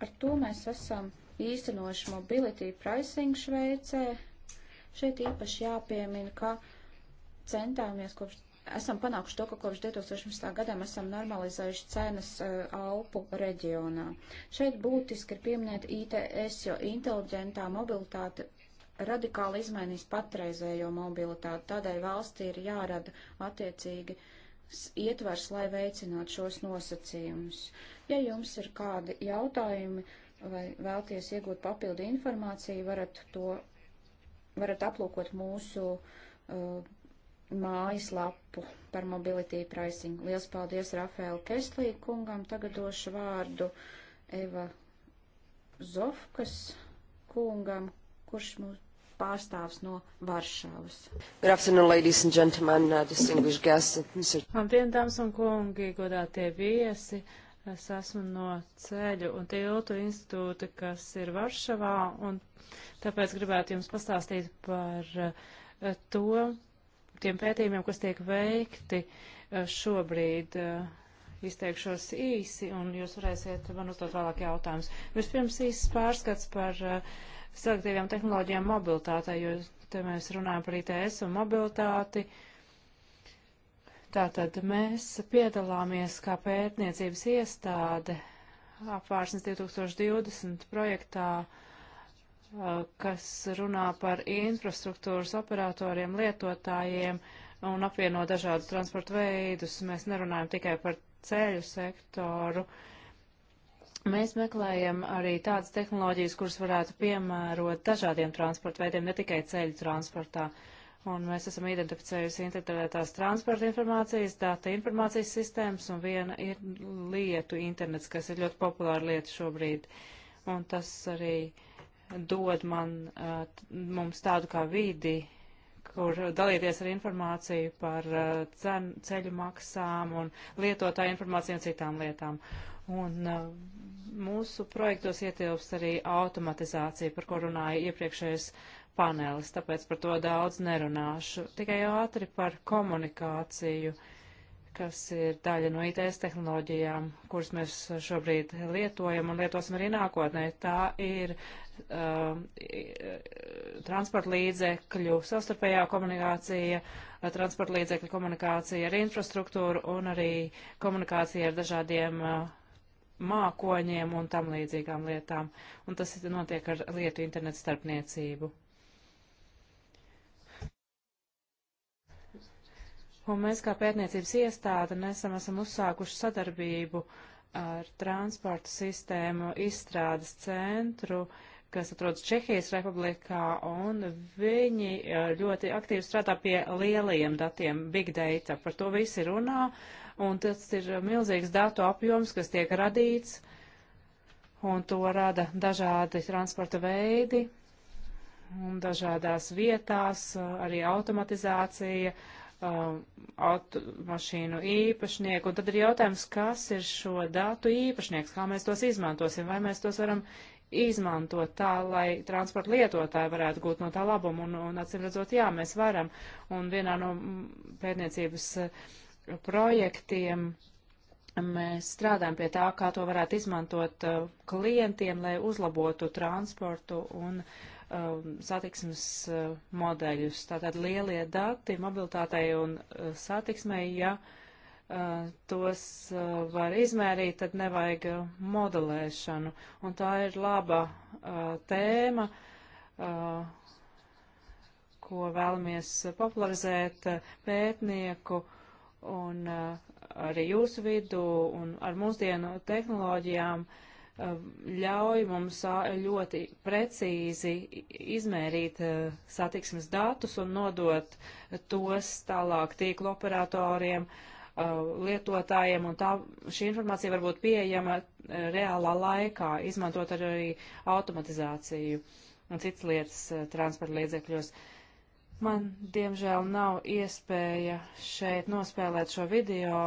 Ar to mēs esam īstenojuši mobility pricing Šveicē. Šeit īpaši jāpiemina, ka centāmies kopš, esam panākuši to, ka kopš 2018. gadiem esam normalizējuši cenas uh, Alpu reģionā. Šeit būtiski ir pieminēt ITS, jo inteliģentā mobilitāte radikāli izmainīs patreizējo mobilitāti. Tādēļ valstī ir jārada attiecīgi uh, ietvars, lai veicinātu šos nosacījumus. Ja jums ir kādi jautājumi vai vēlties iegūt papildu informāciju, varat to varat aplūkot mūsu uh, mājaslapu par mobility pricing. Lielas paldies Rafēlu Keslī kungam. Tagad došu vārdu Eva Zofkas kungam, kurš mūs pārstāvs no Varšavas. Uh, Labdien, dāmas un kungi, godātie viesi! Es esmu no Ceļu un Tiltu institūta, kas ir Varšavā, un tāpēc gribētu jums pastāstīt par uh, to, tiem pētījumiem, kas tiek veikti uh, šobrīd izteikšos īsi, un jūs varēsiet man uzdot vēlāk jautājumus. Vispirms īsts pārskats par uh, selektīviem tehnoloģijām mobilitātei, jo te mēs runājam par ITS un mobilitāti. Tātad mēs piedalāmies kā pētniecības iestāde apvārsnes 2020 projektā, kas runā par infrastruktūras operatoriem, lietotājiem un apvieno dažādus transporta veidus. Mēs nerunājam tikai par ceļu sektoru, uh, Mēs meklējam arī tādas tehnoloģijas, kuras varētu piemērot dažādiem transporta veidiem, ne tikai ceļu transportā. Un mēs esam identificējusi internetās transporta informācijas, data informācijas sistēmas un viena ir lietu internets, kas ir ļoti populāra lieta šobrīd. Un tas arī dod man, uh, mums tādu kā vidi, kur dalīties ar informāciju par uh, cen, ceļu maksām un lietotāju informāciju un citām lietām. Un uh, mūsu projektos ietilpst arī automatizācija, par ko runāja iepriekšējais panelis, tāpēc par to daudz nerunāšu. Tikai ātri par komunikāciju, kas ir daļa no ITS tehnoloģijām, kuras mēs šobrīd lietojam un lietosim arī nākotnē. Tā ir uh, transporta līdzekļu savstarpējā komunikācija, transporta līdzekļu komunikācija ar infrastruktūru un arī komunikācija ar dažādiem uh, mākoņiem un tam līdzīgām lietām. Un tas notiek ar lietu internetu starpniecību. Un mēs kā pētniecības iestāde nesam esam uzsākuši sadarbību ar transporta sistēmu izstrādes centru, kas atrodas Čehijas republikā, un viņi eh, ļoti aktīvi strādā pie lielajiem datiem, big data. Par to visi runā. Uh, un tas ir milzīgs datu apjoms, kas tiek radīts, un to rada dažādi transporta veidi, un dažādās vietās arī automatizācija, um, automašīnu īpašnieku, un tad ir jautājums, kas ir šo datu īpašnieks, kā mēs tos izmantosim, vai mēs tos varam izmantot tā, lai transporta lietotāji varētu gūt no tā labumu, un, un acīm redzot, jā, mēs varam, un vienā no pētniecības uh, projektiem. Mēs strādājam pie tā, kā to varētu izmantot uh, klientiem, lai uzlabotu transportu un um, satiksmes uh, modeļus. Tātad lielie dati mobilitātei un uh, satiksmei, ja tos var izmērīt, tad nevajag modelēšanu. Un tā ir laba tēma ko vēlamies popularizēt pētnieku un uh, arī jūsu vidu un ar mūsdienu tehnoloģijām uh, ļauj mums uh, ļoti precīzi izmērīt satiksmes datus un nodot tos tālāk tīklu operatoriem, lietotājiem, un tā šī informācija var būt pieejama reālā laikā, izmantot arī automatizāciju un citas lietas transporta līdzekļos. Uh, Man, diemžēl, nav iespēja šeit nospēlēt šo video.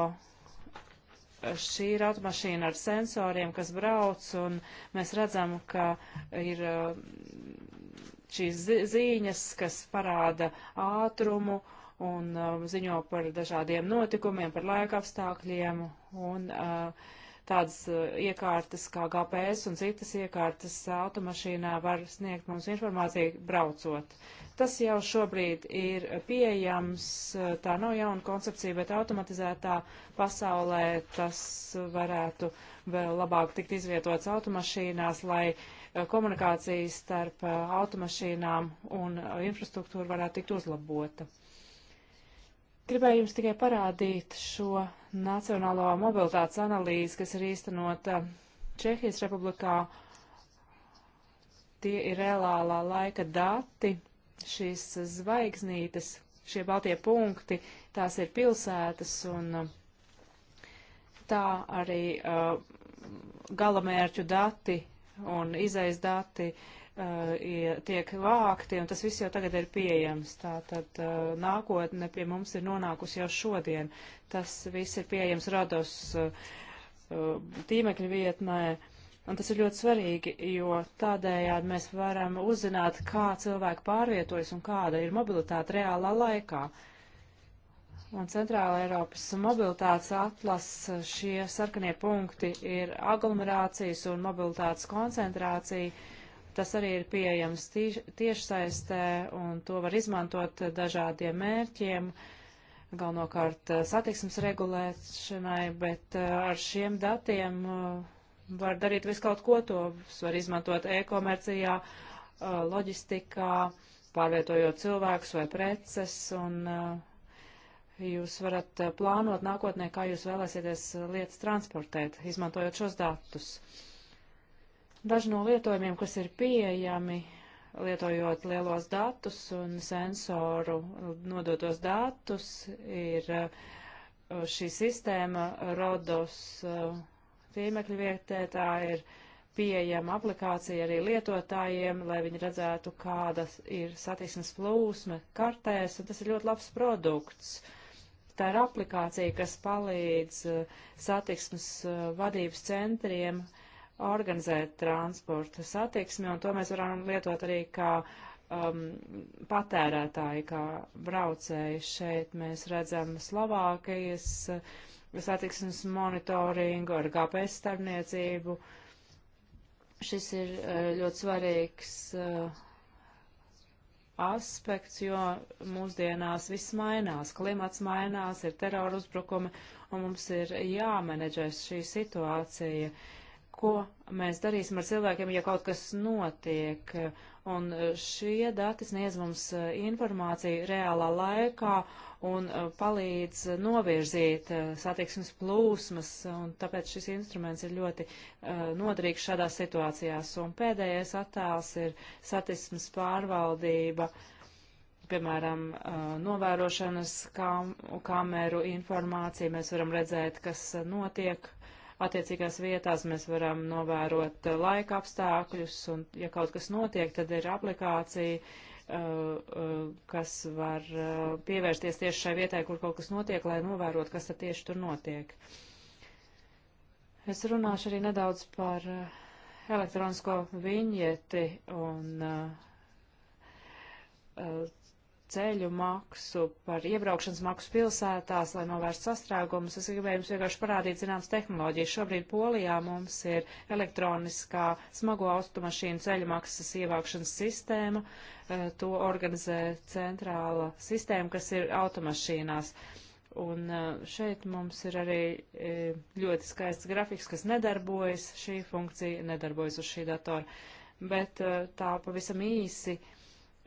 Šī ir automašīna ar sensoriem, kas brauc, un mēs redzam, ka ir uh, šīs ziņas, kas parāda ātrumu un uh, ziņo par dažādiem notikumiem, par laika apstākļiem. Un, uh, tādas uh, iekārtas kā GPS un citas iekārtas automašīnā var sniegt mums informāciju braucot. Tas jau šobrīd ir pieejams, uh, tā nav jauna koncepcija, bet automatizētā pasaulē tas varētu vēl labāk tikt izvietots automašīnās, lai uh, komunikācijas starp automašīnām un infrastruktūru varētu tikt uzlabota. Gribēju jums tikai parādīt šo nacionālo mobilitātes analīzi, kas ir īstenota Čehijas republikā. Tie ir reālā laika dati, šīs zvaigznītes, šie baltie punkti, tās ir pilsētas un uh, tā arī uh, galamērķu dati un izaisa dati uh, Uh, tiek vākti, un tas viss jau tagad ir pieejams. Tātad uh, nākotne pie mums ir nonākusi jau šodien. Tas viss ir pieejams rados uh, tīmekļa vietnē. Un tas ir ļoti svarīgi, jo tādējādi mēs varam uzzināt, kā cilvēki pārvietojas un kāda ir mobilitāte reālā laikā. Un Centrāla Eiropas mobilitātes atlas šie sarkanie punkti ir aglomerācijas un mobilitātes koncentrācija. Uh, Tas arī ir pieejams tiešsaistē, un to var izmantot dažādiem mērķiem, galvenokārt eh, satiksmes regulēšanai, bet eh, ar šiem datiem eh, var darīt visu kaut ko. Tos var izmantot e-komercijā, loģistikā, pārvietojot cilvēkus vai preces, un jūs varat plānot nākotnē, kā jūs vēlēsieties lietas transportēt, izmantojot šos datus. Daži no lietojumiem, kas ir pieejami, lietojot lielos datus un sensoru nodotos datus, ir uh, šī sistēma Rodos uh, tīmekļa vietē, tā ir pieejama aplikācija arī lietotājiem, lai viņi redzētu, kāda ir satiksmes plūsma kartēs, un tas ir ļoti labs produkts. Tā ir aplikācija, kas palīdz uh, satiksmes vadības centriem uh, organizēt transportu satiksmi, un to mēs varam lietot arī kā um, patērētāji, kā braucēji. Šeit mēs redzam Slovākijas uh, satiksmes monitoringu ar GPS starpniecību. Šis ir uh, ļoti svarīgs uh, aspekts, jo mūsdienās viss mainās, klimats mainās, ir terora uzbrukumi, un mums ir jāmenedžēs šī situācija. Uh, ko mēs darīsim ar cilvēkiem, ja kaut kas notiek. Un šie dati sniedz mums eh, informāciju reālā laikā un eh, palīdz novirzīt eh, satiksmes plūsmas, un tāpēc šis instruments ir ļoti noderīgs šādās situācijās. Un pēdējais attēls ir satiksmes pārvaldība, piemēram, novērošanas kam kameru informāciju. Mēs varam redzēt, kas notiek attiecīgās vietās mēs varam novērot uh, laika apstākļus, un ja kaut kas notiek, tad ir aplikācija, uh, uh, kas var pievērsties tieši šai vietai, kur kaut kas notiek, lai novērot, kas tad tieši tur notiek. Es runāšu arī nedaudz par elektronisko viņieti un uh, ceļu maksu, par iebraukšanas maksu pilsētās, lai novērstu sastrēgumus. Es gribēju jums vienkārši parādīt zināmas tehnoloģijas. Šobrīd Polijā mums ir elektroniskā smago automašīnu ceļu maksas ievākšanas sistēma. Eh, to organizē centrāla sistēma, kas ir automašīnās. Un eh, šeit mums ir arī eh, ļoti skaists grafiks, kas nedarbojas. Šī funkcija nedarbojas uz šī datora. Bet tā pavisam īsi. Uh,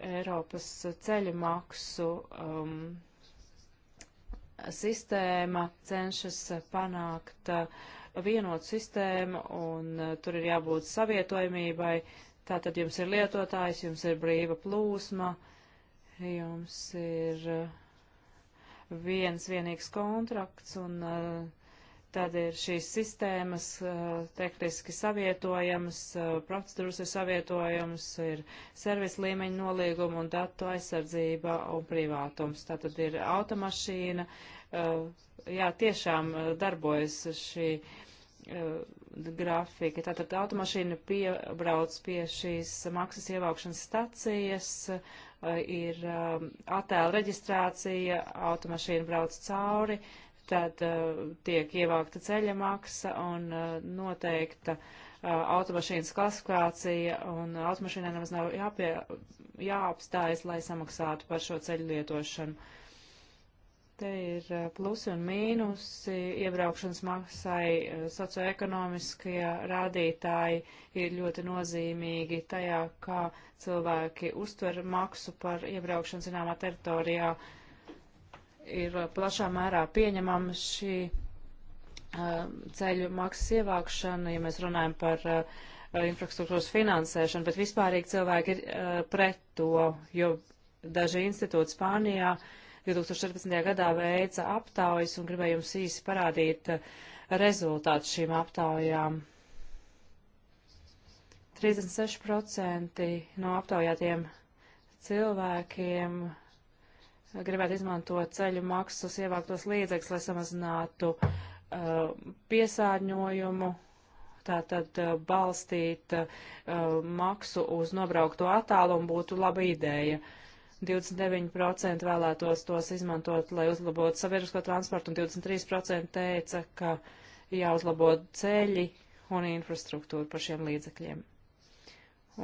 Eiropas ceļu maksu um, sistēma cenšas panākt uh, vienotu sistēmu, un uh, tur ir jābūt savietojamībai. Tātad jums ir lietotājs, jums ir brīva plūsma, jums ir uh, viens vienīgs kontrakts, un uh, Tad ir šīs sistēmas tehniski savietojamas, procedūras ir savietojamas, ir servis līmeņa nolīguma un datu aizsardzība un privātums. Tātad ir automašīna, jā, tiešām darbojas šī grafika. Tātad automašīna piebrauc pie šīs maksas ievākšanas stacijas, ir attēla reģistrācija, automašīna brauc cauri tad uh, tiek ievākta ceļa maksa un uh, noteikta uh, automašīnas klasifikācija, un automašīnai nemaz nav jāpie, jāapstājas, lai samaksātu par šo ceļu lietošanu. Te ir plusi un mīnusi, iebraukšanas maksai, socioekonomiskie rādītāji ir ļoti nozīmīgi tajā, kā cilvēki uztver maksu par iebraukšanu zināmā teritorijā. Uh, ir uh, plašā mērā pieņemama šī uh, ceļu maksas ievākšana, ja mēs runājam par uh, infrastruktūras finansēšanu, bet vispārīgi cilvēki ir pret to, jo daži institūti Spānijā 2014. gadā veica aptaujas un gribēju jums īsi parādīt rezultātu šīm aptaujām. 36% no aptaujātiem cilvēkiem gribētu izmantot ceļu maksas ievāktos līdzekļus, lai samazinātu uh, piesārņojumu, tātad uh, balstīt uh, maksu uz nobraukto attālumu būtu laba ideja. 29% vēlētos tos izmantot, lai uzlabotu sabiedrisko transportu, un 23% teica, ka jāuzlabo ceļi un infrastruktūru par šiem līdzekļiem.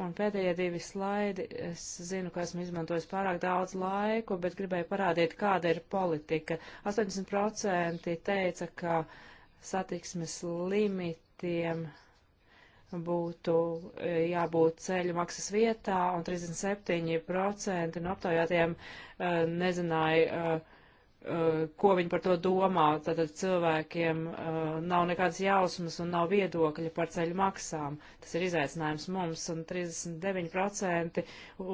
Un pēdējie divi slaidi, es zinu, ka esmu izmantojis pārāk daudz laiku, bet gribēju parādīt, kāda ir politika. 80% teica, ka satiksmes limitiem būtu e, jābūt ceļu maksas vietā, un 37% no aptaujātiem e, nezināja, e, Eh, ko viņi par to domā. Tātad cilvēkiem eh, nav nekādas jausmas un nav viedokļa par ceļu maksām. Tas ir izaicinājums mums, un 39%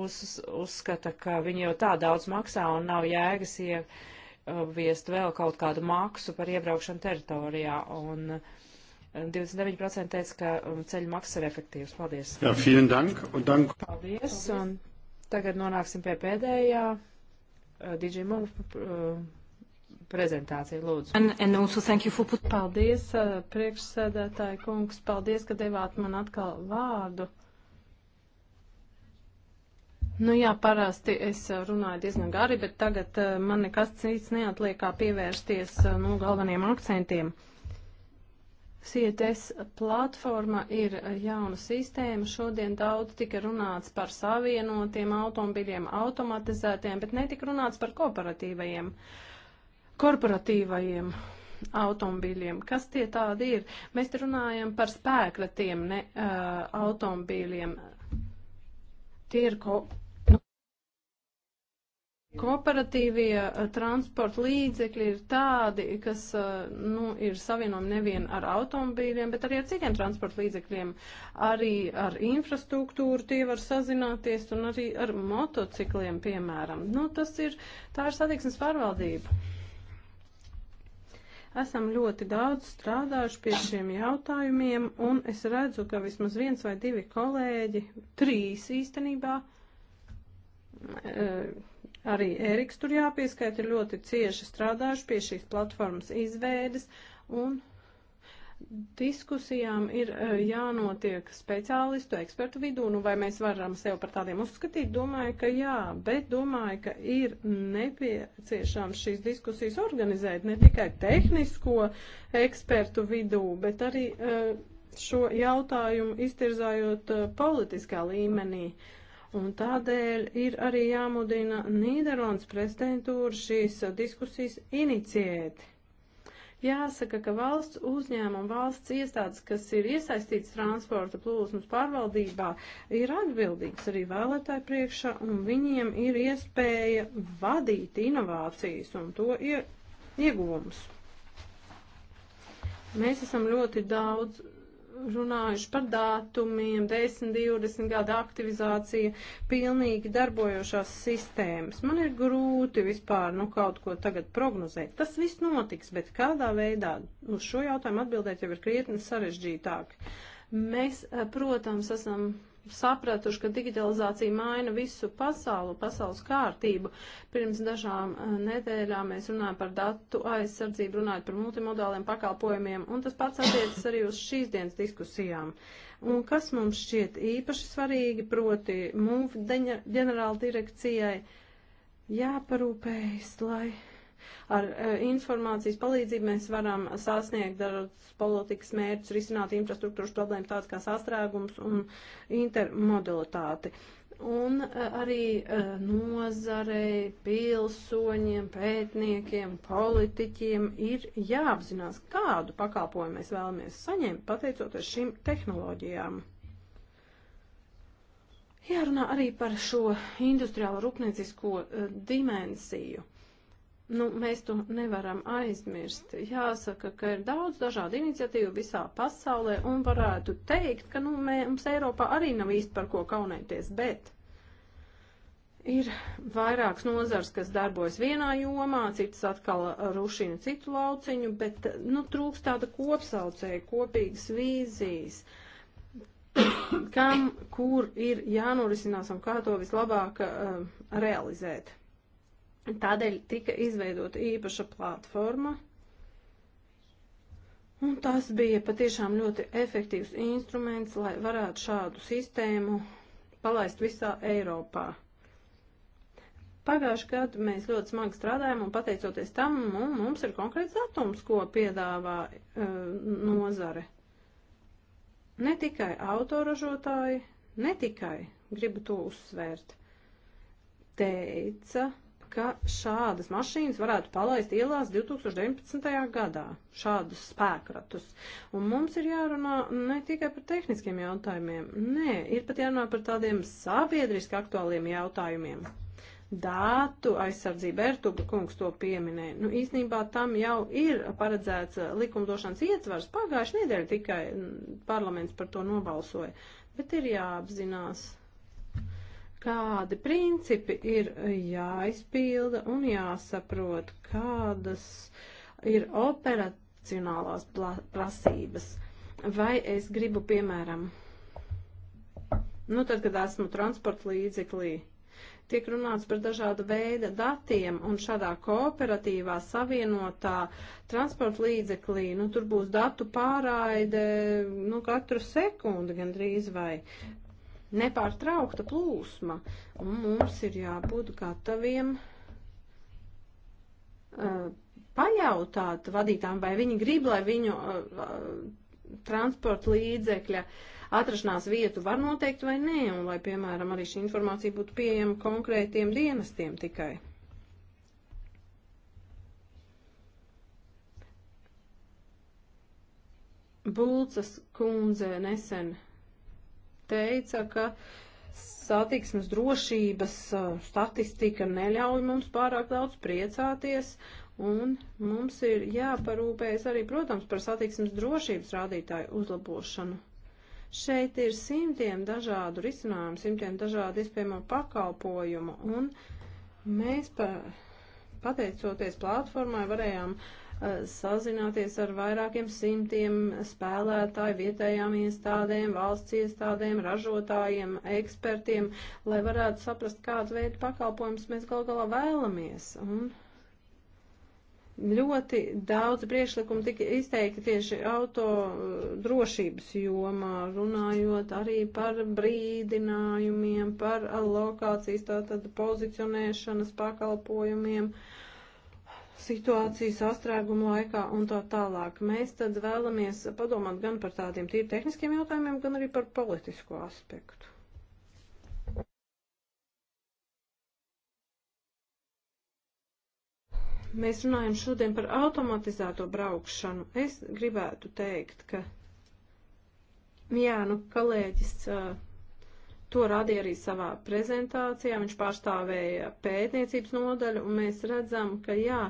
uz, uzskata, ka viņi jau tā daudz maksā un nav jēgas ieviest eh, vēl kaut kādu maksu par iebraukšanu teritorijā. Un, 29% teica, ka um, ceļu maksas ir efektīvs. Paldies. Jā, vielen dank. Un dank. Paldies. Un tagad nonāksim pie pēdējā. Uh, DJ Move uh, prezentāciju, lūdzu. And, and for... Paldies, uh, priekšsēdētāji kungs, paldies, ka devāt man atkal vārdu. Nu jā, parasti es uh, runāju diezgan gari, bet tagad uh, man nekas cits neatliek kā pievērsties nu, galveniem akcentiem. CITES platforma ir jauna sistēma. Šodien daudz tika runāts par savienotiem automobiļiem, automatizētiem, bet netika runāts par kooperatīvajiem. Uh, korporatīvajiem automobīļiem. Kas tie tādi ir? Mēs runājam par spēkratiem, ne uh, automobīļiem. Tie ir ko. Kooperatīvie uh, transporta līdzekļi ir tādi, kas uh, nu, ir savienojami nevien ar automobīļiem, bet arī ar citiem transporta līdzekļiem. Arī ar infrastruktūru tie var sazināties un arī ar motocikliem, piemēram. Nu, tas ir, tā ir satiksmes pārvaldība. Esam ļoti daudz strādājuši pie šiem jautājumiem, un es redzu, ka vismaz viens vai divi kolēģi, trīs īstenībā, eh, arī Eriks tur jāpieskaita, ļoti cieši strādājuši pie šīs platformas izveides, un diskusijām ir e, jānotiek speciālistu, ekspertu vidū, nu vai mēs varam sev par tādiem uzskatīt, domāju, ka jā, bet domāju, ka ir nepieciešams šīs diskusijas organizēt ne tikai tehnisko ekspertu vidū, bet arī e, šo jautājumu iztirzājot e, politiskā līmenī. Un tādēļ ir arī jāmudina Nīderlandes prezidentūra šīs diskusijas iniciēt. Jāsaka, ka valsts uzņēmuma, valsts iestādes, kas ir iesaistīts transporta plūsmas pārvaldībā, ir atbildīgs arī vēlētāju priekšā, un viņiem ir iespēja vadīt inovācijas un to ie, ieguvumus. Mēs esam ļoti daudz runājuši par datumiem, 10, 20 gada aktivizācija, pilnīgi darbojošās sistēmas. Man ir grūti vispār nu, kaut ko tagad prognozēt. Tas viss notiks, bet kādā veidā uz šo jautājumu atbildēt jau ir krietni sarežģītāk. Mēs, eh, protams, esam sapratuši, ka digitalizācija maina visu pasauli, pasaules kārtību. Pirms dažām eh, nedēļām mēs runājam par datu aizsardzību, runājam par multimodāliem pakalpojumiem, un tas pats attiecas arī uz šīs dienas diskusijām. Un kas mums šķiet īpaši svarīgi, proti MUF ģenerāla direkcijai jāparūpējas, lai Ar e, informācijas palīdzību mēs varam sasniegt dažādas politikas mērķus, risināt infrastruktūras problēmas tādas kā sastrēgums un intermodalitāti. Un e, arī e, nozarei, pilsoņiem, pētniekiem, politiķiem ir jāapzinās, kādu pakalpojumu mēs vēlamies saņemt pateicoties šīm tehnoloģijām. Jārunā arī par šo industriālo rūpniecisko dimensiju. Nu, mēs to nevaram aizmirst. Jāsaka, ka ir daudz dažādu iniciatīvu visā pasaulē un varētu teikt, ka nu, mē, mums Eiropā arī nav īsti par ko kaunēties, bet ir vairākas nozars, kas darbojas vienā jomā, citas atkal rušina citu lauciņu, bet nu, trūkst tāda kopsaucēja, kopīgas vīzijas, kam, kur ir jānorisinās un kā to vislabāk uh, realizēt. Tādēļ tika izveidota īpaša platforma, un tas bija patiešām ļoti efektīvs instruments, lai varētu šādu sistēmu palaist visā Eiropā. Pagājuši gadu mēs ļoti smagi strādājam, un pateicoties tam, mums ir konkrēts datums, ko piedāvā uh, nozare. Ne tikai autoražotāji, ne tikai, gribu to uzsvērt, teica, ka šādas mašīnas varētu palaist ielās 2019. gadā, šādus spēkratus. Un mums ir jārunā ne tikai par tehniskiem jautājumiem, nē, ir pat jārunā par tādiem sabiedriski aktuāliem jautājumiem. Dātu aizsardzība, Ertuga kungs to pieminēja. Nu, īsnībā tam jau ir paredzēts uh, likumdošanas ietvars. Pagājuši nedēļa tikai mm, parlaments par to nobalsoja. Bet ir jāapzinās kādi principi ir jāizpilda un jāsaprot, kādas ir operacionālās prasības. Vai es gribu, piemēram, nu tad, kad esmu transporta līdzeklī, tiek runāts par dažādu veidu datiem, un šādā kooperatīvā savienotā transporta līdzeklī, nu, tur būs datu pārraide, nu, katru sekundi gandrīz vai nepārtraukta plūsma, un mums ir jābūt gataviem uh, pajautāt vadītām, vai viņi grib, lai viņu uh, uh, transporta līdzekļa atrašanās vietu var noteikt vai nē, un lai, piemēram, arī šī informācija būtu pieejama konkrētiem dienestiem tikai. Bulcas kundze nesen teica, ka satiksmes drošības uh, statistika neļauj mums pārāk daudz priecāties, un mums ir jāparūpējas arī, protams, par satiksmes drošības rādītāju uzlabošanu. Šeit ir simtiem dažādu risinājumu, simtiem dažādu iespējamo pakalpojumu, un mēs, pa, pateicoties platformai, varējām uh, sazināties ar vairākiem simtiem spēlētāju, vietējām iestādēm, valsts iestādēm, ražotājiem, ekspertiem, lai varētu saprast, kādu veidu pakalpojumus mēs gal galā vēlamies. Un ļoti daudz priekšlikumu tika izteikti tieši auto eh, drošības jomā, runājot arī par brīdinājumiem, par lokācijas tātad pozicionēšanas pakalpojumiem. Uh, situācijas sastrēguma laikā un tā tālāk. Mēs tad vēlamies padomāt gan par tādiem tīri tehniskiem jautājumiem, gan arī par politisko aspektu. Mēs runājam šodien par automatizēto braukšanu. Es gribētu teikt, ka, jā, nu, kolēģis uh, To radīja arī savā prezentācijā. Viņš pārstāvēja pētniecības nodaļu, un mēs redzam, ka jā,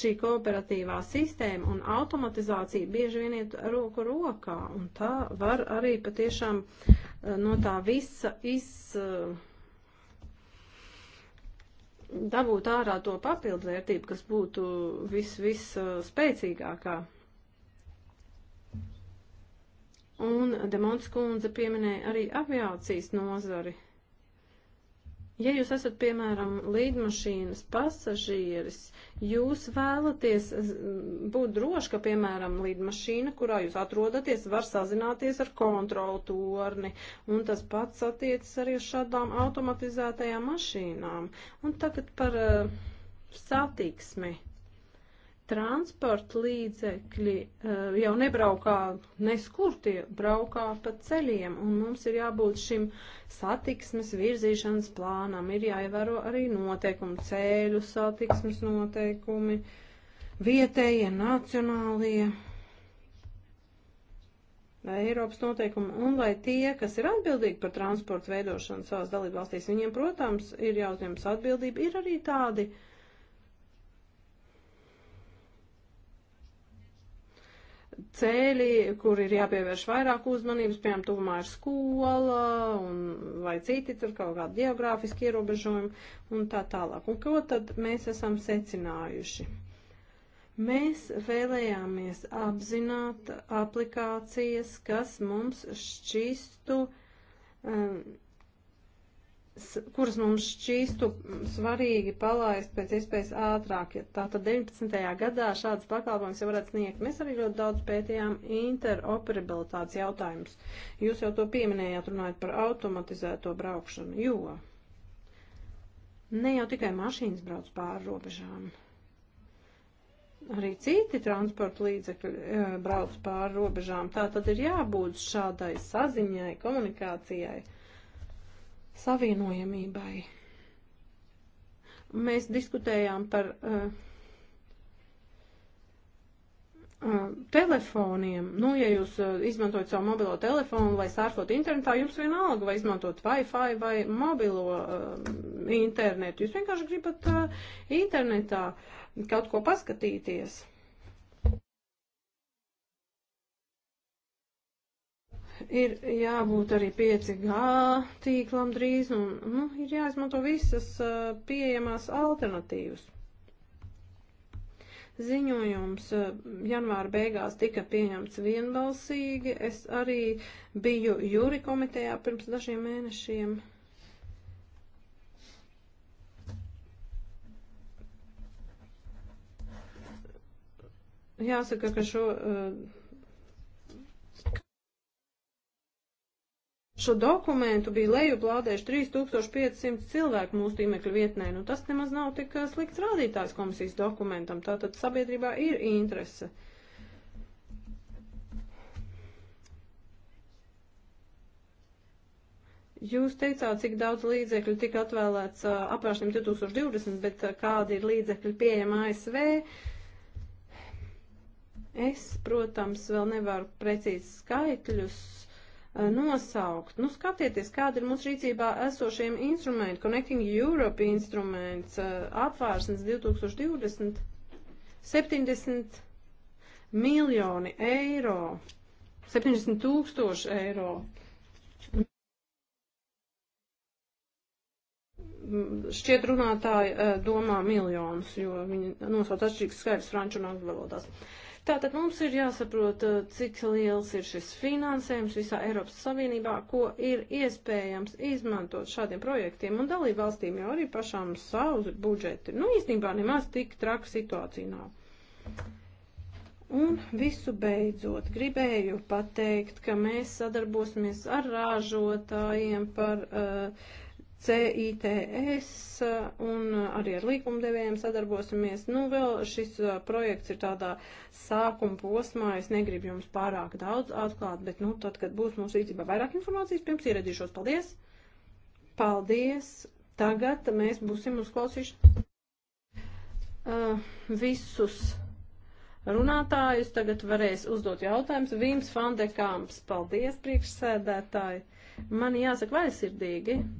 šī kooperatīvā sistēma un automatizācija bieži vien iet roku rokā, un tā var arī patiešām eh, no tā visa iz. Eh, dabūt ārā to papildvērtību, kas būtu vis, vis eh, spēcīgākā. Un Demons kundze pieminēja arī aviācijas nozari. Ja jūs esat, piemēram, līdmašīnas pasažieris, jūs vēlaties būt droši, ka, piemēram, līdmašīna, kurā jūs atrodaties, var sazināties ar kontrolu torni, un tas pats attiecas arī uz šādām automatizētajām mašīnām. Un tagad par uh, satiksmi transporta līdzekļi eh, jau nebraukā neskurtie, braukā pa ceļiem, un mums ir jābūt šim satiksmes virzīšanas plānam, ir jāievēro arī noteikumi, ceļu satiksmes noteikumi, vietējie, nacionālie, Eiropas noteikumi, un lai tie, kas ir atbildīgi par transportu veidošanu savās dalībvalstīs, viņiem, protams, ir jāuzņemas atbildība, ir arī tādi, uh, ceļi, kur ir jāpievērš vairāk uzmanības, piemēram, tuvumā ir skola un, vai citi tur kaut kādi geogrāfiski ierobežojumi un tā tālāk. Un ko tad mēs esam secinājuši? Mēs vēlējāmies apzināt aplikācijas, kas mums šķistu um, kuras mums šķīstu svarīgi palaist pēc iespējas ātrāk. Tātad 19. gadā šāds pakalpojums jau varētu sniegt. Mēs arī ļoti daudz pētījām interoperabilitātes jautājumus. Jūs jau to pieminējāt, runājot par automatizēto braukšanu, jo ne jau tikai mašīnas brauc pāri robežām. Arī citi transporta līdzekļi e, brauc pāri robežām. Tā tad ir jābūt šādai saziņai, komunikācijai savienojamībai. Mēs diskutējām par uh, uh, telefoniem. Nu, ja jūs uh, izmantojat savu mobilo telefonu, lai sārfot internetā, jums vienalga, vai izmantot Wi-Fi vai mobilo internetu. Jūs vienkārši gribat internetā kaut ko paskatīties. Ir jābūt arī 5G tīklam drīz, un nu, ir jāizmanto visas uh, pieejamās alternatīvas. Ziņojums uh, janvāra beigās tika pieņemts vienbalsīgi. Es arī biju jūri komitejā pirms dažiem mēnešiem. jāsaka, ka šo uh, Šo dokumentu bija lejuplādējuši 3500 cilvēku mūsu tīmekļa vietnē. Nu, tas nemaz nav tik slikts rādītājs komisijas dokumentam. Tātad sabiedrībā ir interese. Jūs teicāt, cik daudz līdzekļu tika atvēlēts uh, apvēršaniem 2020, bet uh, kādi ir līdzekļi pieejama ASV? Es, protams, vēl nevaru precīzi skaitļus Eh, nosaukt. Nu, skatieties, kāda ir mūsu rīcībā esošiem instrumenti, Connecting Europe instruments, eh, apvārsnes 2020, 70 miljoni eiro, 70 tūkstoši eiro. Mm, šķiet runātāji eh, domā miljonus, jo viņi nosauc atšķirīgs skaidrs franču un angļu valodās. Uh, Tātad mums ir jāsaprot, eh, cik liels ir šis finansējums visā Eiropas Savienībā, ko ir iespējams izmantot šādiem projektiem, un dalību valstīm jau arī pašām savus budžeti. Nu, īstenībā nemaz tik traka situācija nav. Un visu beidzot, gribēju pateikt, ka mēs sadarbosimies ar rāžotājiem par uh, CITS un arī ar līkumdevējiem sadarbosimies. Nu, vēl šis uh, projekts ir tādā sākuma posmā, es negribu jums pārāk daudz atklāt, bet, nu, tad, kad būs mūsu rīcībā vairāk informācijas, pirms ieradīšos. Paldies! Paldies! Tagad mēs būsim uzklausījuši uh, visus runātājus. Tagad varēs uzdot jautājumus. Vīms Fandekāms, paldies priekšsēdētāji! Man jāsaka vaisirdīgi. Mm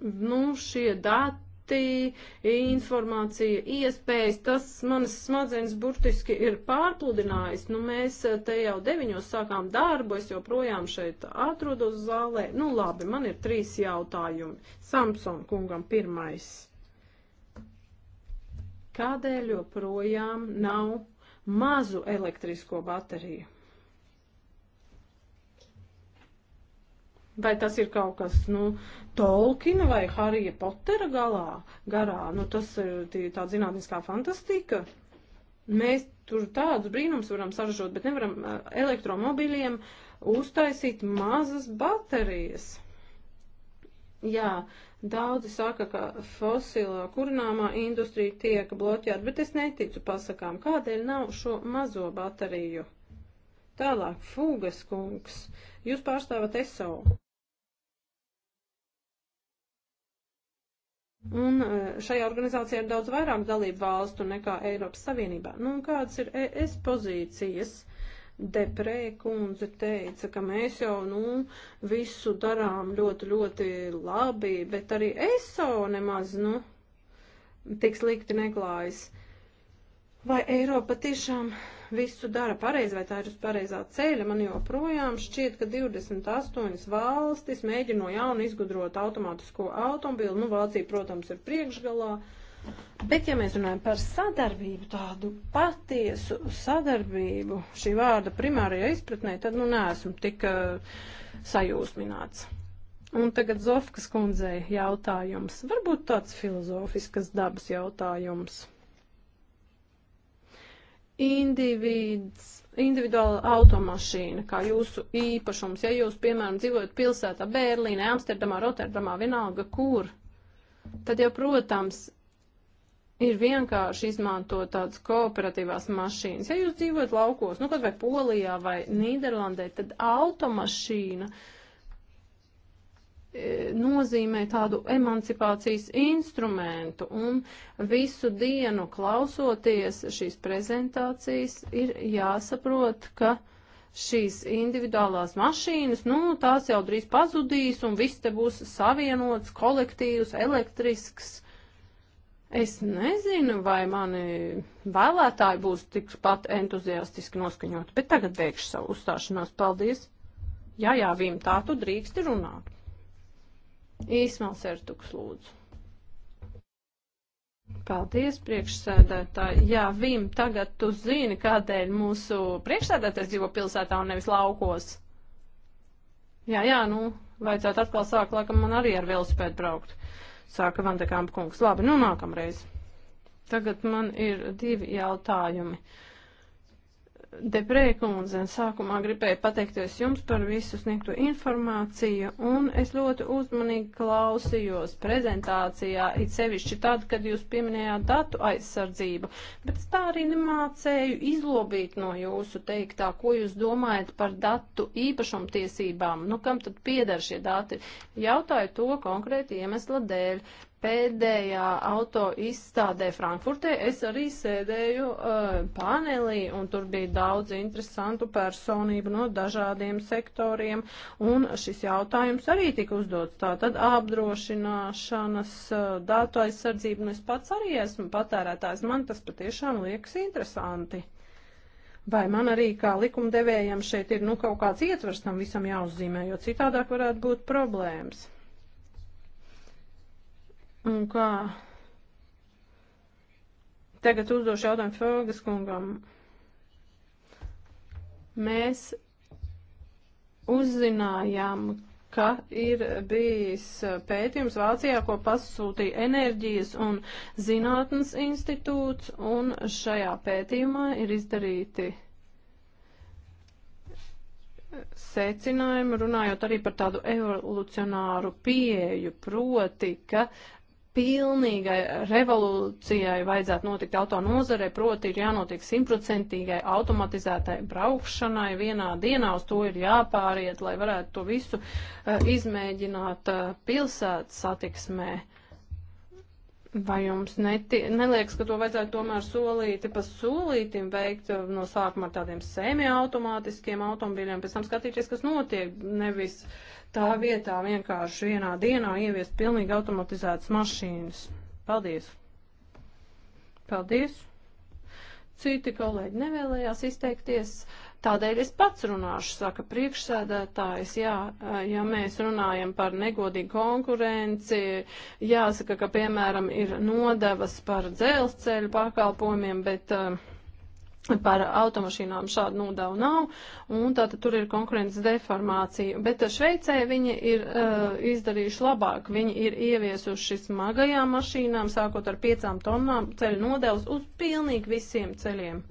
nu, šie dati, informācija, iespējas, tas manas smadzenes burtiski ir pārpludinājis. Nu, mēs eh, te jau deviņos sākām darbu, es joprojām šeit atrodos zālē. Nu, labi, man ir trīs jautājumi. Samson kungam pirmais. Kādēļ joprojām nav mazu elektrisko bateriju? Vai tas ir kaut kas, nu, Tolkina vai Harija Potera galā, garā, nu, tas ir tā zinātniskā fantastika. Mēs tur tādus brīnums varam saražot, bet nevaram elektromobīļiem uztaisīt mazas baterijas. Jā, daudzi saka, ka fosilā kurināmā industrija tiek bloķēta, bet es neticu pasakām, kādēļ nav šo mazo bateriju. Tālāk, Fūgas kungs, jūs pārstāvat ESO. Un e, šajā organizācijā ir daudz vairāk dalību valstu nekā Eiropas Savienībā. Nu, kādas ir ES pozīcijas? Deprē kundze teica, ka mēs jau, nu, visu darām ļoti, ļoti labi, bet arī ESO nemaz, nu, tik slikti neklājas. Vai Eiropa tiešām visu dara pareizi, vai tā ir uz pareizā ceļa. Man joprojām šķiet, ka 28 valstis mēģina no jauna izgudrot automātisko automobili. Nu, Vācija, protams, ir priekšgalā. Bet, ja mēs runājam par sadarbību, tādu patiesu sadarbību šī vārda primārajā izpratnē, tad, nu, neesmu tik uh, sajūsmināts. Un tagad Zofkas kundzei jautājums. Varbūt tāds filozofiskas dabas jautājums individs individuāla automašīna, kā jūsu īpašums. Ja jūs, piemēram, dzīvojat pilsētā, Berlīnē, Amsterdamā, Rotterdamā, vienalga kur, tad jau, protams, ir vienkārši izmantot tādas kooperatīvās mašīnas. Ja jūs dzīvojat laukos, nu, kaut vai Polijā vai Nīderlandē, tad automašīna. Uh, E, nozīmē tādu emancipācijas instrumentu, un visu dienu klausoties šīs prezentācijas ir jāsaprot, ka šīs individuālās mašīnas, nu, tās jau drīz pazudīs, un viss te būs savienots, kolektīvs, elektrisks. Es nezinu, vai mani vēlētāji būs tikpat entuziastiski noskaņoti, bet tagad beigšu savu uzstāšanos. Paldies! Jā, jā, Vim, tā tu drīksti runāt. Īsmals Ertuks lūdzu. Paldies, priekšsēdētāji. Jā, Vim, tagad tu zini, kādēļ mūsu priekšsēdētājs dzīvo pilsētā un nevis laukos. Jā, jā, nu, vajadzētu atkal sākt, laikam man arī ar velosipēdu braukt, sāka Vandekāmpa kungs. Labi, nu nākamreiz. Tagad man ir divi jautājumi. Uh, Deprēkundze, sākumā gribēju pateikties jums par visu sniegto informāciju, un es ļoti uzmanīgi klausījos prezentācijā, it sevišķi tad, kad jūs pieminējāt datu aizsardzību, bet es tā arī nemācēju izlobīt no jūsu teiktā, ko jūs domājat par datu īpašumtiesībām, nu kam tad piedar šie dati. Jautāju to konkrēti iemesla dēļ pēdējā auto izstādē Frankfurtē es arī sēdēju uh, panelī un tur bija daudz interesantu personību no dažādiem sektoriem un šis jautājums arī tika uzdots. Tātad apdrošināšanas, uh, datu aizsardzība, un es pats arī esmu patērētājs, man tas patiešām liekas interesanti. Vai man arī kā likumdevējam šeit ir nu kaut kāds ietvers tam visam jāuzzīmē, jo citādāk varētu būt problēmas. Un kā tagad uzdošu jautājumu Fergas kungam. Mēs uzzinājām, ka ir bijis pētījums Vācijā, ko pasūtīja enerģijas un zinātnes institūts, un šajā pētījumā ir izdarīti secinājumu, runājot arī par tādu evolucionāru pieeju, proti, ka pilnīgai revolūcijai vajadzētu notikt auto nozarē, proti ir jānotiek simtprocentīgai automatizētai braukšanai vienā dienā, uz to ir jāpāriet, lai varētu to visu uh, izmēģināt uh, pilsētas satiksmē. Vai jums neti, neliekas, ka to vajadzētu tomēr solīti pa solītim veikt eh, no sākuma ar tādiem semi-automātiskiem automobiļiem, pēc tam skatīties, kas notiek, nevis uh, tā vietā vienkārši vienā dienā ieviest pilnīgi automatizētas mašīnas. Paldies! Paldies! Citi kolēģi nevēlējās izteikties, tādēļ es pats runāšu, saka priekšsēdētājs. Jā, ja mēs runājam par negodīgu konkurenci, jāsaka, ka, piemēram, ir nodevas par dzelzceļu pakalpojumiem, bet uh, par automašīnām šādu nodevu nav, un tātad tur ir konkurences deformācija. Bet Šveicē viņi ir uh, izdarījuši labāk. Viņi ir ieviesuši smagajām mašīnām, sākot ar piecām tonnām ceļu nodevus uz pilnīgi visiem ceļiem.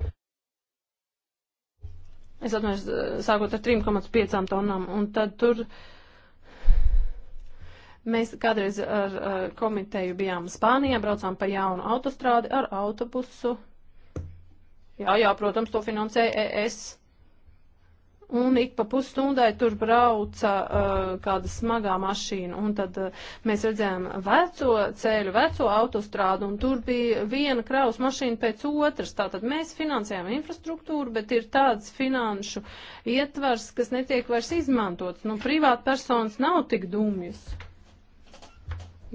Es atmēju, eh, sākot ar 3,5 tonnām, un tad tur. Uh, Mēs kādreiz ar, ar eh, komiteju bijām Spānijā, braucām pa jaunu autostrādi ar autobusu. Jā, jā, protams, to finansēja ES. Un ik pa pusstundai tur brauca uh, kāda smagā mašīna, un tad uh, mēs redzējām veco ceļu, veco autostrādu, un tur bija viena kraus mašīna pēc otras. Tātad mēs finansējām infrastruktūru, bet ir tāds finanšu ietvars, kas netiek vairs izmantots. Nu, privātpersonas nav tik dumjas.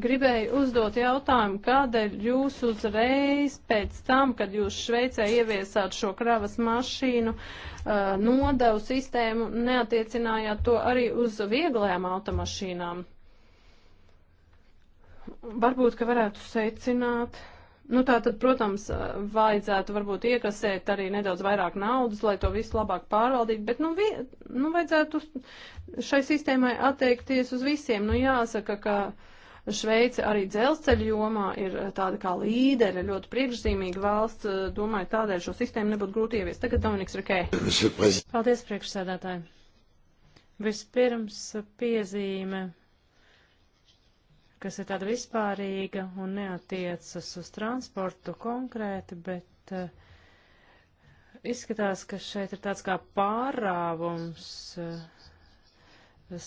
Gribēju uzdot jautājumu, kādēļ jūs uzreiz pēc tam, kad jūs Šveicē ieviesāt šo kravas mašīnu uh, nodevu sistēmu, neatiecinājāt to arī uz vieglajām automašīnām? Varbūt, ka varētu secināt. Nu, tā tad, protams, uh, vajadzētu varbūt iekasēt arī nedaudz vairāk naudas, lai to visu labāk pārvaldītu, bet, nu, vi, nu vajadzētu šai sistēmai atteikties uz visiem. Nu, jāsaka, ka. Uh, Šveice arī dzelzceļa jomā ir eh, tāda kā līdere, ļoti priekšzīmīga valsts. Eh, domāju, tādēļ šo sistēmu nebūtu grūti ieviest. Tagad Dominiks Rikē. Paldies, priekšsēdētāji. Vispirms piezīme kas ir tāda vispārīga un neatiecas uz transportu konkrēti, bet uh, izskatās, ka šeit ir tāds kā pārāvums uh,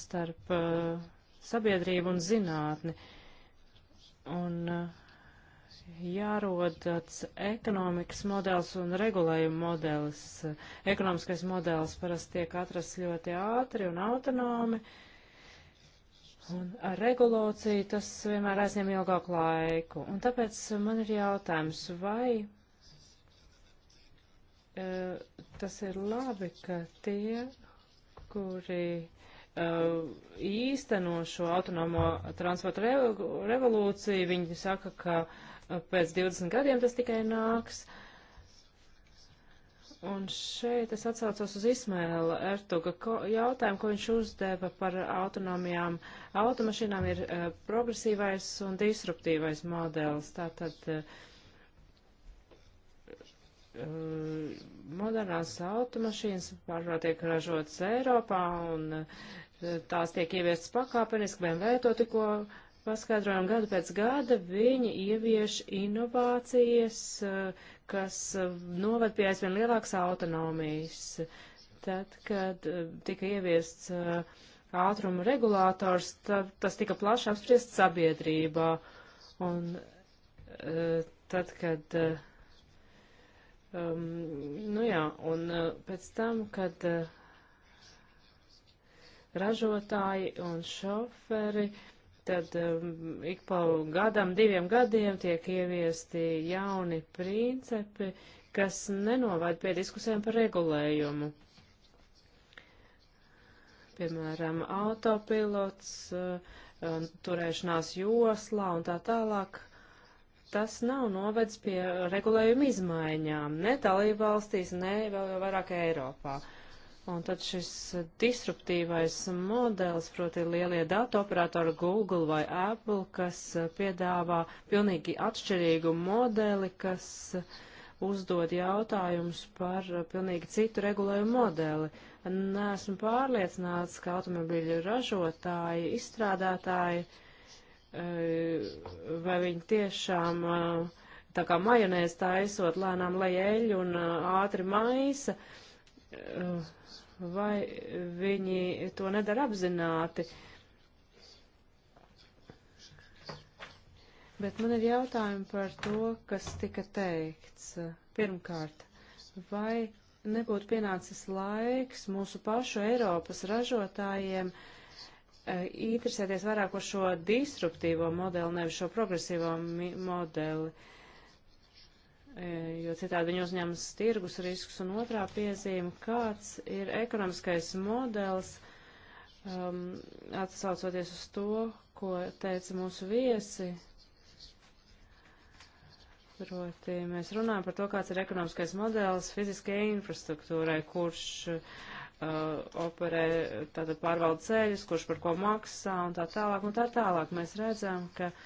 starp uh, sabiedrību un zinātni. Un eh, jārod tāds ekonomikas modelis un regulējuma modelis. Ekonomiskais modelis parasti tiek atrasts ļoti ātri un autonomi. Un ar regulāciju tas vienmēr aizņem ilgāku laiku. Un tāpēc man ir jautājums, vai e, tas ir labi, ka tie, kuri Uh, īsteno šo autonomo transporta revo, revolūciju. Viņi saka, ka uh, pēc 20 gadiem tas tikai nāks. Un šeit es atsaucos uz Ismēla Ertuga ko, jautājumu, ko viņš uzdeva par autonomijām. Automašīnām ir uh, progresīvais un disruptīvais modelis. Tātad uh, modernās automašīnas pārvārtiek ražotas Eiropā un uh, tās tiek ieviestas pakāpeniski, BMW to tikko paskaidrojām gadu pēc gada, viņi ievieš inovācijas, kas noved pie aizvien lielākas autonomijas. Tad, kad eh, tika ieviests eh, ātruma regulators, tad tas tika plaši apspriests sabiedrībā. Un eh, tad, kad. Um, nu jā, un pēc tam, kad uh, ražotāji un šoferi. Tad um, ik pa gadam, diviem gadiem tiek ieviesti jauni principi, kas nenovad pie diskusijām par regulējumu. Piemēram, autopilots, uh, turēšanās joslā un tā tālāk tas nav novedis pie regulējuma izmaiņām, ne dalībvalstīs, ne vēl vairāk Eiropā. Un tad šis disruptīvais modelis, proti lielie datu operatori Google vai Apple, kas piedāvā pilnīgi atšķirīgu modeli, kas uzdod jautājumus par pilnīgi citu regulējumu modeli. Nesmu pārliecināts, ka automobīļu ražotāji, izstrādātāji, eh, vai viņi tiešām eh, tā kā majonēs taisot lēnām lejēļu un eh, ātri maisa, Uh, vai viņi to nedara apzināti. Bet man ir jautājumi par to, kas tika teikts. Pirmkārt, vai nebūtu pienācis laiks mūsu pašu Eiropas ražotājiem e, interesēties vairāk par šo disruptīvo modeli, nevis šo progresīvo modeli? E, jo citādi viņi uzņemas tirgus riskus. Un otrā piezīme, kāds ir ekonomiskais modelis, um, atsaucoties uz to, ko teica mūsu viesi. Proti, mēs runājam par to, kāds ir ekonomiskais modelis fiziskajai infrastruktūrai, kurš uh, operē, tātad pārvalda ceļus, kurš par ko maksā un tā tālāk un tā tālāk. Mēs redzam, ka uh,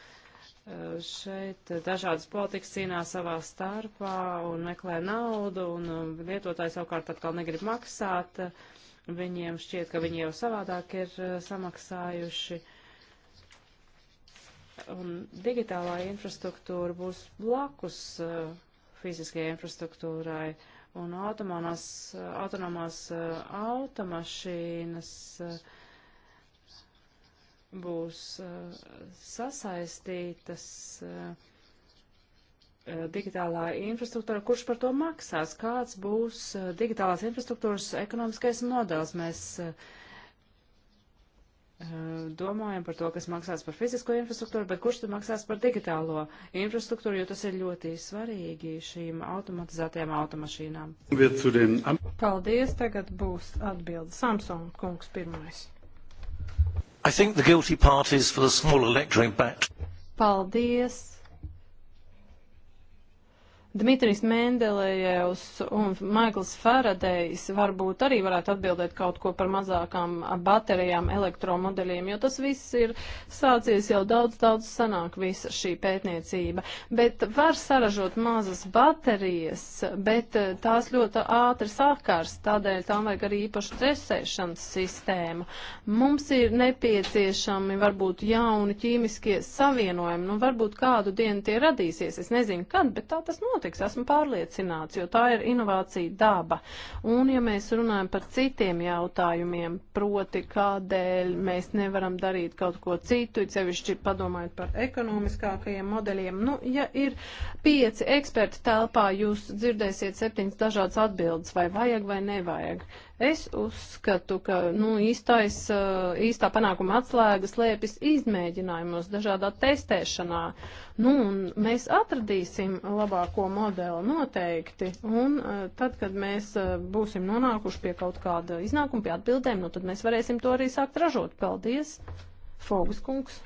šeit dažādas politikas cīnās savā starpā un meklē naudu, un um, lietotāji savukārt atkal negrib maksāt. Viņiem šķiet, ka viņi jau savādāk ir uh, samaksājuši. Un digitālā infrastruktūra būs blakus uh, fiziskajai infrastruktūrai, un uh, autonomās automašīnas. Uh, būs eh, sasaistītas eh, eh, digitālā infrastruktūra, kurš par to maksās, kāds būs digitālās infrastruktūras ekonomiskais modelis. Mēs domājam par to, kas maksās par fizisko infrastruktūru, bet kurš tad maksās par digitālo infrastruktūru, jo tas ir ļoti svarīgi šīm automatizētajām automašīnām. Paldies, tagad būs atbilde Samsung kungs pirmais. I think the guilty parties for the small electorate back. Paldies. Dmitrijs Mendelejevs un Maikls Faradejs varbūt arī varētu atbildēt kaut ko par mazākām baterijām, elektromodeļiem, jo tas viss ir sācies jau daudz, daudz sanāk visa šī pētniecība. Bet var saražot mazas baterijas, bet eh, tās ļoti ātri sākars, tādēļ tām vajag arī īpašu tresēšanas sistēmu. Mums ir nepieciešami varbūt jauni ķīmiskie savienojumi, nu varbūt kādu dienu tie radīsies, es nezinu kad, bet tā tas notiek notiks, esmu pārliecināts, jo tā ir inovācija daba. Un ja mēs runājam par citiem jautājumiem, proti, kādēļ mēs nevaram darīt kaut ko citu, it sevišķi padomājot par ekonomiskākajiem modeļiem, nu, ja ir pieci eksperti telpā, jūs dzirdēsiet septiņas dažādas atbildes, vai vajag vai nevajag. Es uzskatu, ka nu, īstais, īstā panākuma atslēga slēpjas izmēģinājumos, dažādā testēšanā. Nu, mēs atradīsim labāko modeli noteikti, un tad, kad mēs būsim nonākuši pie kaut kāda iznākuma, pie atbildēm, nu, tad mēs varēsim to arī sākt ražot. Paldies, Fogus kungs!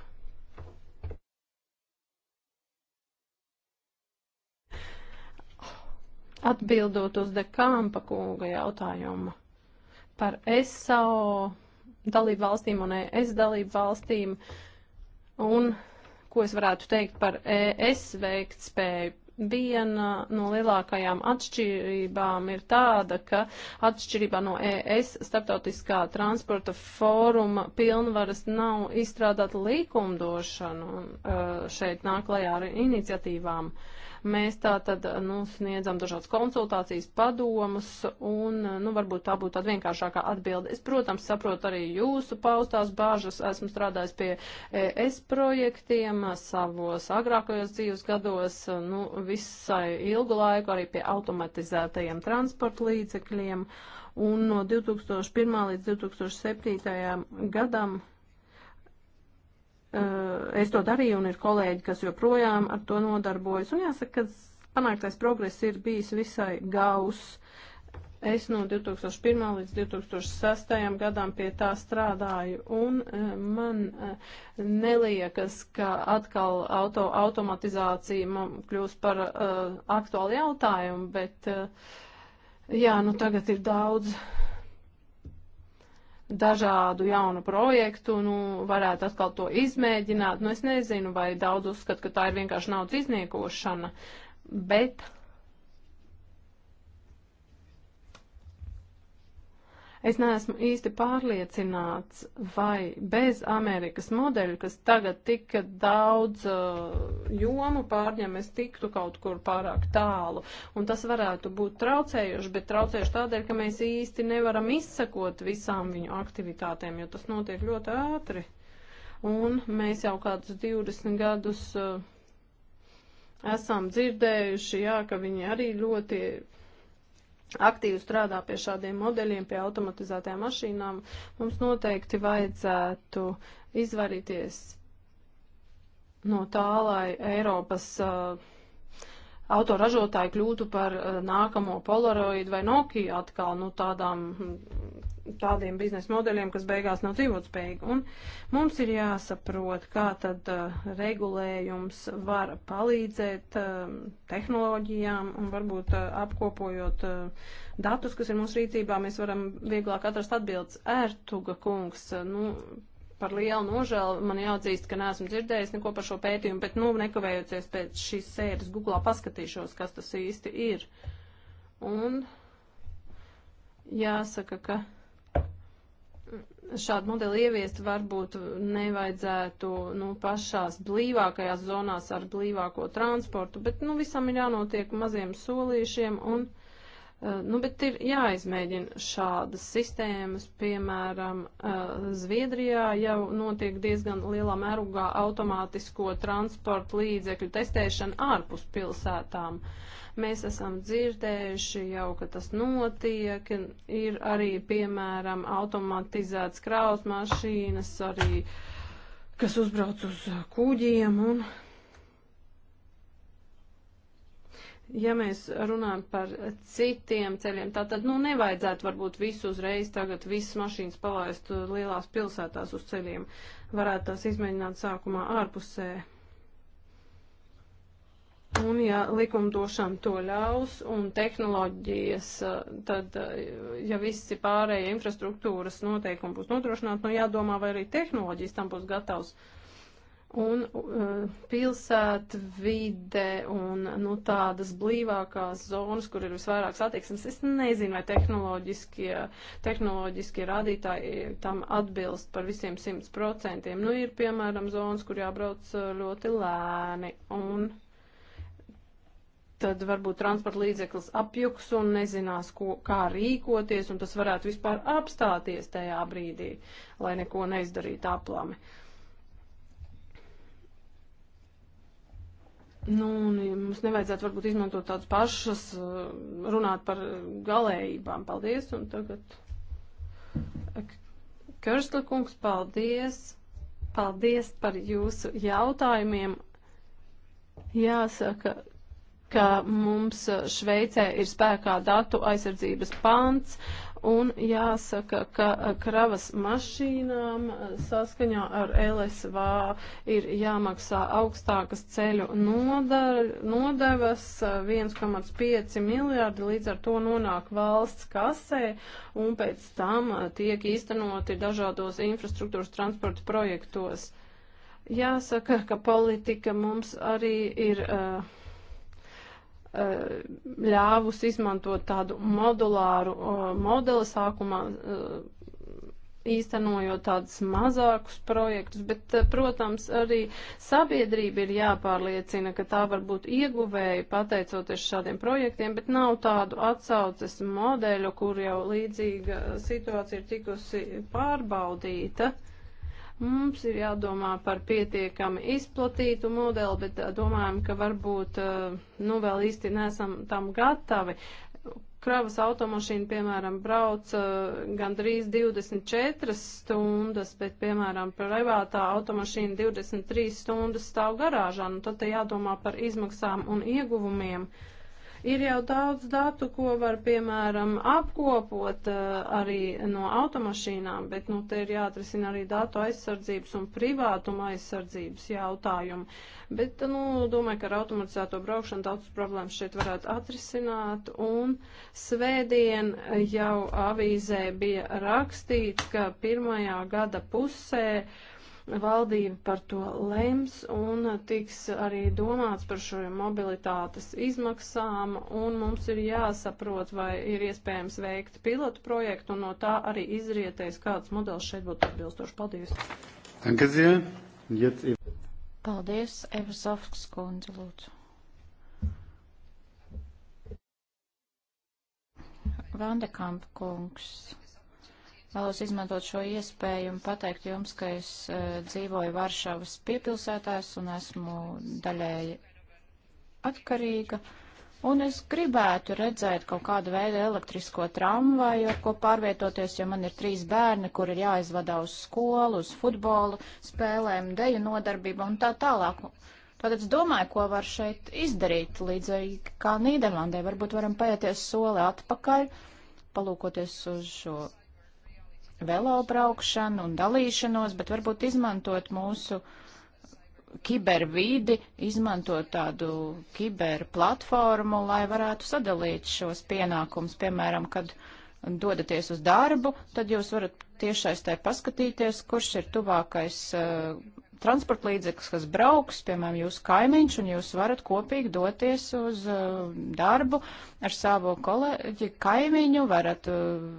Atbildot uz dekāmpa kunga jautājumu par ESAO dalību valstīm un ES dalību valstīm un ko es varētu teikt par ES veiktspēju. Viena no lielākajām atšķirībām ir tāda, ka atšķirībā no ES starptautiskā transporta fóruma pilnvaras nav izstrādāt likumdošanu un uh, šeit nāk lajā ar iniciatīvām. Uh, Mēs tā tad nu, sniedzam dažādas konsultācijas, padomus, un nu, varbūt tā būtu tāda vienkāršākā atbilde. Es, protams, saprotu arī jūsu paustās bāžas. Esmu strādājis pie ES projektiem savos agrākajos dzīves gados, nu, visai ilgu laiku arī pie automatizētajiem transporta līdzekļiem. Un no 2001. līdz 2007. gadam Eh, es to darīju un ir kolēģi, kas joprojām ar to nodarbojas. Un jāsaka, ka panāktais progress ir bijis visai gauss. Es no 2001. līdz 2006. gadam pie tā strādāju, un eh, man eh, neliekas, ka atkal auto, automatizācija man kļūs par uh, aktuālu jautājumu, bet uh, jā, nu tagad ir daudz dažādu jaunu projektu, nu, varētu atkal to izmēģināt. Nu, es nezinu, vai daudz uzskat, ka tā ir vienkārši naudas izniekošana, bet Es neesmu īsti pārliecināts, vai bez Amerikas modeļa, kas tagad tik daudz uh, jomu pārņem, es tiktu kaut kur pārāk tālu. Un tas varētu būt traucējuši, bet traucējuši tādēļ, ka mēs īsti nevaram izsakot visām viņu aktivitātēm, jo tas notiek ļoti ātri. Un mēs jau kādus 20 gadus. Uh, Esam dzirdējuši, jā, ka viņi arī ļoti aktīvi strādā pie šādiem modeļiem, pie automatizētajām mašīnām, mums noteikti vajadzētu izvarīties no tā, lai Eiropas uh, autoražotāji kļūtu par uh, nākamo Polaroid vai Nokia atkal, nu tādām tādiem biznesa modeļiem, kas beigās nav dzīvotspējīgi. Un mums ir jāsaprot, kā tad uh, regulējums var palīdzēt uh, tehnoloģijām un varbūt uh, apkopojot uh, datus, kas ir mūsu rīcībā, mēs varam vieglāk atrast atbildes. Ērtuga kungs, uh, nu, par lielu nožēlu man jāatzīst, ka neesmu dzirdējis neko par šo pētījumu, bet, nu, nekavējoties pēc šīs sēras Googlā paskatīšos, kas tas īsti ir. Un jāsaka, ka šādu modeli ieviest varbūt nevajadzētu nu, pašās blīvākajās zonās ar blīvāko transportu, bet nu, visam ir jānotiek maziem solīšiem un. Uh, Eh, nu, bet ir jāizmēģina šādas sistēmas, piemēram, eh, Zviedrijā jau notiek diezgan lielā mērogā automātisko transportu līdzekļu testēšana ārpus pilsētām. Mēs esam dzirdējuši jau, ka tas notiek, ir arī, piemēram, automatizēts kraus mašīnas, arī, kas uzbrauc uz kuģiem un ja mēs runājam par citiem ceļiem, tā tad, nu, nevajadzētu varbūt visu uzreiz tagad visas mašīnas palaist lielās pilsētās uz ceļiem. Varētu tās izmēģināt sākumā ārpusē. Un, ja likumdošana to ļaus un tehnoloģijas, tad, ja visi pārējie infrastruktūras noteikumi būs nodrošināti, nu jādomā, vai arī tehnoloģijas tam būs gatavs. Uh, un uh, pilsētu vide un nu, tādas blīvākās zonas, kur ir visvairāk satiksmes. Es nezinu, vai tehnoloģiskie, tehnoloģiskie rādītāji tam atbilst par visiem 100%. Nu, ir, piemēram, zonas, kur jābrauc uh, ļoti lēni un tad varbūt transporta līdzeklis apjuks un nezinās, ko, kā rīkoties, un tas varētu vispār apstāties tajā brīdī, lai neko neizdarītu aplami. Uh, Nu, un mums nevajadzētu varbūt izmantot tādas pašas, eh, runāt par eh, galējībām. Paldies, un tagad eh, Kersla kungs, paldies, paldies par jūsu jautājumiem. Jāsaka, ka mums Šveicē ir spēkā datu aizsardzības pants, uh, un jāsaka, ka kravas mašīnām eh, saskaņā ar LSV ir jāmaksā augstākas ceļu nodevas 1,5 eh, miljārdi, līdz ar to nonāk valsts kasē, un pēc tam eh, tiek īstenoti dažādos infrastruktūras transporta projektos. Jāsaka, ka politika mums arī ir. Uh, Eh, ļāvusi izmantot tādu modulāru eh, modeli sākumā eh, īstenojot tādus mazākus projektus, bet, protams, arī sabiedrība ir jāpārliecina, ka tā var būt ieguvēja pateicoties šādiem projektiem, bet nav tādu atsauces modeļu, kur jau līdzīga situācija ir tikusi pārbaudīta. Uh, Mums ir jādomā par pietiekami izplatītu modeli, bet uh, domājam, ka varbūt uh, nu, vēl īsti nesam tam gatavi. Kravas automašīna, piemēram, brauc uh, gandrīz 24 stundas, bet, piemēram, privātā automašīna 23 stundas stāv garāžā. Nu, tad te jādomā par izmaksām un ieguvumiem. Uh, Ir jau daudz datu, ko var, piemēram, apkopot eh, arī no automašīnām, bet nu, te ir jāatrisina arī datu aizsardzības un privātuma aizsardzības jautājumi. Bet, nu, domāju, ka ar automatizēto braukšanu daudz problēmas šeit varētu atrisināt. Un svētdien jau avīzē bija rakstīts, ka pirmajā gada pusē uh, valdība par to lems un tiks arī domāts par šo mobilitātes izmaksām un mums ir jāsaprot, vai ir iespējams veikt pilotu projektu un no tā arī izrietēs, kāds modelis šeit būtu atbilstoši. Paldies! Paldies, Eva Zafks kundze, lūdzu. Vandekamp kungs. Vēlos izmantot šo iespēju un pateikt jums, ka es uh, dzīvoju Varšavas piepilsētās un esmu daļēji atkarīga. Un es gribētu redzēt kaut kādu veidu elektrisko tramvaju, ar ko pārvietoties, jo man ir trīs bērni, kur ir jāizvadā uz skolu, uz futbolu, spēlēm, deju nodarbību un tā tālāk. Tātad es domāju, ko var šeit izdarīt, līdzīgi kā Nīderlandē. Varbūt varam paieties soli atpakaļ, palūkoties uz šo velobraukšanu un dalīšanos, bet varbūt izmantot mūsu kibervīdi, izmantot tādu kiberplatformu, lai varētu sadalīt šos pienākumus. Piemēram, kad dodaties uz darbu, tad jūs varat tiešaistē paskatīties, kurš ir tuvākais uh, eh, transporta līdzeklis, kas brauks, piemēram, jūsu kaimiņš, un jūs varat kopīgi doties uz uh, darbu ar savu kolēģi kaimiņu, varat uh,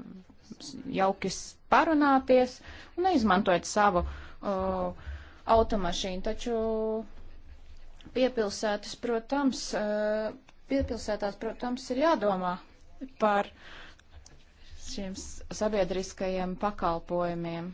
jauki parunāties un neizmantojat savu uh, automašīnu. Taču piepilsētas, protams, uh, piepilsētās, protams, ir jādomā par šiem sabiedriskajiem pakalpojumiem.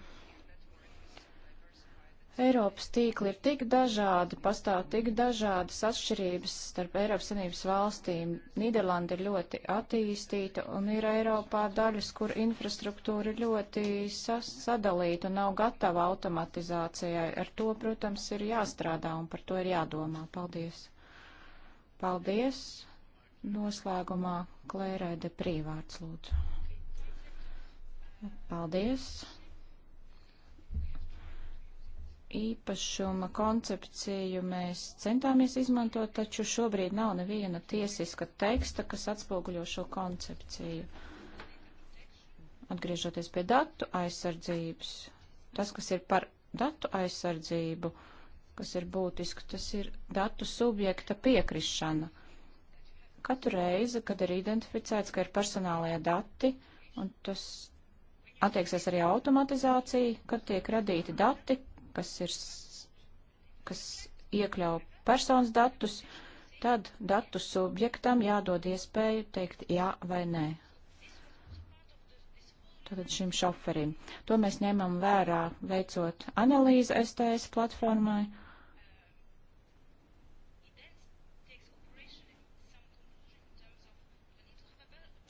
Eiropas tīkli ir tik dažādi, pastāv tik dažādas atšķirības starp Eiropas Savienības valstīm. Nīderlanda ir ļoti attīstīta un ir Eiropā daļas, kur infrastruktūra ir ļoti sadalīta un nav gatava automatizācijai. Ar to, protams, ir jāstrādā un par to ir jādomā. Paldies! Paldies! Noslēgumā Klērai de Prīvārds lūdzu. Paldies! īpašuma koncepciju mēs centāmies izmantot, taču šobrīd nav neviena tiesiska teksta, kas atspoguļo šo koncepciju. Atgriežoties pie datu aizsardzības, tas, kas ir par datu aizsardzību, kas ir būtiski, tas ir datu subjekta piekrišana. Katru reizi, kad ir identificēts, ka ir personālajie dati, un tas attieksies arī automatizācija, kad tiek radīti dati, kas, ir, kas iekļauj personas datus, tad datu subjektam jādod iespēju teikt jā vai nē. Tātad šim šoferim. To mēs ņemam vērā, veicot analīzi STS platformai.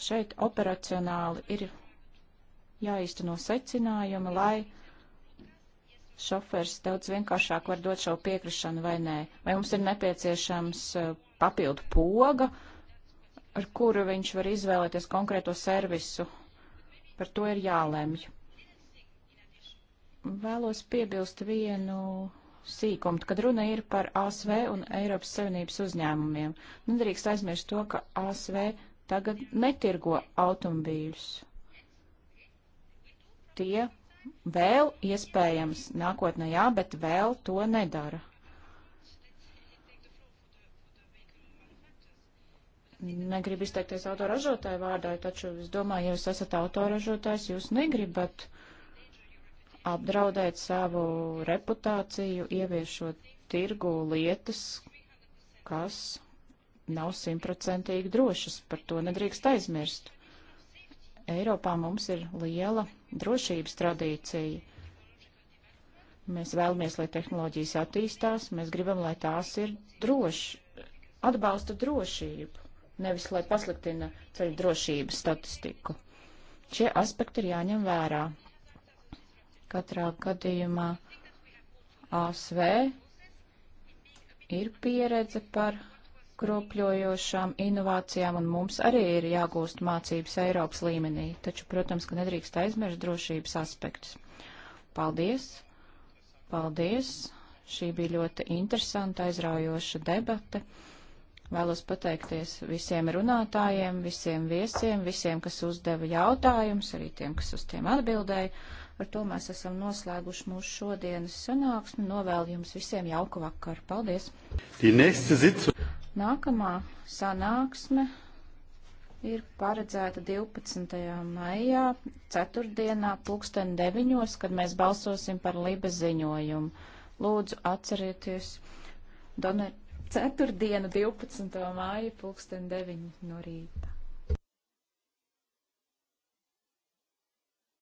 Šeit operacionāli ir jāizteno secinājumi, lai šoferis daudz vienkāršāk var dot šo piekrišanu vai nē. Vai mums ir nepieciešams eh, papildu poga, ar kuru viņš var izvēlēties konkrēto servisu. Par to ir jālemj. Vēlos piebilst vienu sīkumu, kad runa ir par ASV un Eiropas Savienības uzņēmumiem. Nedrīkst aizmirst to, ka ASV tagad netirgo automobīļus. Tie vēl iespējams nākotnē, jā, bet vēl to nedara. Negribu izteikties autoražotāju vārdā, taču es domāju, ja jūs esat autoražotājs, jūs negribat apdraudēt savu reputāciju, ieviešot tirgu lietas, kas nav simtprocentīgi drošas. Par to nedrīkst aizmirst. Eiropā mums ir liela drošības tradīcija. Mēs vēlamies, lai tehnoloģijas attīstās, mēs gribam, lai tās ir droši, atbalsta drošību, nevis lai pasliktina ceļu drošības statistiku. Šie aspekti ir jāņem vērā. Katrā gadījumā ASV ir pieredze par kropļojošām inovācijām, un mums arī ir jāgūst mācības Eiropas līmenī, taču, protams, ka nedrīkst aizmirst drošības aspektus. Paldies! Paldies! Šī bija ļoti interesanta, aizraujoša debata. Vēlos pateikties visiem runātājiem, visiem viesiem, visiem, kas uzdeva jautājumus, arī tiem, kas uz tiem atbildēja. Ar to mēs esam noslēguši mūsu šodienas sanāksmi. Novēlu jums visiem jauku vakaru. Paldies! Nākamā sanāksme ir paredzēta 12. maijā, ceturtdienā, pulksten deviņos, kad mēs balsosim par Libes ziņojumu. Lūdzu, atcerieties, doner, ceturtdienu 12. māju, pulksten deviņi no rīta.